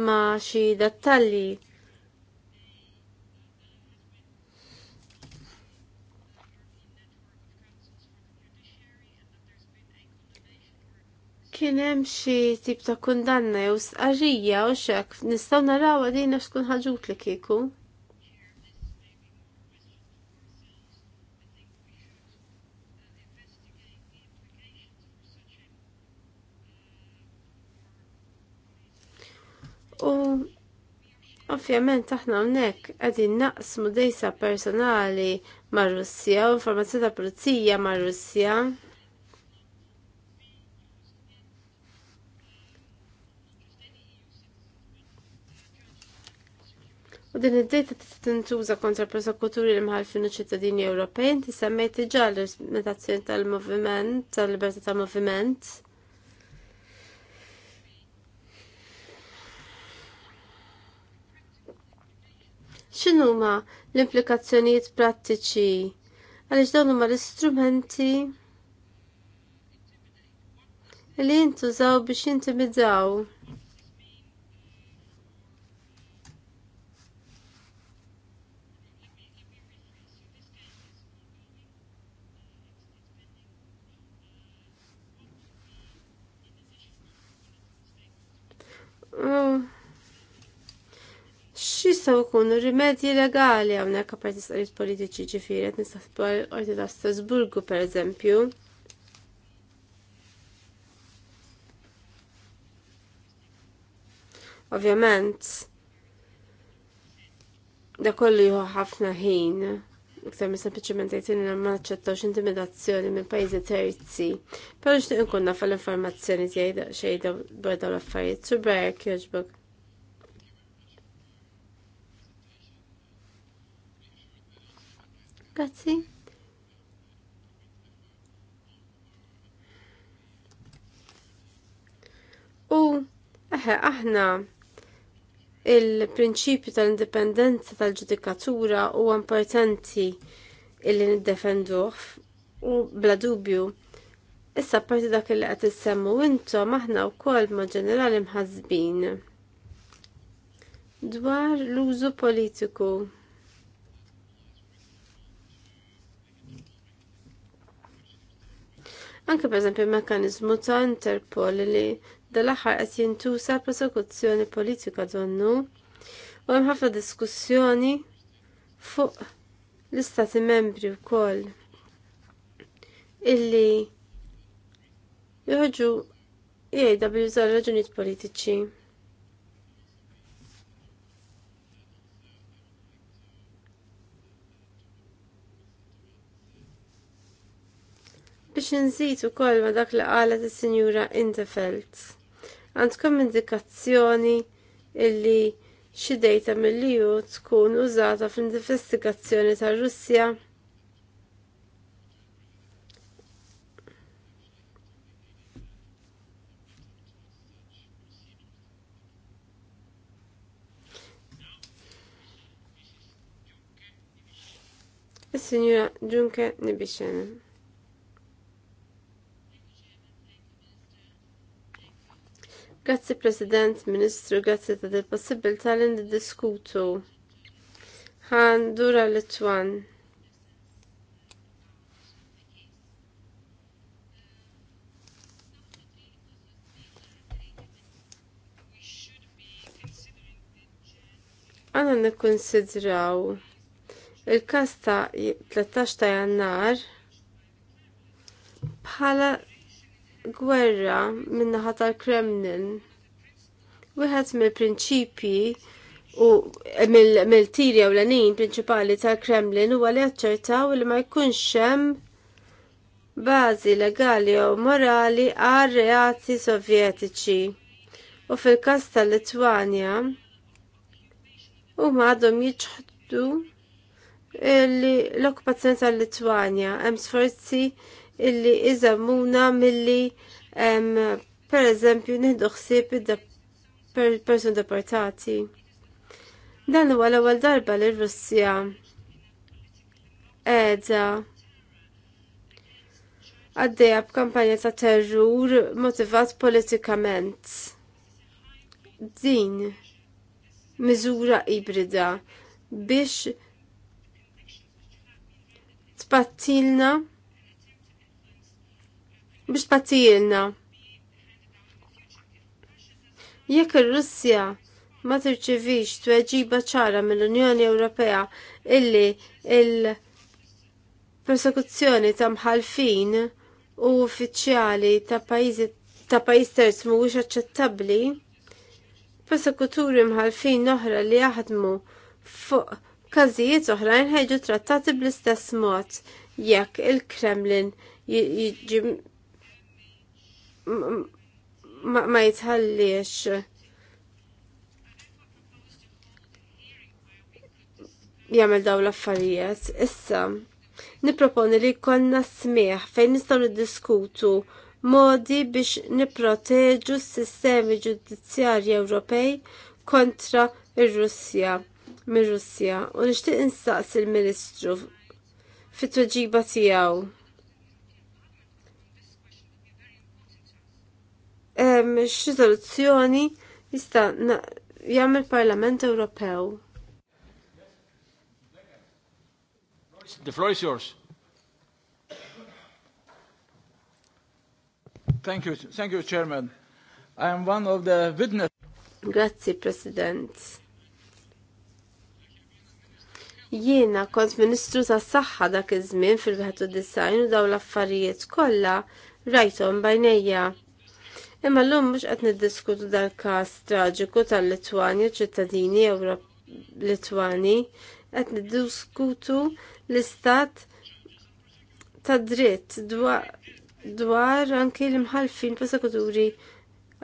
ma' xi dettalji kien hemm xi tip ta' kundanna jew sqarrija u xek nistgħu naraw għadina x'kun ħaġut li kieku. U ovvjament aħna hawnhekk qegħdin naqsmu dejsa personali mar Russja u informazzjoni ta' pulizija mar Russja. U din id-dejta tista' tintuża kontra prosekuturi li mħalfinu ċittadini Ewropej, inti semmejt diġà l-limitazzjoni tal-moviment, tal-libertà tal-moviment. x'inhuma l-implikazzjonijiet prattiċi għaliex dawn huma l-istrumenti li jintużaw biex jintimidaw Oh. Mm jistaw jkunu rimedji legali hawnhekk apart isqarit politiċi ġifieri qed nistaħbu l-Qorti ta' Strasburgu pereżempju. Ovvjament, da kollu juħu ħafna ħin iktar minn sempliċement jgħidin li ma naċċettawx intimidazzjoni minn pajjiżi terzi. Però nixtieq nkun naf l-informazzjoni tiegħi xejda dwar dawn l-affarijiet. Subrek jogħġbok. Grazie. U eħe aħna il-prinċipju tal-indipendenza tal-ġudikatura u importanti illi niddefenduh u bla dubju Issa parti dak li qed issemmu intom aħna wkoll ma' ġenerali mħazbin dwar l-użu politiku Anke il mekkaniżmu ta' Interpol li dal-aħħar qed jintuża prosekuzzjoni politika donnu u hemm ħafna diskussjoni fuq l-istati membri wkoll illi joħġu jgħidha e bil-jużar raġunijiet politiċi. biex nżid ukoll ma dak li qalet is-Sinjura Intefelt. Għandkom indikazzjoni illi xi dejta mill-EU tkun użata fl-investigazzjoni tar-Russja? Is-Sinjura Ġunke Grazzi President, Ministru, grazzi ta' il possibilità li niddiskutu. Ħan dura l-Twan. għana nikkonsidraw il kasta ta' 13 ta' jannar bħala gwerra minnaħa tal-Kremlin. Wieħed mill-prinċipji u mill tiri u l-anin prinċipali tal-Kremlin huwa li jaċċertaw li ma jkunx hemm bażi legali u morali għal reati sovjetiċi. U fil-każ tal-Litwanja huma għadhom jiġħdu l-okkupazzjoni tal-Litwanja hemm sforzi illi iżammuna milli per eżempju nieħdu ħsieb persuni deportati. Dan huwa l-ewwel darba li r-Russja qiegħda għaddeja b'kampanja ta' terrur motivat politikament. Din miżura ibrida biex tbattilna biex patijilna. Jekk ir-Russja ma tirċivix tweġiba ċara mill-Unjoni Ewropea illi il-persekuzzjoni ta' mħalfin u uffiċjali ta' pajjiżi ta' pajjiż terz mhuwiex aċċettabbli, persekuturi mħalfin oħra li jaħdmu fuq każijiet oħrajn ħejġu trattati bl-istess mod jekk il-Kremlin jiġi ma ma jitħallix jagħmel daw l-affarijiet. Issa, niproponi li konna smieħ fejn nistgħu niddiskutu modi biex niproteġu s-sistemi ġudizzjarji Ewropej kontra ir-Russja mir-Russja u nixtieq instaqsi l-Ministru fit-tweġiba tiegħu. soluzzjoni jista' jagħmel Parlament Ewropew. The floor is yours. Thank you, thank you, Chairman. I am one of the witness. Grazie, President. Jiena kont Ministru tas Saħħa dak iż-żmien fil-91 u dawn l-affarijiet kollha rajthom bajnejja. Imma l-lum mux għat niddiskutu dal-kas traġiku tal-Litwani u ċittadini Litwani għat niddiskutu l-istat ta' dritt dwar anki l-imħalfin prosekuturi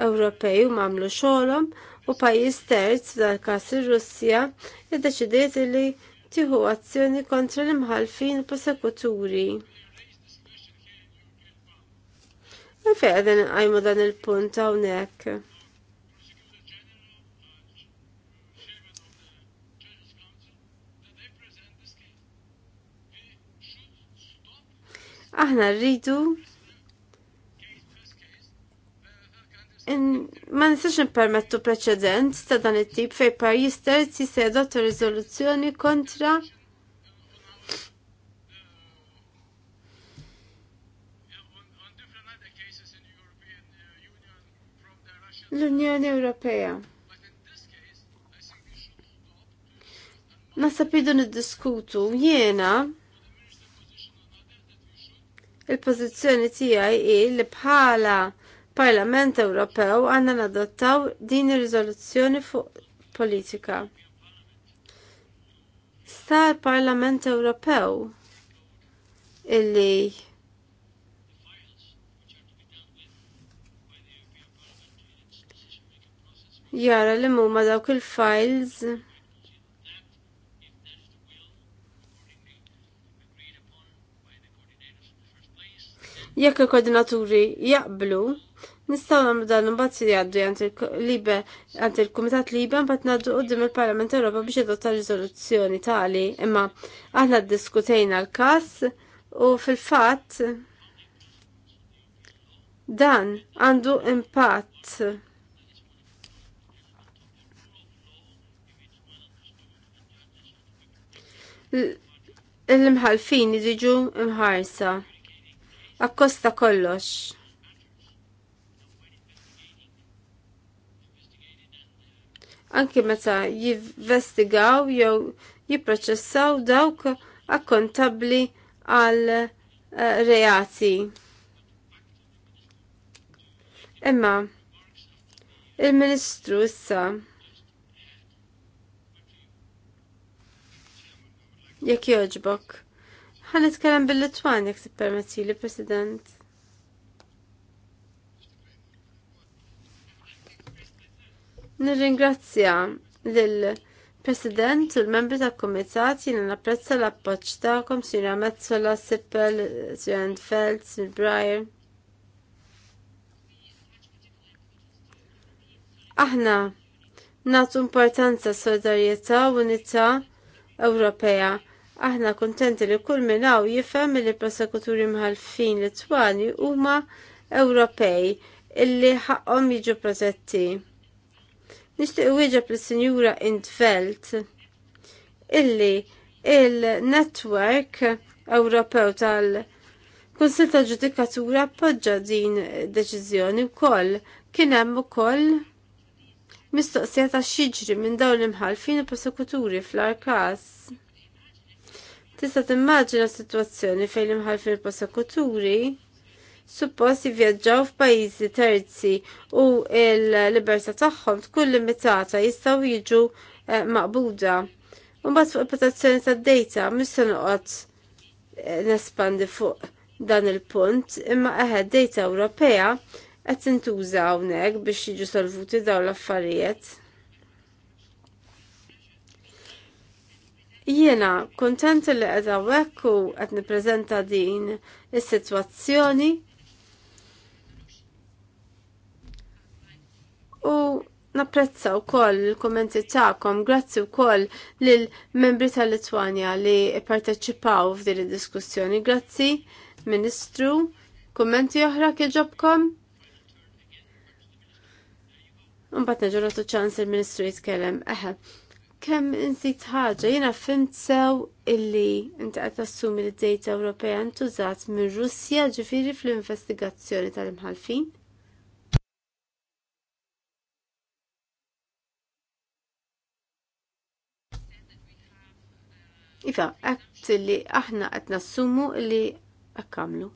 Ewropej u mamlu xolom u pajis terz dal-kas il-Russja id-deċidiet li tiħu azzjoni kontra l-imħalfin prosekuturi. Għalfej għajmu dan il-punt għawnek. Aħna rridu ma nistax nippermettu preċedent ta' dan it-tip fej pajjiż terz jissedu ta' rizoluzzjoni kontra l-Unjoni Ewropea. Nasa pidu niddiskutu jiena il-pożizzjoni tiegħi hi li bħala Parlament Ewropew għandna nadottaw din ir-riżoluzzjoni fuq politika. Sta parlament Ewropew illi jara li huma dawk il-files jekk il-koordinaturi jaqblu nistgħu nagħmlu dan imbagħad jgħaddu libe għand il-Kumitat Libe mbagħad ngħaddu qudiem il-Parlament Ewropa biex jadotta riżoluzzjoni tali imma aħna ddiskutejna l-każ u fil-fatt dan għandu impatt l-imħalfin jiġu imħarsa. Akkosta kollox. Anki meta jivvestigaw jew jipproċessaw dawk akkontabli għal eh, reati. Imma, il-Ministru issa jekk joġbok. Ħan nitkellem bil-Litwan jekk tippermetti li President. Nirringrazzja lill President u l-membri ta' komitat jina napprezza l-appoċ ta'kom Sira Mezzola, Sippel, Sir Feld, Sir Breyer. Aħna natu importanza solidarjetà u unità Ewropea Aħna kontenti li kull minnaw jifhem li prosekuturi mħalfin Litwani huma Ewropej illi ħaqhom jiġu protetti. Nixtieq wieġeb lis sinjura Intvelt illi il-network Ewropew tal- Kunsil ta' ġudikatura poġġa din deċiżjoni wkoll kien hemm ukoll mistoqsija ta' xiġri minn dawn l-imħalfin u prosekuturi fl-arkas. Tista' timmaġina sitwazzjoni fejn imħalfin il-prosekuturi suppost jivvjaġġaw f'pajjiżi terzi u l-libertà tagħhom tkun limitata jistgħu jiġu eh, maqbuda. Mbagħad fuq il-protezzjoni tad-dejta mhux se noqgħod eh, nespandi fuq dan il-punt imma eħed dejta Ewropea qed tintuża hawnhekk biex jiġu solvuti dawn l-affarijiet. Jiena kontent li għedha wekku u qed nippreżenta din is-sitwazzjoni. U napprezza wkoll il kommenti tagħkom, grazzi wkoll l membri tal litwania li pparteċipaw f'din id-diskussjoni. Grazzi, Ministru, kummenti oħra kieġobkom? Mbagħad neġoratu ċans il-Ministru jitkellem. Eħe kemm inti ħaġa jiena fimt sew illi inti qed tassumi li d-dejta Ewropea intużat minn Russja ġifiri fl-investigazzjoni tal-imħalfin? Iva, għat li aħna għat nassumu li għakamlu.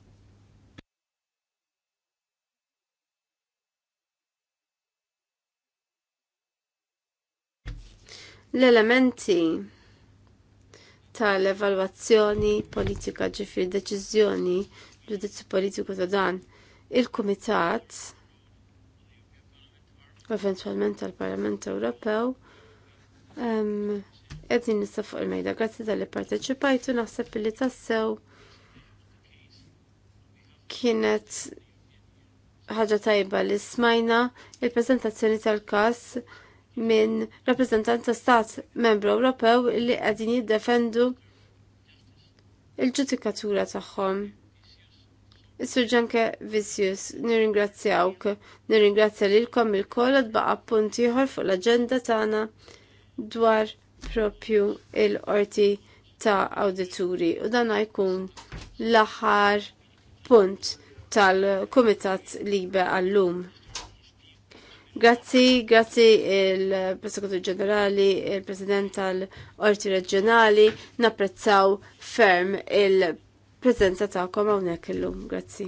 l-elementi tal-evalwazzjoni politika ġifir deċiżjoni ġudizzju politiku ta' dan il-Kumitat eventualment tal-Parlament Ewropew qegħdin nista' fuq il-mejda grazzi tal-li parteċipajtu naħseb li tassew kienet ħaġa tajba li smajna il-prezentazzjoni tal-każ minn rappresentant ta' stat membru Ewropew li qegħdin jiddefendu il-ġudikatura tagħhom. Is-Sur Ġanke Vicius, nirringrazzjawk, nirringrazzja lilkom il-koll għad baqa punti ieħor fuq l-aġenda tagħna dwar propju il-qorti ta' awdituri u dan jkun l-aħħar punt tal-Kumitat Libe lum Grazzi, grazzi il presidente Ġenerali, il-President tal-Orti Regionali, napprezzaw ferm il-prezenza unek hawnhekk illum. Grazzi.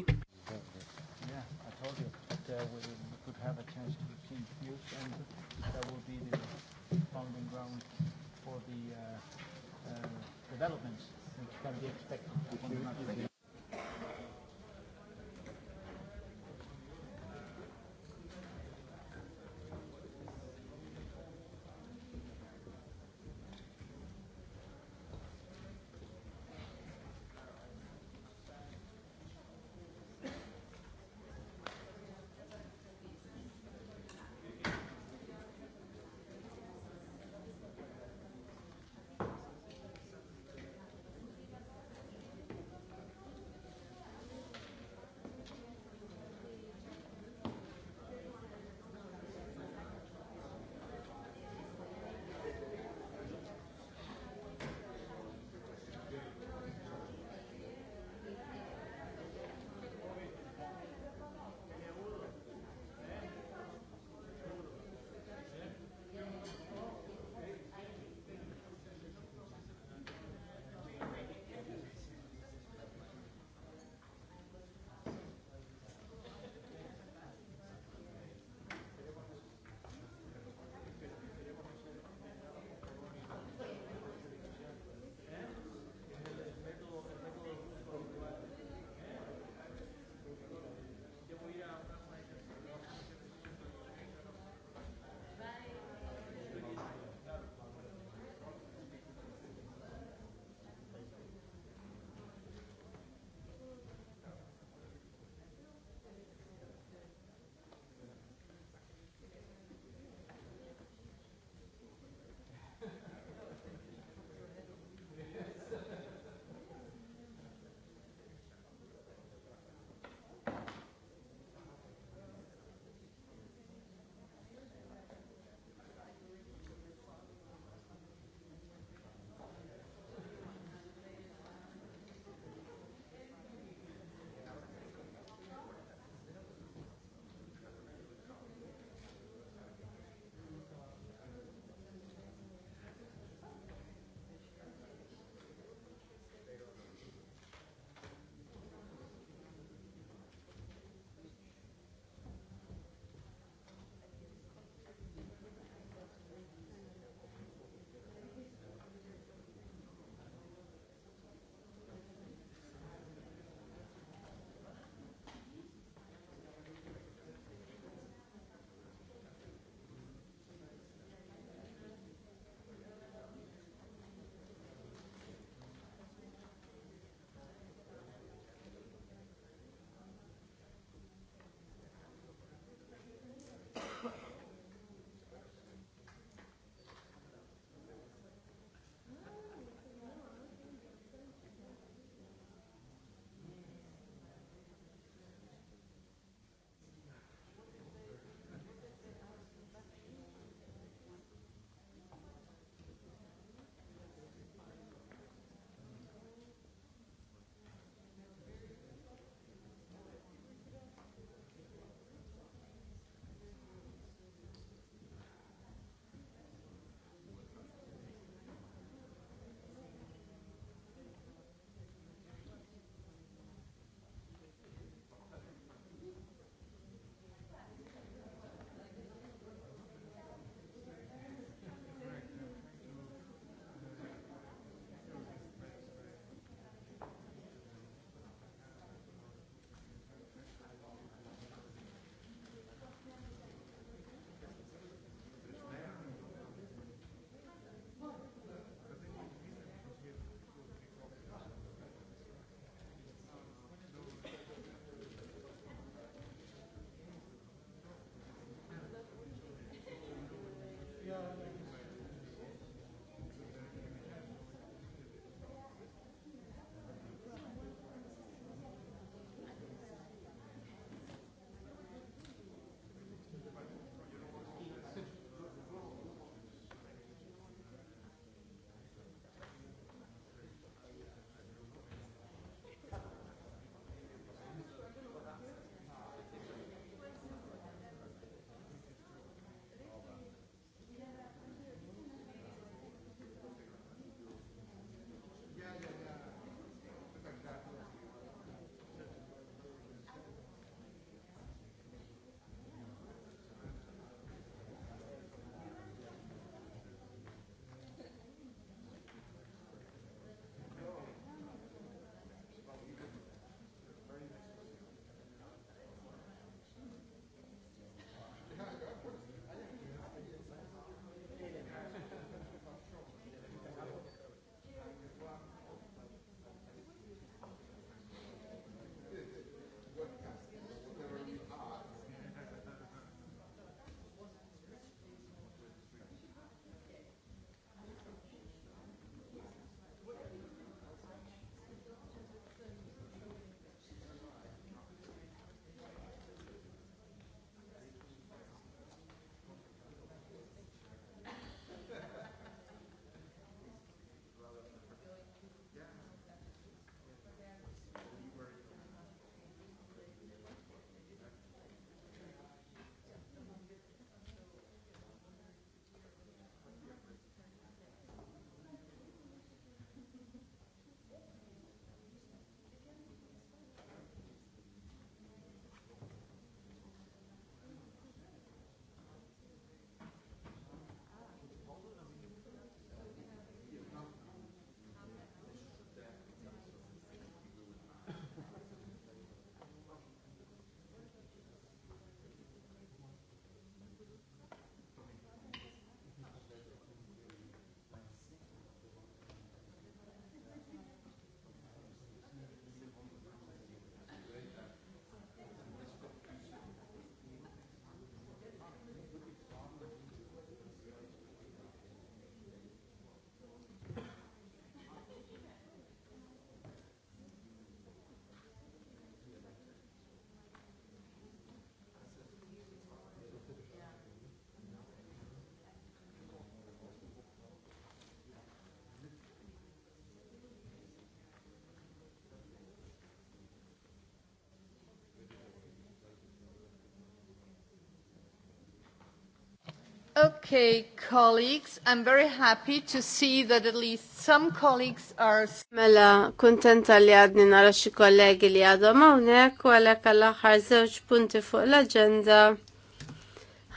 Okay, colleagues, I'm very happy to see that at least some colleagues are... Mela, kontenta li għadni nara xi kollegi li għadhom hawnhekk u għalhekk għall-aħħar żewġ punti fuq l-aġenda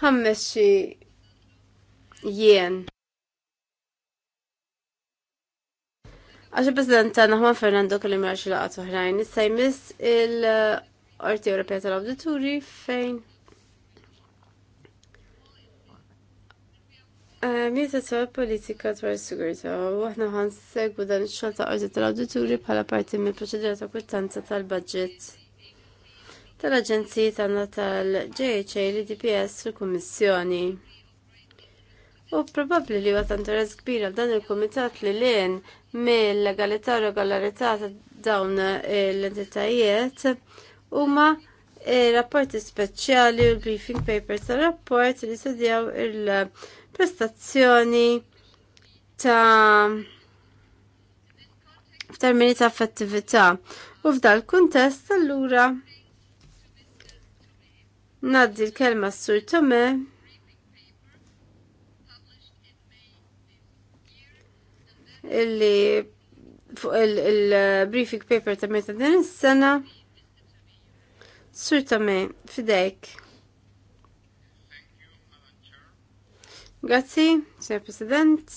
ħammes xi jien. Għaxa President presidenta ħman Fernando kelli mela xi laqgħat oħrajn, issa jmiss il-Qorti Ewropea tal-Awdituri fejn Mieta ta' politika dwar sigurta u aħna s segwu dan ix-xogħol ta' qorti tal-awdituri bħala parti mill-proċedura ta' kwittanza tal-budget tal aġenzija tagħna tal-JHA li DPS fil-Kummissjoni. U probabbli li huwa tant kbira f'dan il-kumitat li lien mill-legalità u regolarità ta' dawn l-entitajiet huma rapporti speċjali u l-briefing papers tar rapport li studjaw il- prestazzjoni ta' f'termini ta' effettività. U f'dal kuntest allura naddi l-kelma s-sur Tome illi fuq il-briefing uh, paper ta' meta din is-sena. Sur Tome, fidejk. Grazzi, signor President.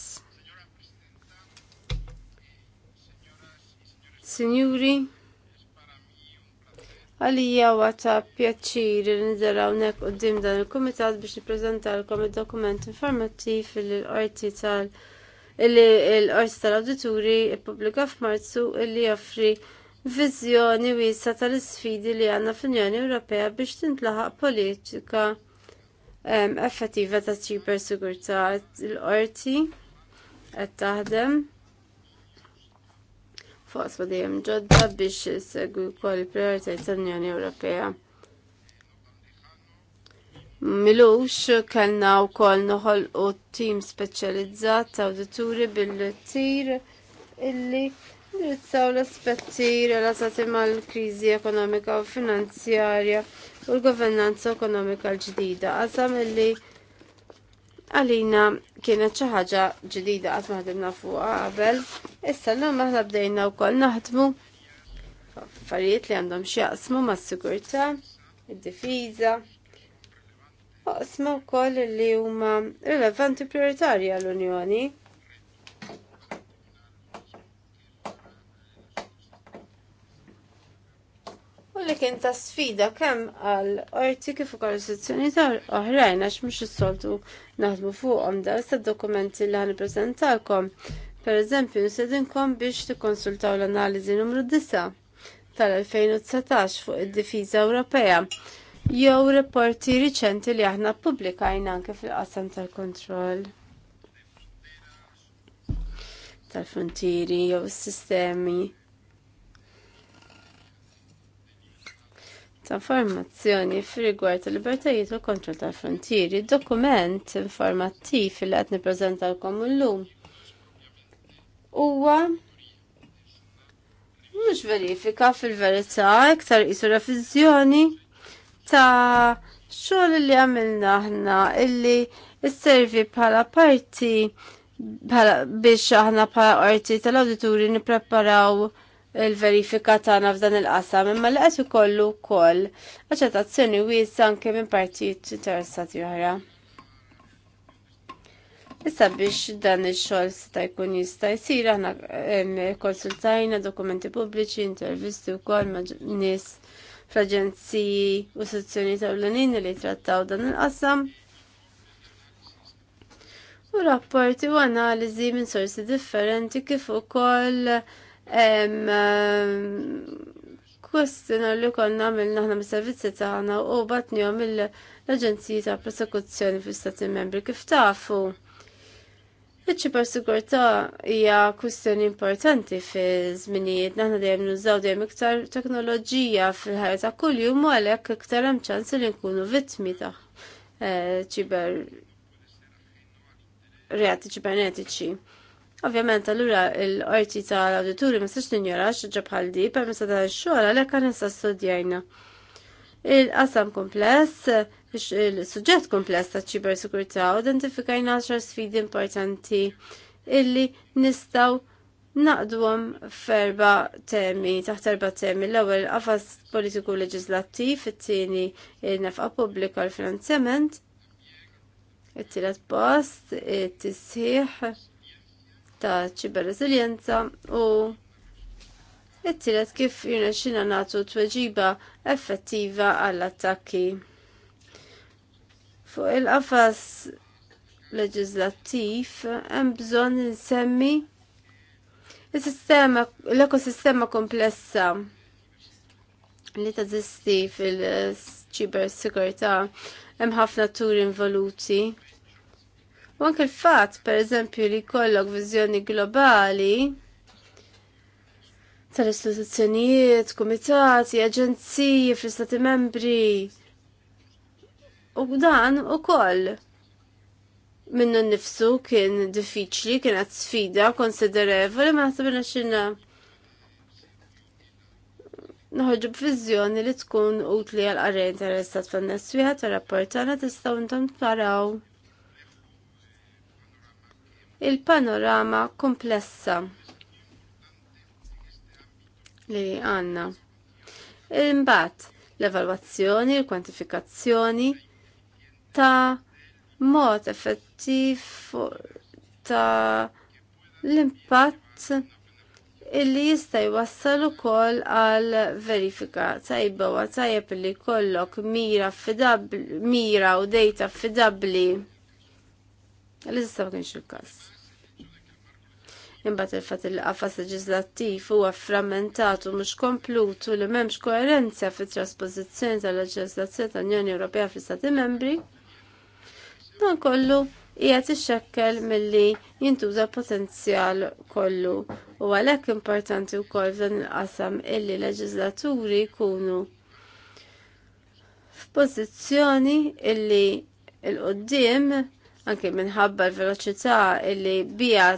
Signori, għalija għata pjaċiri li nidera unek u dim dan il-komitat biex niprezentalkom il-dokument informattiv il-orti tal- il-orti tal-auditori il-publika f'Marzu illi joffri vizjoni wisa tal-sfidi li għanna fl-Unjoni Ewropea biex tintlaħaq politika effettiva ta' ċiber sigurta l-qorti qed taħdem fuq asma dejjem ġodda biex segwi wkoll il-prioritajiet tal-Unjoni Ewropea. Milux kellna wkoll noħolqu tim speċjalizzat ta' awditturi bil-tir illi indirizzaw l-aspetti relatati mal-kriżi ekonomika u finanzjarja u l-governanza ekonomika l-ġdida. Għazam illi għalina kienet xi ħaġa ġdida qatt maħdimna fuqa għabel, qabel. Issa llum aħna bdejna wkoll naħdmu farijiet li għandhom x'jaqsmu mas-sigurtà, id-difiża, oqsma wkoll li huma rilevanti prioritarji l unjoni li kien ta' sfida kemm għal orti kif ukoll sezzjoni ta' oħrajn għax mhux is-soltu naħdmu fuqhom da s dokumenti li ħanippreżentalkom. Per eżempju, nsedinkom biex tikkonsultaw l-analiżi numru 9 tal-2019 fuq id-difiża Ewropea jew reporti riċenti li aħna pubblikajna anke fil-qasam tal-kontroll tal-frontieri jew s-sistemi informazzjoni f'rigward il-libertajiet u kontrol tal-frontieri. Dokument informattiv li qed nippreżentalkom illum huwa mhux verifika fil-verità iktar qisu revizjoni ta' xogħol li għamilna aħna illi s-servi bħala parti biex aħna bħala qorti tal-awdituri nippreparaw il-verifika tagħna f'dan il-qasam, imma li qed ikollu wkoll aċċettazzjoni wiesa anke minn partijiet interessati oħra. Issa biex dan ix-xogħol sta jkun jista' jsir aħna konsultajna dokumenti pubbliċi, intervisti wkoll ma' nies fl-aġenziji u sezzjoni tawlanin li trattaw dan il-qasam. U rapporti u analiżi minn sorsi differenti kif ukoll koll kwestina li konna għamilna naħna mis-servizzi tagħna u għom mill aġenzija ta' Prosekuzzjoni fl-Stati Membri kif tafu. Iċ-ċiber sigurta hija kwistjoni importanti fi żminijiet naħna dejjem nużaw dejjem iktar teknoloġija fil-ħajja ta' kuljum u għalhekk iktar hemm ċans li nkunu vittmi ta' eh, ċiber reati ċibernetiċi. Ovvjament, allura l-qorti tal auditori ma sax n-njora xaġa bħal di permezz ta' xogħol għalhekk għan issa studjajna. Il-qasam kompless, il-suġġett kompless ta' u identifikajna 10 sfidi importanti illi nistaw naqdwom f'erba temi, taħt erba temi, l-ewwel qafas politiku leġislattiv, it-tieni nefqa pubblika l-finanzjament, it-tielet post, it-tisħiħ ta' ċiber resiljenza u it-tielet kif xina nagħtu tweġiba effettiva għall attakki Fuq il-qafas leġislattiv hemm bżonn insemmi sistema l-ekosistema komplessa li tażisti fil-ċiber sigurtà hemm ħafna turi involuti Wank anke l-fatt, per eżempju, li kollok viżjoni globali tal-istituzzjonijiet, komitati, aġenziji fl-istati membri. U dan u koll minnu nifsu kien diffiċli, kienet sfida konsiderevoli, ma naħseb xinna noħġu b'viżjoni li tkun utli għal-qarrejn tal-istat fan-nes wieħed u rapportana tistgħu intom taraw il-panorama komplessa li għanna. Imbat, l-evalwazzjoni, l-kwantifikazzjoni ta' mod effettiv ta' l-impatt illi jista' jwassal ukoll għal verifika tajba wa tajjeb li kollok mira fidabli, mira u dejta fidabli. L-issa kienx il imbagħad il fat il qafas leġislattiv huwa frammentatu u mhux komplutu li m'hemmx koerenzja fit-trasposizzjoni tal-leġislazzjoni tal-Unjoni Ewropea fl-Istati Membri. Dan kollu qiegħed ixxekkel milli jintuża potenzjal kollu u għalhekk importanti wkoll f'dan il-qasam illi leġislaturi jkunu f'pożizzjoni illi il qoddim anke minħabba l-veloċità illi bija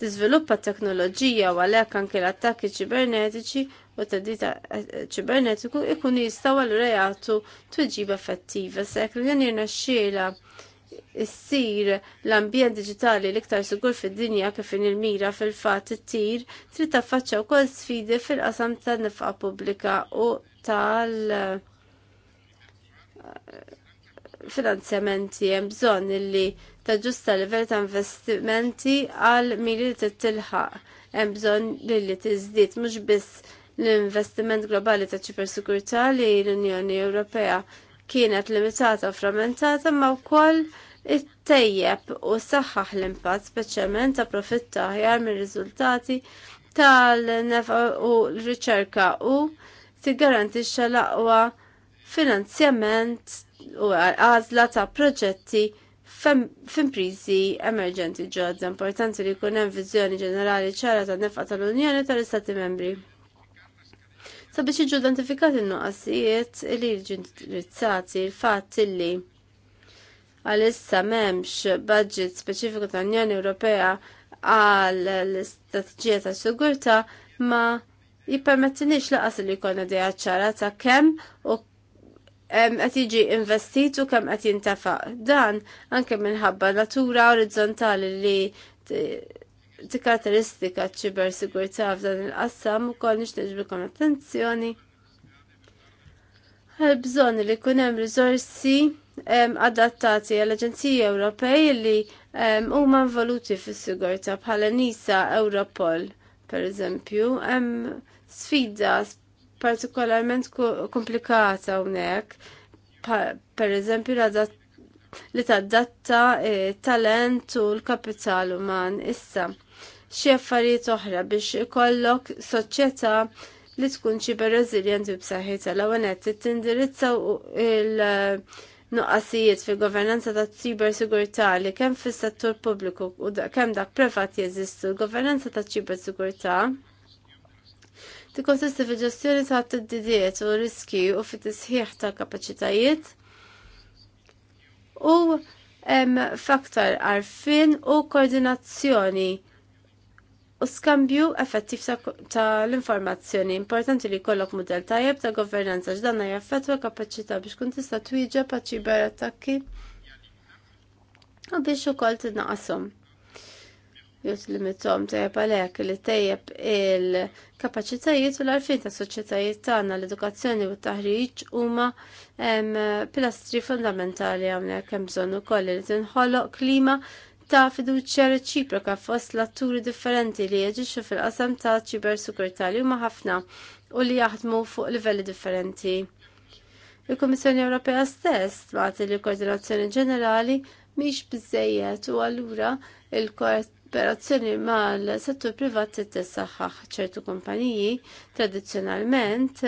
tiżviluppa t teknoloġija u għalhekk anke l-attakki ċibernetiċi u t-tedita eh, ċibernetiku ikun jistgħu għal reatu tweġiba effettiva sekk li jirna xiela issir l-ambjent digitali l-iktar sigur fid-dinja kif in il-mira fil-fatt it-tir trid taffaċċja wkoll sfidi fil-qasam tan-nifqa pubblika u tal eh, finanzjamenti hemm bżonn illi Ġusta livell ta' investimenti għal miri li titilħaq. Hemm bżonn li li tiżdied mhux biss l-investiment globali ta' ċipersikurtà li l-Unjoni Ewropea kienet limitata u frammentata ma' wkoll it-tejjeb u saħħaħ l-impatt speċjalment ta' profitt aħjar mir-riżultati tal nefa u l-riċerka u tiggarantixxa l-aqwa finanzjament u għazla ta' proġetti f'imprizi emerġenti ġodda importanti li jkun hemm viżjoni ġenerali ċara tan-nefqa tal-Unjoni tal-Istati Membri sabiex iġu identifikati il nuqqasijiet li jiġu indirizzati l-fatt li għalissa memx budget speċifiku tal-Unjoni Ewropea għal l-istrateġija ta' sigurta ma jippermettinix laqas li jkollna dejja ċara ta' kemm u qed jiġi investitu kemm qed jintafaq Dan anke minħabba natura orizzontali li tikkarakteristika ċiber sigurtà f'dan il-qassam ukoll nixtieq bikom attenzjoni. Għal bżonn li jkun hemm riżorsi adattati għall aġenziji Ewropej li huma involuti fis-sigurtà bħala Nisa Europol, pereżempju, hemm sfida partikolarment komplikata hawnhekk. Per eżempju li tadatta e, talent u l-kapital uman issa. Xi affarijiet oħra biex ikollok soċjetà li tkun ċiber resilient u b'saħħitha l t tindirizza il-nuqqasijiet fil-governanza ta' ċiber sigurtà li kemm fis-settur pubbliku u kemm dak privat jeżistu l-governanza ta' ċiber sigurtà tikkonsista fil-ġestjoni ta' t-tiddiet u riski u fit-tisħiħ ta' kapacitajiet u faktar arfin u koordinazzjoni u skambju effettiv ta' l-informazzjoni. Importanti li kollok model tajjeb ta' governanza ġdanna jaffetwa kapacita biex kun tista' twieġeb pa' ċiber attakki u biex ukoll tidnaqashom jutlimitom tajab għalek li tejjeb il-kapacitajiet u l-arfin ta' soċetajiet tagħna l-edukazzjoni u t-taħriġ huma pilastri fundamentali għamlek hemm bżonn ukoll li tinħoloq klima ta' fiduċja reċiproka fost l-atturi differenti li jeġixxu fil-qasam ta' ċiber sukurtali huma ħafna u li jaħdmu fuq livelli differenti. Il-Kummissjoni Ewropea stess tbagħti li koordinazzjoni ġenerali mhix biżżejjed u allura il-kort kooperazzjoni mal-settur privat tessaħħaħ ċertu kumpaniji tradizzjonalment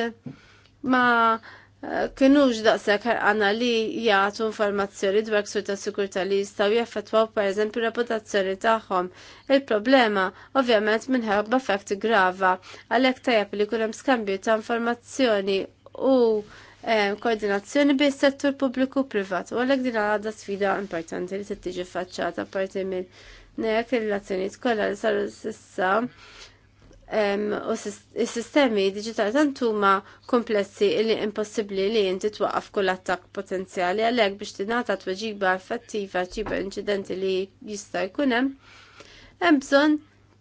ma eh, kienux daqshekk għana li jagħtu informazzjoni dwar ksur ta' sikurta li jistgħu jaffettwaw eżempju reputazzjoni tagħhom. Il-problema ovvjament minħabba fakt grava għalhekk tajjeb li jkun hemm skambju ta' informazzjoni u eh, koordinazzjoni bejn settur pubbliku privat u għalhekk din għadha sfida importanti li tittiġi faċċata parti minn nek il-relazzjoniet kollha li saru sissa u s-sistemi digital tantuma komplessi li impossibbli li inti twaqqaf kull attakk potenzjali għalhekk biex tingħata tweġiba effettiva ċiba inċidenti li jista' jkun hemm hemm bżonn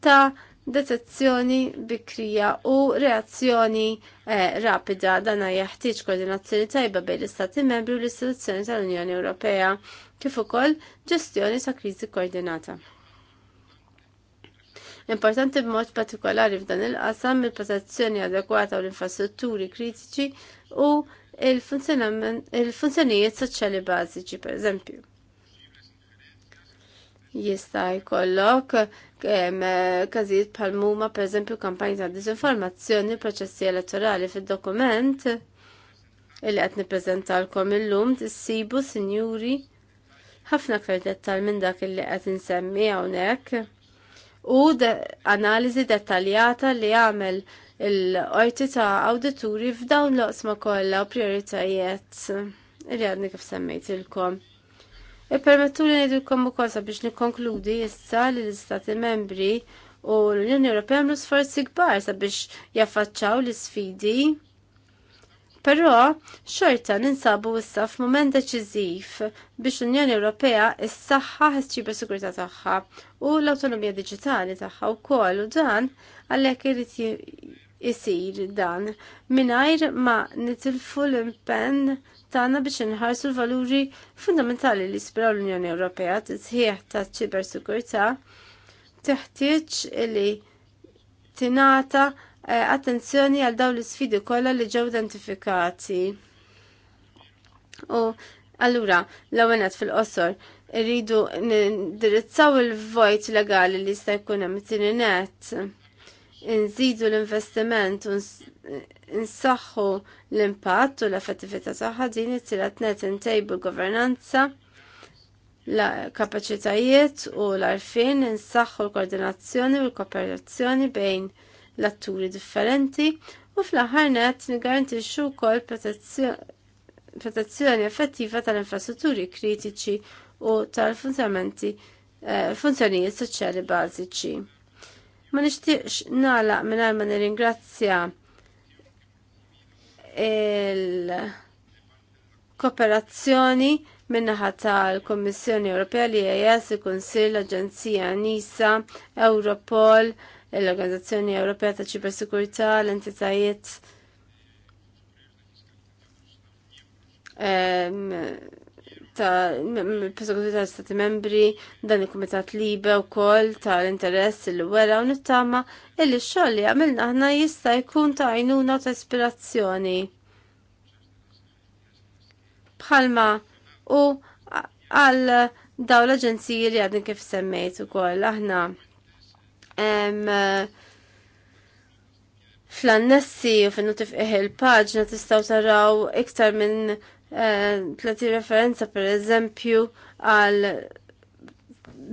ta' detezzjoni bikrija u reazzjoni eh, rapida dana jeħtieġ koordinazzjoni tajba bejn l-Istati membri u l-istituzzjoni tal-Unjoni Ewropea kif ukoll ġestjoni ta' kriżi koordinata. Importanti b'mod partikolari f'dan il-qasam il-protezzjoni adekwata u l-infrastrutturi kritiċi u il-funzjonijiet soċjali bażiċi, per eżempju. Jista' jkollok każijiet bħal muma per eżempju kampanji ta' diżinformazzjoni proċessi elettorali fid-dokument illi qed nippreżentalkom illum tissibu sinjuri ħafna aktar dettal minn dak illi qed insemmi hawnhekk u de analizi dettaljata li għamel il-qorti ta' auditori f'dawn l-oqsma kollha u prioritajiet li għadni kif semmejtilkom. Ippermettu li u ukoll biex nikkonkludi issa li l-Istati membri u l-Unjoni Ewropea mlu sforzi kbar sabiex jaffaċċaw l-isfidi Però xorta ninsabu issa f'mument deċiżiv biex l-Unjoni Ewropea s-saħħa s ċiber sigurtà tagħha u l-awtonomija diġitali tagħha wkoll u dan għalhekk irid isir dan mingħajr ma nitilfu l-impenn tagħna biex inħarsu l-valuri fundamentali li jispiraw l-Unjoni Ewropea tisħiħ ta' ċibersikurtà teħtieġ li tingħata Eh, attenzjoni għal dawn l-isfidi kollha li ġew identifikati. U allura, l-għawenet fil-qosor, rridu ndirizzaw il-vojt legali li jista' jkun hemm it-tininet. Nżidu l-investiment u nsaħħu l-impatt u l-effettività tagħha din it-tielet net intejbu l-governanza l-kapaċitajiet u l-arfin nsaħħu l-koordinazzjoni u l-kooperazzjoni bejn l-atturi differenti u fl-aħħar net nigarantixxu wkoll protezzjoni effettiva tal-infrastrutturi kritiċi u tal-funzjonamenti eh, funzjonijiet soċjali bażiċi. Ma nixtieqx nagħlaq mingħajr ma nirringrazzja il-kooperazzjoni minnaħa tal-Kommissjoni Ewropea li EAS, il-Kunsill, l-Aġenzija NISA, Europol, l-Organizzazzjoni Ewropea ta' Ċibersikurità, l-entitajiet ehm, ta' persekutu ta' stati membri, dan il-Kumitat Libe u kol ta' l-interess il wera u nittama illi xoll li għamilna ħna jista' jkun ta' għajnuna ta' ispirazzjoni. Bħalma u għal daw l-aġenziji li għadin kif semmejt u kol aħna. Eh, fl-annessi u fin-notif il-paġna tistgħu taraw iktar minn eh, tlati referenza per eżempju għal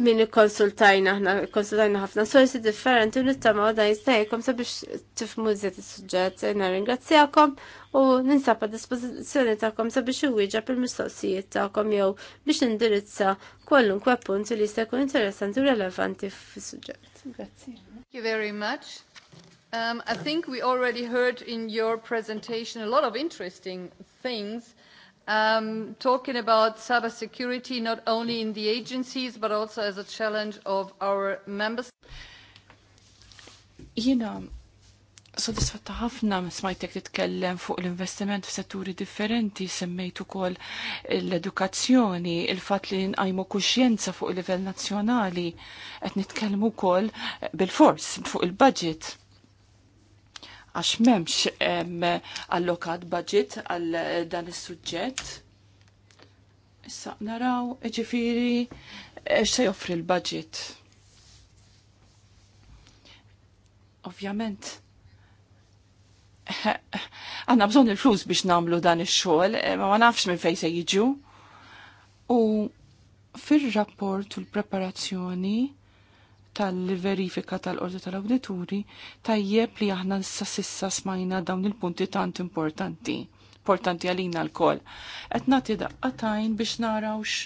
min konsultajna ħna konsultajna ħafna sorsi differenti u nittama għoda jistajkom sabiex tifmu zjed il-sujġet jena ringrazzjakom u ninsab a dispozizjoni ta'kom sabiex uwiġa pil-mistoqsijiet ta'kom jew biex indirizza kwallunkwe punt li jista' jkun interessanti u relevanti fis-suġġett. Thank you very much. Um, I think we already heard in your presentation a lot of interesting things, um, talking about cybersecurity not only in the agencies but also as a challenge of our members. You know, sodisfatta ħafna smajtek titkellem fuq l-investiment f'setturi differenti, semmejt ukoll l-edukazzjoni, il-fatt li nqajmu kuxjenza fuq il-livell nazzjonali, qed nitkellmu wkoll bil-fors fuq il-budget. Għax m'hemmx allokat budget għal dan is-suġġett. Issa naraw, ġifiri, eh, x'se joffri l-budget. Ovvjament, għanna bżon il-flus biex namlu dan il-xol, ma eh, ma nafx minn fej se jiġu. U fil-rapport u l-preparazzjoni tal-verifika tal-ordi tal-awdituri tajjeb li aħna nissa sissa smajna dawn il-punti tant importanti, importanti għalina l-kol. Etna tida daqqatajn biex narawx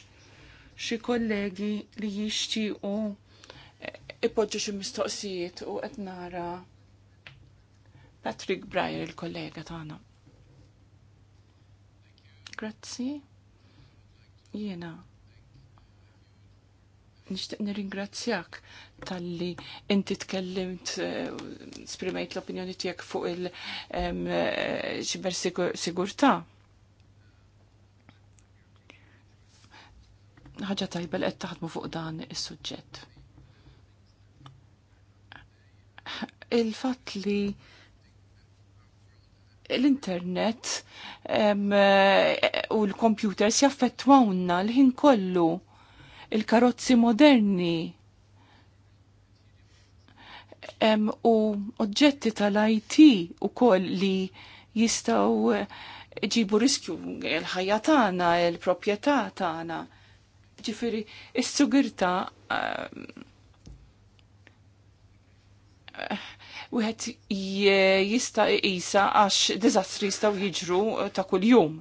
xi kollegi li jixtiequ eh, ipoġġu xi mistoqsijiet u qed nara Patrick Breyer, il-kollega tagħna. Grazzi. Jiena. Nixtieq nirringrazzjak talli inti tkellimt eh, sprimajt l-opinjoni tiegħek fuq il-ċiber eh, sigurta. ħaġa tajba li qed taħdmu fuq dan is-suġġett. Il-fatt li l-internet u l-computers jaffettwawna l-ħin kollu il-karozzi moderni u oġġetti tal-IT u koll li jistaw ġibu riskju l-ħajja tagħna, l-proprjetà tagħna. Ġifieri is-sugurtà wieħed jista' jqisha għax diżastri jistgħu jiġru eh, ta' kuljum.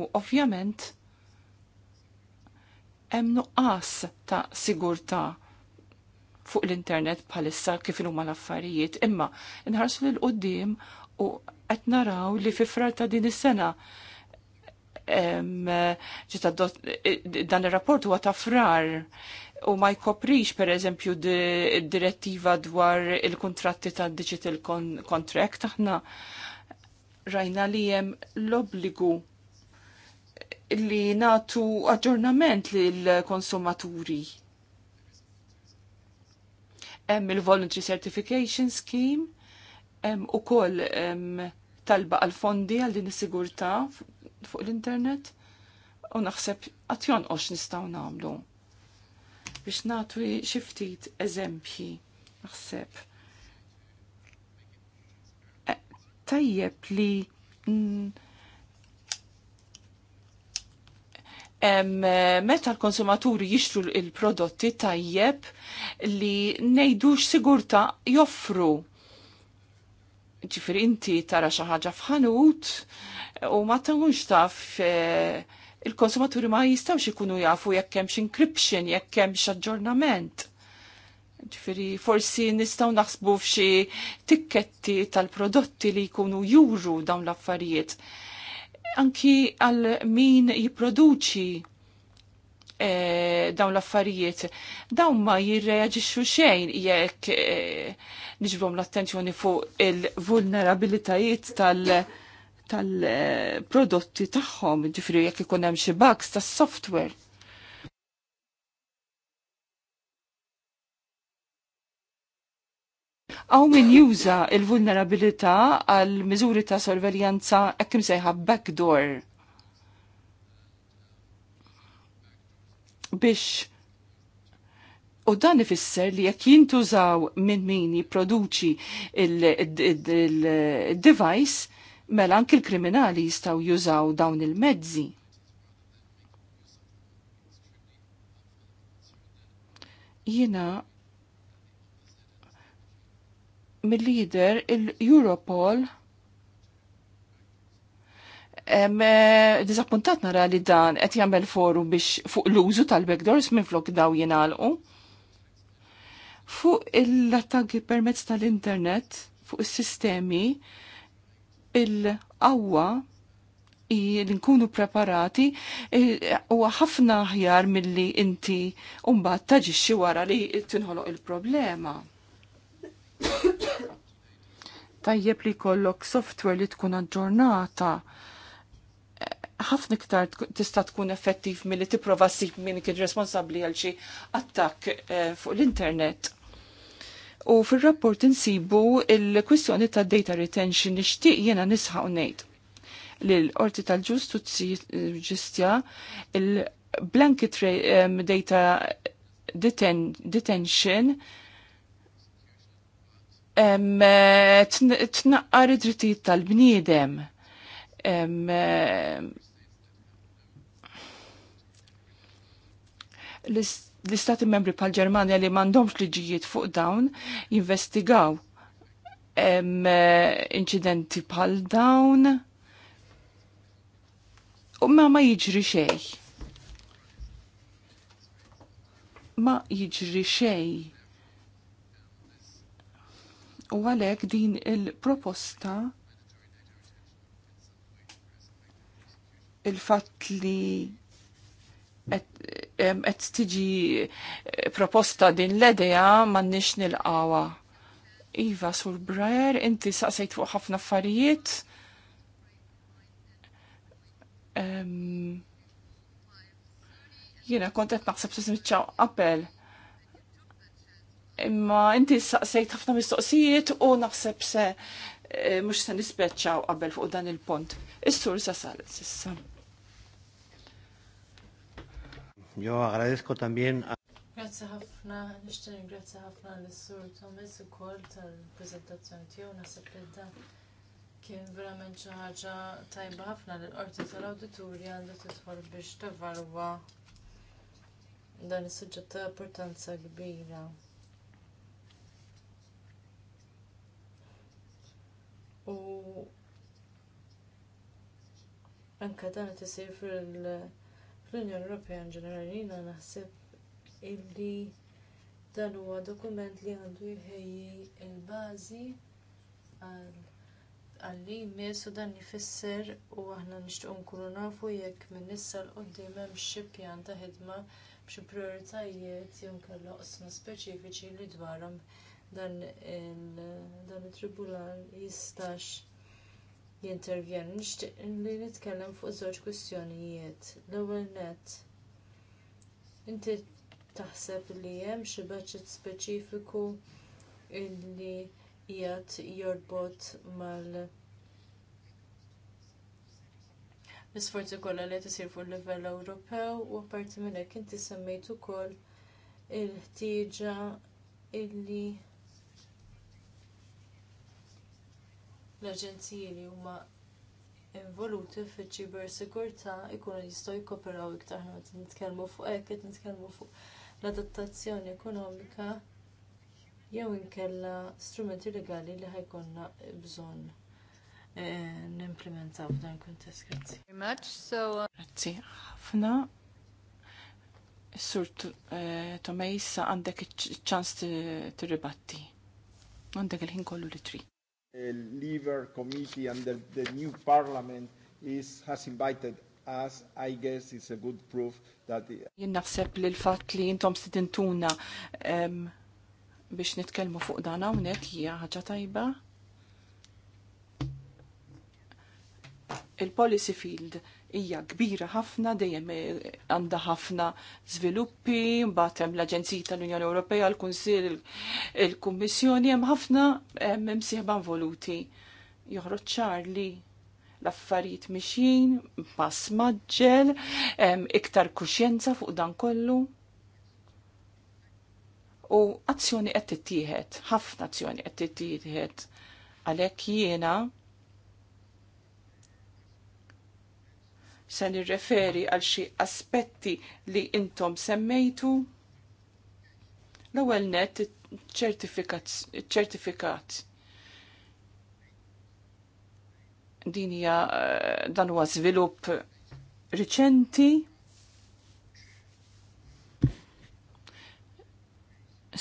U ovvjament hemm nuqqas ta' sigurtà fuq l-internet bħalissa kif huma l-affarijiet, imma nħarsu lil qudiem u qed naraw li fi frar ta' din is-sena E, dan ir-rapport huwa ta' frar u ma jkoprix per eżempju direttiva dwar il-kontratti ta' digital contract aħna rajna li hemm l-obbligu li natu aġġornament l konsumaturi hemm il-Voluntary Certification Scheme, u ukoll talba għal fondi għal din is-sigurtà fuq l-internet u naħseb għatjon jonqos nistaw namlu. Biex xi xiftit eżempji, naħseb. E, tajjeb li meta l-konsumaturi jixtru il-prodotti tajjeb li nejdux sigurta joffru ġifir inti tara xi ħaġa f'ħanut u ma tkunx taf e, il-konsumaturi ma jistawx ikunu jafu jekk hemm encryption, jekk hemm aġġornament. Ġifiri, forsi nistaw naħsbu f'xi tikketti tal-prodotti li jkunu juru dawn l-affarijiet. Anki għal min jipproduċi E, dawn l-affarijiet, dawn ma jirreagġiċu xejn jekk e, niġbhom l-attenzjoni fuq il-vulnerabilitajiet tal- tal-prodotti tagħhom, ġifri jekk ikun hemm xi bugs tas-software. Għaw min juża il-vulnerabilità għal miżuri ta' sorveljanza hekk sejħa backdoor biex U dan ifisser li jekk jintużaw minn min jipproduċi il-device, mela anki l-kriminali jistaw jużaw dawn il-mezzi. Jina mill-lider il-Europol il europol Eh, Dizappuntat nara li dan qed jagħmel foru biex fuq l-użu tal-backdoors minflok daw jingħalqu. Fuq l-attakki permezz tal-internet, fuq is-sistemi, il-qawwa li nkunu preparati eh, huwa ħafna aħjar milli inti mbagħad taġixxi wara li tinħoloq il-problema. Tajjeb li kollok software li tkun aġġornata ħafna iktar tista' tkun effettiv milli tipprova ssib min kien responsabbli għal xi attakk eh, fuq l-internet. U fir-rapport insibu il-kwistjoni ta' data retention nixtieq jiena nisħaq ngħid. l qorti tal-Ġustizzja il-blanket data detention eh, tnaqqar id-drittijiet tal-bniedem l-istati membri pal ġermania li mandomx liġijiet fuq dawn jinvestigaw incidenti pal dawn u ma ma jiġri xej. Ma jiġri xej. U għalek din il-proposta il-fatt li qed tiġi eh, proposta din l-edeja m'għandniex nilqawa. Iva sur Brajer, inti saqsejt fuq ħafna affarijiet. Jiena kont qed naħseb sismiċċaw qabel. Imma inti saqsejt ħafna mistoqsijiet u naħseb se eh, mhux se nispeċċaw qabel fuq dan il-pont. Is-sur sasal sissa. Jo, agradezco tambien. a... Grazie ħafna, nishtan grazie ħafna l-Sur Thomas u kol tal-prezentazzjoni tiegħu nasib li dan kien verament xi ħaġa tajba ħafna l qorti tal-awditurja għandha tidħol biex tevalwa dan is-suġġett ta' importanza kbira. U anke dan tisir fil- fl-Unjoni Ewropea ġeneralina naħseb illi dan huwa dokument li għandu jħejji il-bażi għalli jmiss u dan jfisser u aħna nixtiequ nkunu nafu jekk minn issa l hemm xi pjan ta' ħidma b'xi prioritajiet jew kellha qosma speċifiċi li dwarhom dan it-tribunal jistax jintervjen. Nixtieq li nitkellem fuq żewġ kwistjonijiet. L-ewwel nett. Inti taħseb li hemm xi budget speċifiku illi qiegħed jorbot mal l-isforzi kollha li qed isir fuq livell Ewropew u apparti minn hekk inti semmejt ukoll il-ħtieġa illi l-aġenziji li huma involuti fiċ-ċiber sigurtà jkunu jistgħu jikkoperaw iktar qed nitkellmu fuq hekk qed nitkellmu fuq l-adattazzjoni ekonomika jew inkella strumenti legali li ħajkonna bżonn eh, nimplementaw f'dan il-kuntest. Grazzi. Uh, ħafna. Sur eh, Tomejsa għandek ċans tirribatti. Għandek il-ħin kollu li Liver Committee and the, the new Parliament is, has invited us, I guess it's a good proof that... Jien li l-fat li jintom sitintuna biex nitkelmu fuq dan hawnhekk hija ħaġa tajba. Il-policy field hija kbira ħafna, dejjem għandha ħafna żviluppi, mbagħad hemm l-Aġenziji tal-Unjoni Ewropea, l-Kunsill, il-Kummissjoni, hemm ħafna msieħba involuti. Joħroġ ċar li l-affarijiet mixin, pass maġġel, iktar kuxjenza fuq dan kollu. U azzjoni qed tittieħed, ħafna azzjoni qed tittieħed. Għalhekk jiena se nirreferi għal xi aspetti li intom semmejtu. L-ewwel net ċertifikat. Din hija eh, dan huwa żvilupp riċenti.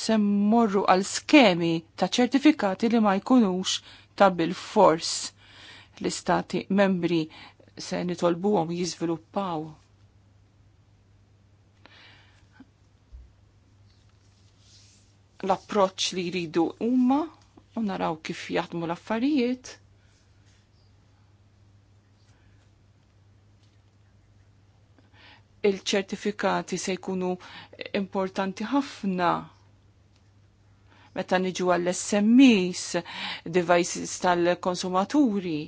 semmorru għal skemi ta' ċertifikati li ma jkunux ta' bil-fors l-istati membri se nitolbuhom jiżviluppaw l-approċċ li jridu huma u naraw kif jaħdmu l-affarijiet. Il-ċertifikati se jkunu importanti ħafna meta niġu għall-SMEs, devices tal-konsumaturi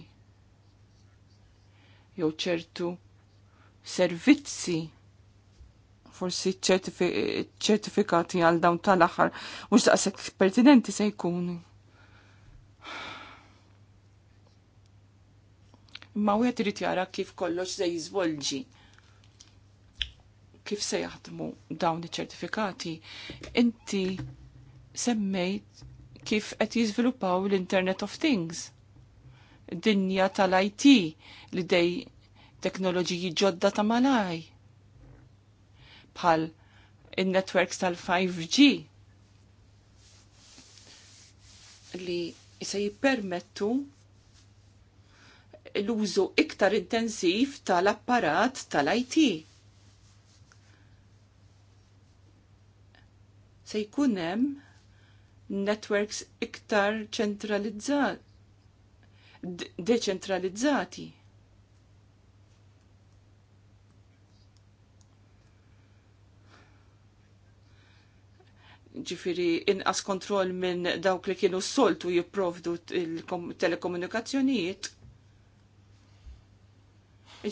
jew ċertu servizzi forsi ċertifikati għal dawn tal-aħħar mhux daqshekk pertinenti se jkunu. Imma wieħed irid jara kif kollox se jiżvolġi kif se jaħdmu dawn iċ-ċertifikati. Inti semmejt kif qed jiżviluppaw l-Internet of Things dinja tal-IT li dej teknoloġiji ġodda ta' malaj. Bħal il-networks tal-5G li se jippermettu l-użu iktar intensiv tal-apparat tal-IT. Se jkun hemm networks iktar ċentralizzat deċentralizzati. ġifiri inqas kontroll minn dawk li kienu soltu jipprovdu telekomunikazzjonijiet,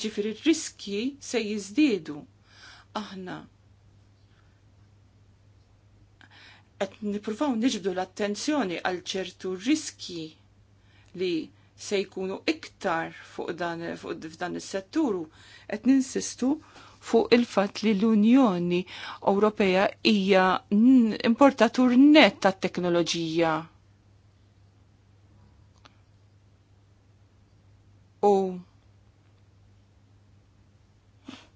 ġifiri riski se jizdidu. Aħna qed nippruvaw niġbdu l-attenzjoni għal ċertu riski li se jkunu iktar fuq dan, fuq dan is-setturu qed ninsistu fuq il-fatt li l-Unjoni Ewropea hija importatur net tat-teknoloġija. U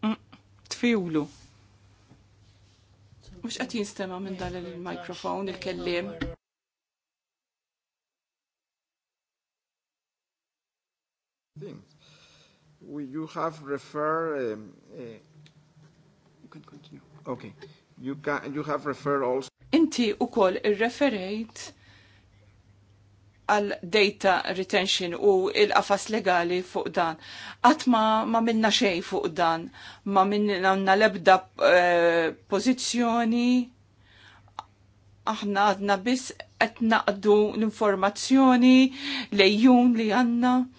mm, tfiwlu. Mux għat jinstema minn dan il-mikrofon, il-kellim. things. We, you have referred. Um, uh, you can continue. Okay. You, can, you have referred also. Inti u koll referejt għal data retention u il-qafas legali fuq dan. Għat ma, ma minna xej fuq dan, ma minna lebda uh, pozizjoni, aħna għadna bis qed naqdu l-informazzjoni lejjun li għanna. Li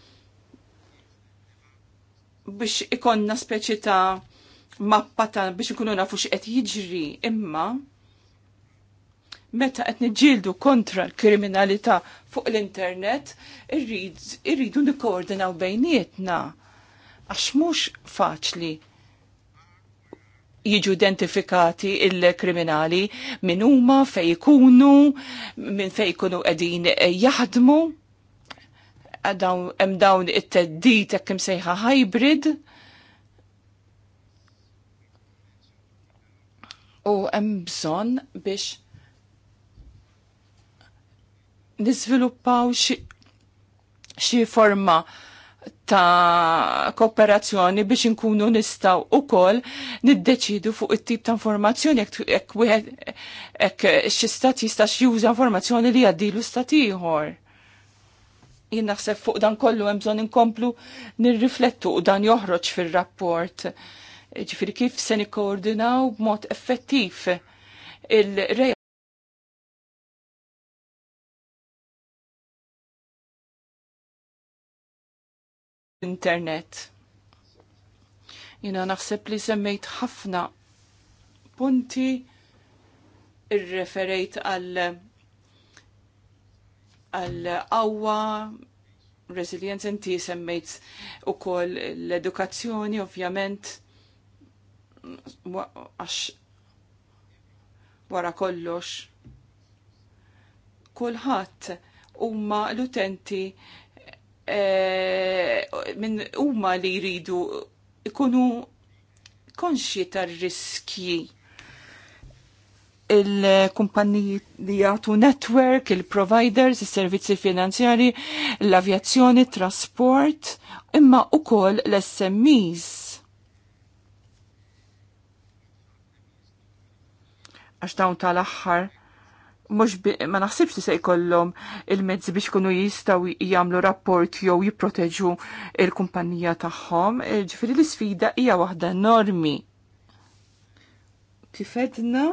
biex ikonna speċi ta' mappa ta' biex ikunu nafu x'qed jiġri imma meta qed niġġieldu kontra l-kriminalità fuq l-internet irridu nikkoordinaw bejnietna għax mhux faċli jiġu identifikati il-kriminali minn huma fej ikunu, minn fej ikunu qegħdin jaħdmu hemm dawn it-teddit hekk imsejħa hybrid. U hemm bżonn biex niżviluppaw xi forma ta' kooperazzjoni biex inkunu nistaw u kol niddeċidu fuq it-tip ta' informazzjoni ek wieħed ek xi stat jistax juża informazzjoni li għaddilu stat ieħor jien naħseb fuq dan kollu hemm bżonn inkomplu nirriflettu u dan joħroġ fir-rapport. Ġifieri kif se nikkoordinaw b'mod effettiv il rej internet. Jina naħseb li semmejt ħafna punti irreferejt għal għal-qawwa, resilienza inti semmejt u koll l-edukazzjoni, ovvjament, għax wara kollox. Kulħadd huma l-utenti eh, minn huma li jridu ikunu konxji tar-riskji il-kumpanniji li jagħtu network, il-providers, is-servizzi finanzjari, l-avjazzjoni, trasport, imma ukoll l-SMEs. Għax dawn tal-aħħar mhux ma naħsibx li se jkollhom il-mezzi biex kunu jistgħu jagħmlu rapport jew jipproteġu il-kumpanija tagħhom, ġifieri l-isfida hija waħda enormi. Kifedna?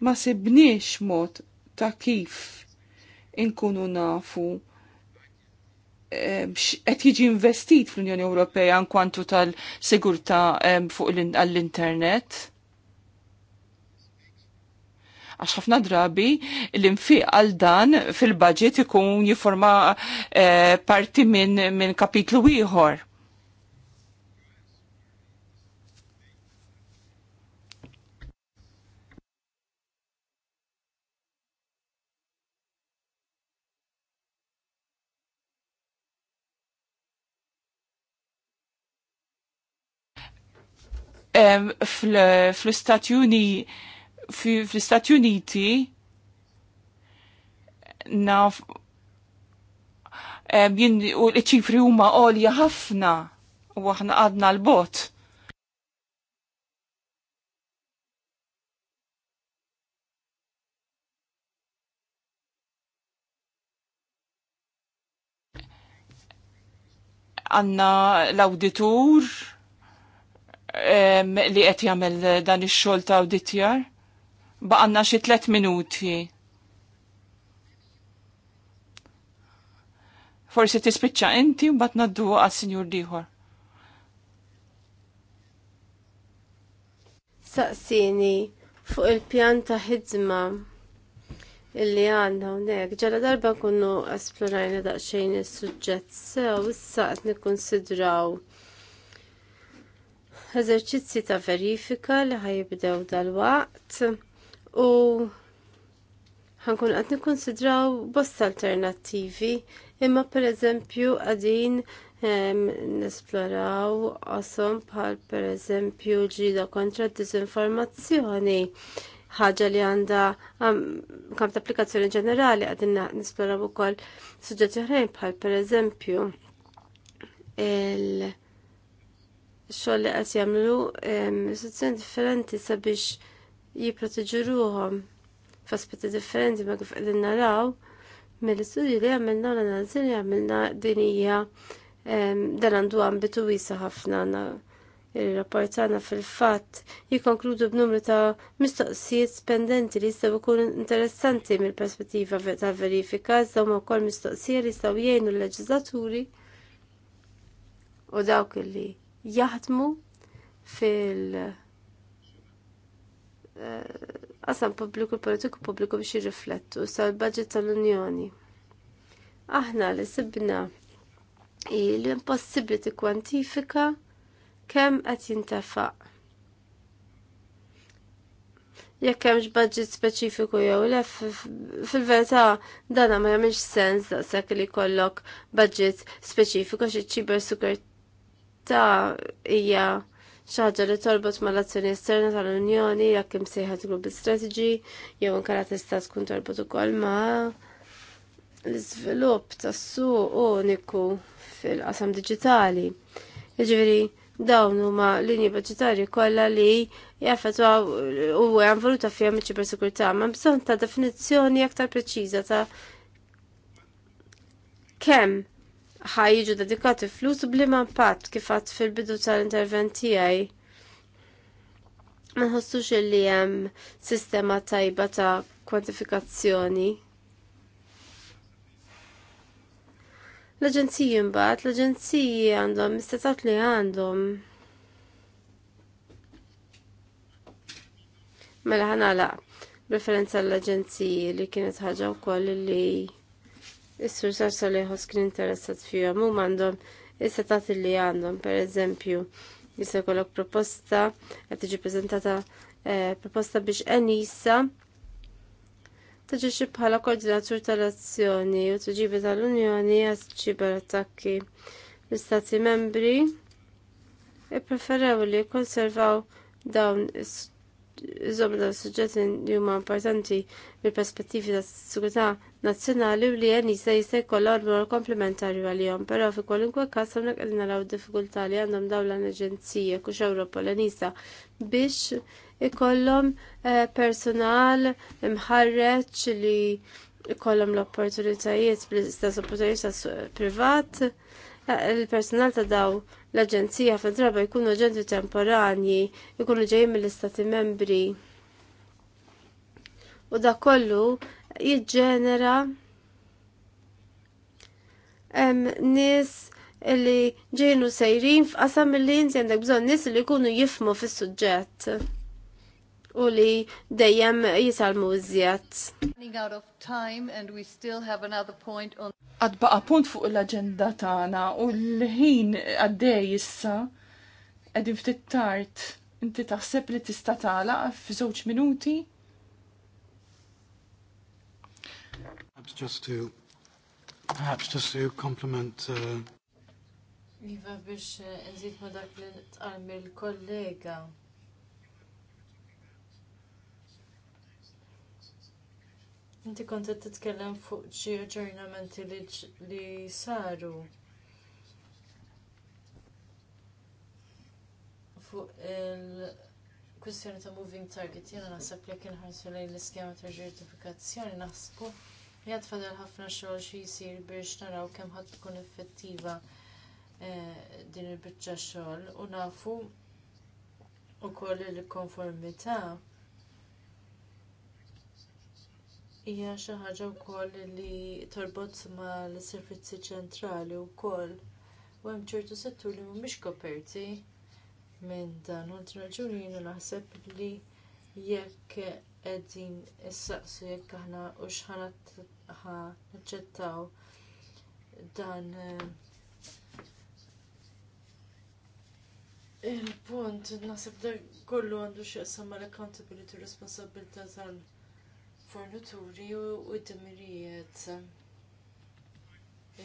ma sibniex mod ta' kif inkunu nafu qed jiġi investit fl-Unjoni Ewropea nkwantu tal-sigurtà fuq l-internet. Għax ħafna drabi l-infiq għal dan fil-budget ikun jiforma eh, parti minn kapitlu ieħor. fl istatjuni fl-Istati Uniti naf jien u l-ċifri huma għolja ħafna u għahna għadna l-bot. għanna l-auditur, li qed jagħmel dan ix-xogħol ta' awditjar. Baqanna xi tliet minuti. Forsi tispiċċa inti u mbagħad naddu għas-sinjur dieħor. Saqsini fuq il-pjan ta' ħidma illi għanna unnek. Ġala darba kunnu esplorajna daqxejn il-sujġet sew, issa qed nikkonsidraw eżerċizzi ta' verifika li ħajibdew dal-waqt u ħankun għad nikkonsidraw bosta alternattivi imma per eżempju għadin ehm, nesploraw għasom bħal per eżempju ġida kontra disinformazzjoni ħaġa li għanda kam ta' applikazzjoni ġenerali għadin nesploraw u kol suġġetti ħrejn bħal per eżempju il- xoll li qed jagħmlu sezzjoni differenti sabiex jipproteġu ruhom f'aspetti differenti ma kif qegħdin naraw mill studi li għamilna l analiżi li għamilna din hija dan għandu ambitu wiesa ħafna il-rapport fil-fatt jikkonkludu b'numru ta' mistoqsijiet spendenti li jistgħu jkunu interessanti mill-perspettiva ta' verifika, jistaw ma' kol mistoqsijiet li jistgħu jgħinu l-leġislaturi u dawk li jaħdmu fil- eh, qasam pubbliku l-politiku pubbliku biex jirriflettu sa l-budget tal-Unjoni. Aħna li sibna li impossibbli tikkwantifika kemm qed jintefaq. Jekk hemmx budget speċifiku jew le fil-verità dana ma jamilx sens daqshekk li jkollok budget speċifiku xi ċiber ta' hija xaġa li torbot ma l-azzjoni esterna tal-Unjoni jekk imsejħet Global Strategy jew inkara tista' tkun torbot ukoll ma' l-iżvilupp tas-suq uniku fil-qasam diġitali. Jiġifieri dawn huma linji budġetarji kollha li jaffetwaw u hemm voluta fihom iċ-ċibersikurità, ma bżonn ta' definizzjoni aktar preċiża ta' kemm ħajġu dedikati flus blima impatt kif għat fil-bidu tal-intervent tiegħi. Ma nħossux li hemm sistema tajba ta' kwantifikazzjoni. L-aġenziji mbagħad, l-aġenziji għandhom istatat li għandhom. Mela ħanala, referenza l-aġenziji li kienet ħaġa wkoll li Is-sur li liħos kien interessat fija mu mandom is-setat li għandhom, per eżempju, jisa jkollok proposta qed tiġi preżentata eh, proposta biex enisa taġiġi bħala koordinatur tal-azzjoni u tuġibi tal-Unjoni għas ċiber attakki l-Stati membri i preferaw li konservaw dawn is iżom dawn suġġetti li huma importanti mill-perspettivi tas sigurtà nazzjonali u li jenisa jista' jkollhom rol komplementarju għalihom, però fi kwalunkwe każ hemmhekk qed naraw diffikultà li għandhom dawn l-aġenzija kux Ewropa l-Enisa biex ikollhom eh, personal imħarreġ li ikollhom l-opportunitajiet bl-istess opportunitajiet privat il-personal ta' daw l-Aġenzija fil-draba jkunu ġentu temporanji, jkunu ġejjin mill-Istati membri. U da kollu jiġġenera nis li ġejnu sejrin f'qasam li inti għandek bżonn nis li jkunu jifmu fis-suġġett u li dejjem jisalmu iżjed. Għadbaqa punt fuq l-agenda tagħna u l-ħin għaddej issa qegħdin ftit tard. Inti taħseb li tista' tagħlaq żewġ minuti? Perhaps just to perhaps just to compliment uh... Iva biex eh, nżid ma dak li tqal mill-kollega Inti kont qed titkellem fuq xi aġġornamenti li saru. Fuq il-kwistjoni ta' moving target jiena naħseb li kien ħarsu lejn l-iskema ta' ġertifikazzjoni naħsbu li għad fadal ħafna xogħol xi jsir biex naraw kemm ħadd tkun effettiva eh, din il-biċċa xogħol u nafu ukoll il-konformità hija xi ħaġa wkoll li torbot mal-servizzi ċentrali wkoll. U hemm ċertu settur li mhumiex koperti minn dan u raġuni jiena naħseb li jekk qegħdin issaqsu jekk aħna u x'ħana naċċettaw dan eh, il-punt naħseb dak kollu għandu x'jaqsam mal-accountability u responsabilità tal- fornituri u d-dimirijiet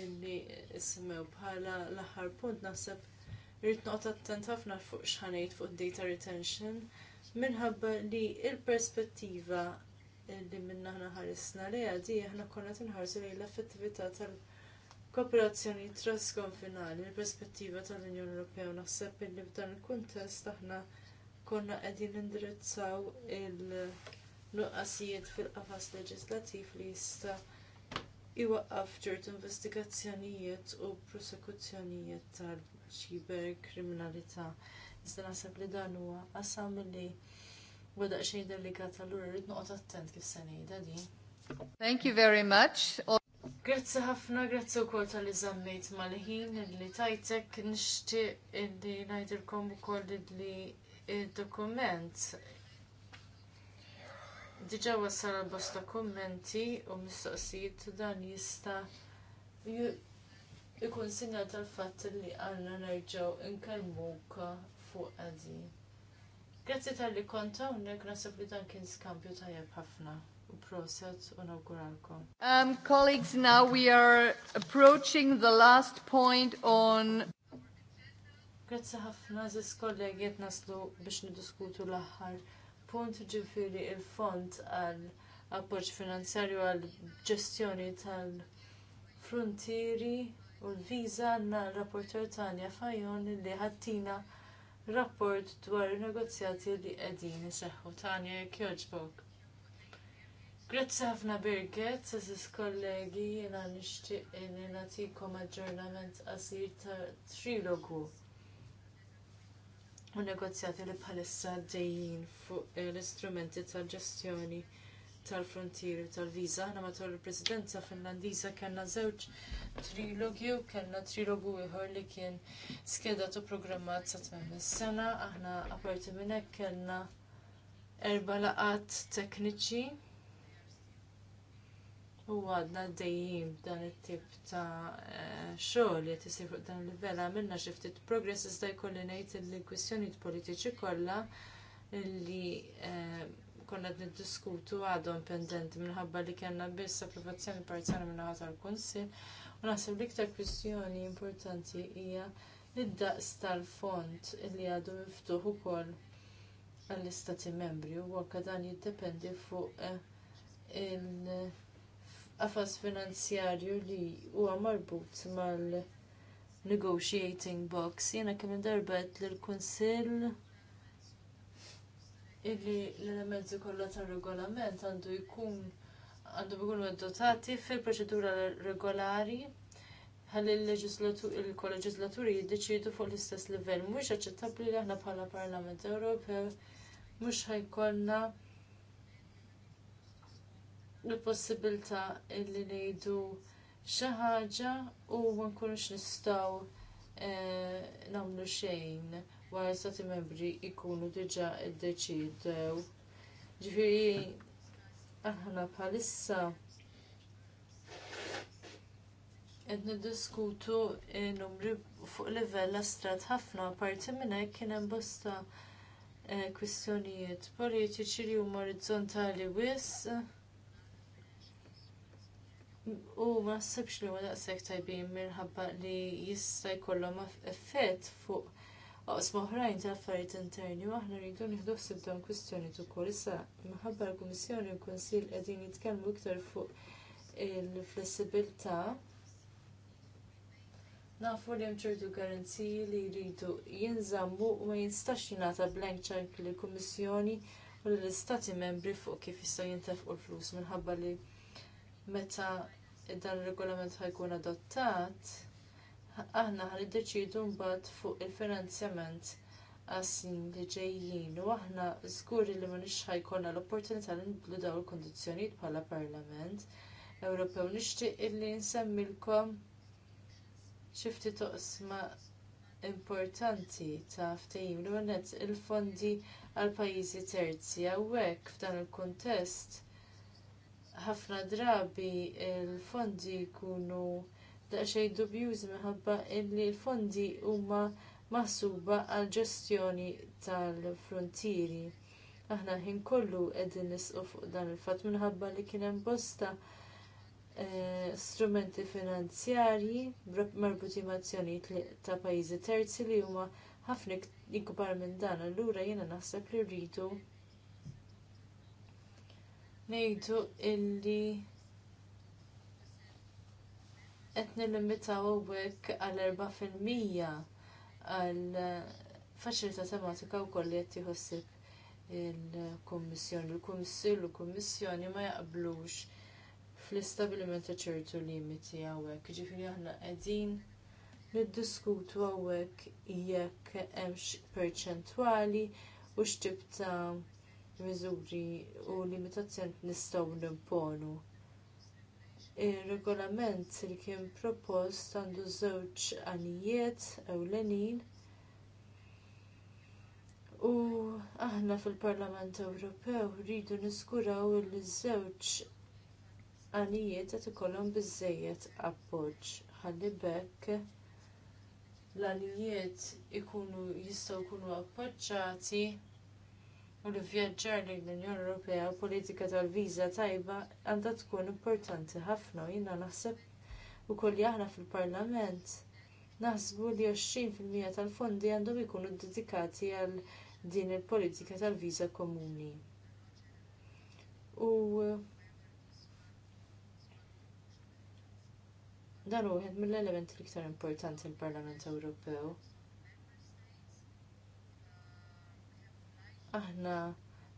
illi ismew bħala l-aħħar punt naħseb rrid noqgħod attent ħafna fuq x'ħanejt fuq data retention minħabba li l perspettiva li minna ħna ħarisna li għadi ħna konna tinħarsu lejn l-effettività tal-kooperazzjoni transkonfinali, il-perspettiva tal-Unjoni Ewropea naħseb illi f'dan il-kuntest aħna konna qegħdin indirizzaw il- nuqqasijiet fil-qafas leġislattiv li jista' iwaqqaf ċertu investigazzjonijiet u prosekuzzjonijiet tal-ċiber kriminalità. Iżda naħseb li dan huwa qasam li wada xejn delikat allura rrid noqgħod attent kif se ngħidha din. Thank you very much. Grazzi ħafna, grazzi wkoll tal-li mal-ħin li tajtek nixtieq li ngħidilkom ukoll li d dokument Diġa wasal bosta kummenti u mistoqsijiet u dan jista ikun sinjal tal-fatt li għanna nerġaw inkalmuk fuq għadi. Grazzi tal-li konta unnek nasab li dan kien skambju tajab ħafna u proset u nawguralkom. Um, colleagues, now we are approaching the last point on Grazzi ħafna zis kollegiet naslu biex nidiskutu l-aħħar punt ġifiri il-fond għal appoġġ finanzjarju għal ġestjoni tal-frontieri u l-viza għanna rapporter Tanja Fajon li ħattina rapport dwar il-negozjati li qegħdin iseħħu Tanja Kjoġbog. Grazzi ħafna Birgit, sassis kollegi, jena nixtieq li nagħtikom aġġornament qasir ta' trilogu u negozjati li bħalissa dejjin fuq l-istrumenti tal-ġestjoni tal-frontieri tal-viza. Aħna matul il-Presidenza Finlandiża kellna żewġ trilogi u kellna trilogu ieħor li kien skedat u programmat sa tmiem is-sena. Aħna apparti minn hekk kellna erba' laqat tekniċi u għadna dejjim dan it-tip ta' eh, xogħol qed isir fuq dan il-livell għamilna xi ftit progress iżda jkolli ngħid li kwistjonijiet politiċi kollha li eh, konna qed niddiskutu għadhom pendenti minħabba li kellna biss approvazzjoni parzjali minn ħadd tal-Kunsill u naħseb l-iktar kwistjoni importanti hija li daqs tal-fond li għadu miftuħ ukoll għall-istati membri u anke dan jiddependi fuq eh, il- qafas finanzjarju li huwa marbut mal-negotiating box. Jiena kemm darbet lill kunsill illi l-elementi kollha tar-regolament għandu jkun għandu jkunu dotati fil-proċedura regolari ħalli l-kolleġislaturi jiddeċidu fuq l-istess livell. Mhux aċċettabbli li aħna bħala Parlament Ewropew mhux ħajkollna l-possibilità li ngħidu xi ħaġa u ma nkunux nistgħu eh, nagħmlu xejn wara stati membri jkunu diġà iddeċidew. Ġifieri aħna bħalissa qed niddiskutu numri fuq livell astrat ħafna parti minn hekk kien hemm bosta eh, kwistjonijiet politiċi li huma orizzontali wis. U ma nsibx li huma daqshekk tajbin minħabba li jista' jkollhom effett fuq oqsma oħrajn ta' affarijiet interni u aħna rridu nieħdu ħsieb dawn tu ukoll. Issa minħabba l-Kummissjoni u l-Kunsill qegħdin jitkellmu iktar fuq il-flessibilità. Nafu li hemm ċertu garanziji li jridu jinżammu u ma jinstax jingħata blank check lill kummissjoni u lill istati membri fuq kif jintaf jintefqu l-flus minħabba li meta dan ir-regolament ħajkun adottat, aħna ħaniddeċidu mbagħad fuq il-finanzjament għas-snin li ġejjin u aħna żguri li m'għandix ħajkollna l-opportunità li nibdlu dawn il-kundizzjonijiet bħala Parlament Ewropew nixtieq illi nsemmilkom xi ftit toqsma importanti ta' ftehim li għandet il-fondi għal pajjiżi terzi hawnhekk f'dan il-kuntest ħafna drabi il-fondi jkunu daqsxejn dubjużi minħabba li l-fondi huma maħsuba għal ġestjoni tal-frontieri. Aħna ħin kollu qegħdin nisqu fuq dan il-fatt minħabba li kien hemm bosta eh, strumenti finanzjarji marbuti mazzjonijiet ta' pajjiżi terzi li huma ħafna ikbar minn dan allura jiena naħseb li rridu ngħidu illi qed nillimitaw hawnhekk għal 4% għal faċilità tematika wkoll li qed tieħossib il-Kummissjoni. Il-Kummissjoni l-Kummissjoni ma jaqblux fl istabbiliment ta' ċertu limiti hawnhekk. Ġifieri aħna qegħdin niddiskutu hawnhekk jekk hemmx perċentwali u x'tib ta' miżuri u limitazzjoni nistgħu nimponu. Ir-regolament li kien propost għandu żewġ għanijiet ewlenin u aħna fil-Parlament Ewropew rridu niskuraw li żewġ għanijiet qed ikollhom biżżejjed appoġġ ħalli bekk l-għanijiet ikunu jistgħu jkunu appoġġjati u l-vjaġġar lejn l-Unjoni Ewropea u politika tal-viża tajba għandha tkun importanti ħafna jiena naħseb ukoll aħna fil-Parlament naħsbu li 20% tal-fondi għandhom ikunu dedikati għal din il-politika tal-viża komuni. U dan huwa mill-elementi l-iktar importanti l-Parlament Ewropew. Aħna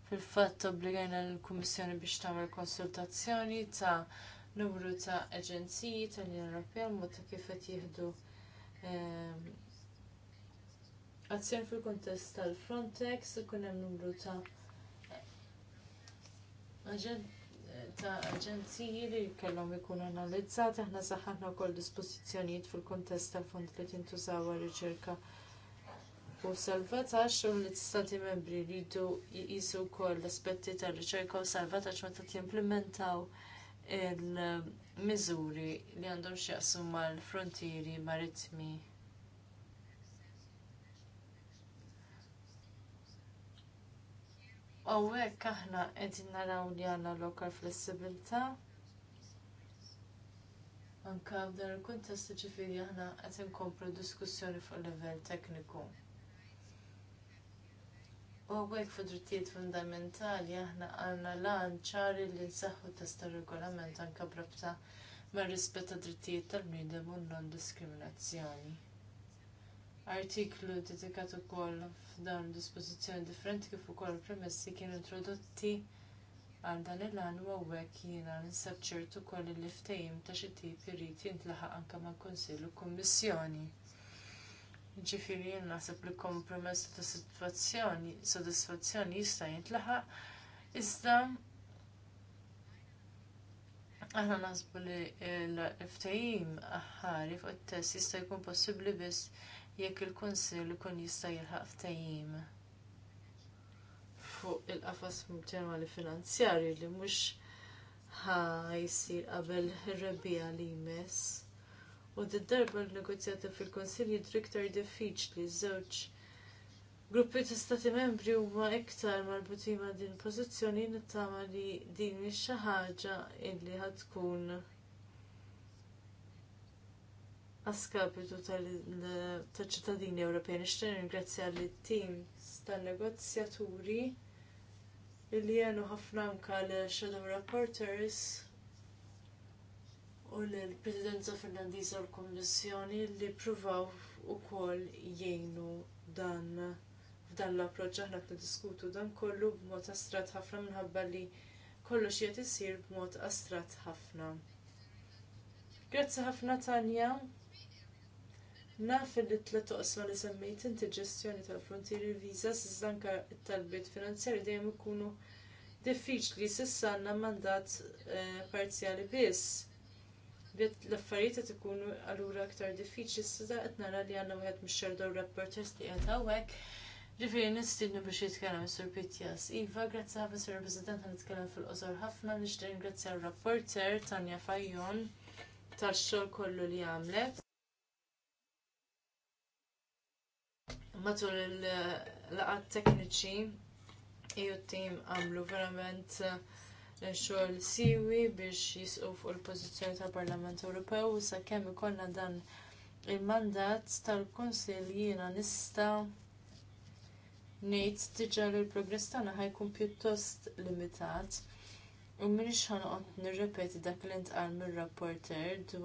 fil-fatt obbligajna l-Kummissjoni biex tagħmel konsultazzjoni ta' numru ta' aġenziji tal-Unjoni Ewropea mod ta' kif qed jieħdu ehm, azzjoni fil-kuntest tal-Frontex ikun hemm numru ta' ta' aġenziji li kellhom ikunu analizzati aħna saħħaħna wkoll dispożizzjonijiet fil-kuntest tal-fond li tintużaw għar-riċerka U salvataġġ u l-istati membri jridu jqisu wkoll l-aspetti tar-riċerka u salvataġġ meta timplementaw il-miżuri li għandhom x'jaqsmu mal-frontieri maritmi. Għawek aħna qegħdin naraw li għandna lokal flessibilità. Anka f'dan il-kuntest ġifiri aħna qed inkomplu diskussjoni fuq livell tekniku. U għek fu drittijiet fundamentali aħna għanna lan ċari li nsaħħu testa regolament anka brabta mar rispett ta' drittijiet tal bnidem u non-diskriminazzjoni. Artiklu dedikatu ukoll f'dawn dispożizzjoni differenti kif ukoll premessi kienu introdotti għal dan il-għan u għek jiena ninsab kol il-liftejim ftehim ta' xi tip irid jintlaħaq anke mal-Kunsill u Kummissjoni. Ġifiri naħseb li kompromess ta' situazzjoni, soddisfazzjoni jista' jintlaħaq, iżda aħna naħsbu li l-ftajim ħari fuq it-test jista' jkun possibbli biss jekk il-Kunsill ikun jista' jilħaq ftajim fuq il-qafas ġenerali finanzjarju li mhux ħajsir qabel ir-rebbija li jmiss U d-darba l-negozjata fil-Konsil jidru iktar diffiċli żewġ gruppi ta' stati membri huma iktar marbutin ma' din pożizzjoni nittama li din xi ħaġa illi ħad tkun għaskapitu tal-ċittadini Ewropej. Nixtieq ringrazzja l-tim tan-negozjaturi illi jenu ħafna anke l-Shadow Reporters u l-Presidenza Fernandiza u l-Kommissjoni li ppruvaw ukoll jgħinu dan f'dan l-approċċ aħna qed diskutu dan kollu b'mod astrat ħafna minħabba li kollox qed isir b'mod astrat ħafna. Grazzi ħafna Tanja. Naf li t toqsma li semmejt inti ġestjoni tal-frontieri visa iżda anke t-talbiet finanzjarji dejjem ikunu diffiċli s'issa għandna mandat eh, parzjali biss l-affarijiet qed ikunu allura aktar diffiċli s'da qed nara li għandna wieħed mix-shadow rapporters li qed hawnhekk. Ġifieri nistinnu biex jitkellem Sur Pitjas. Iva, grazzi ħafna Sur President għan nitkellem fil-qosor ħafna nixtieq ringrazzja r-rapporter Tanja Fajjon tax-xogħol kollu li għamlet. Matul il-laqat tekniċi, ju e tim għamlu verament uh, xogħol siwi biex jisqu fuq il-pożizzjoni tal-Parlament Ewropew u sakemm ikollna dan il-mandat tal-Kunsill jiena nista' ngħid diġà li l-progress tagħna ħajkun pjuttost limitat. U minix ħanqot nirrepeti dak li ntqal mir-rapporter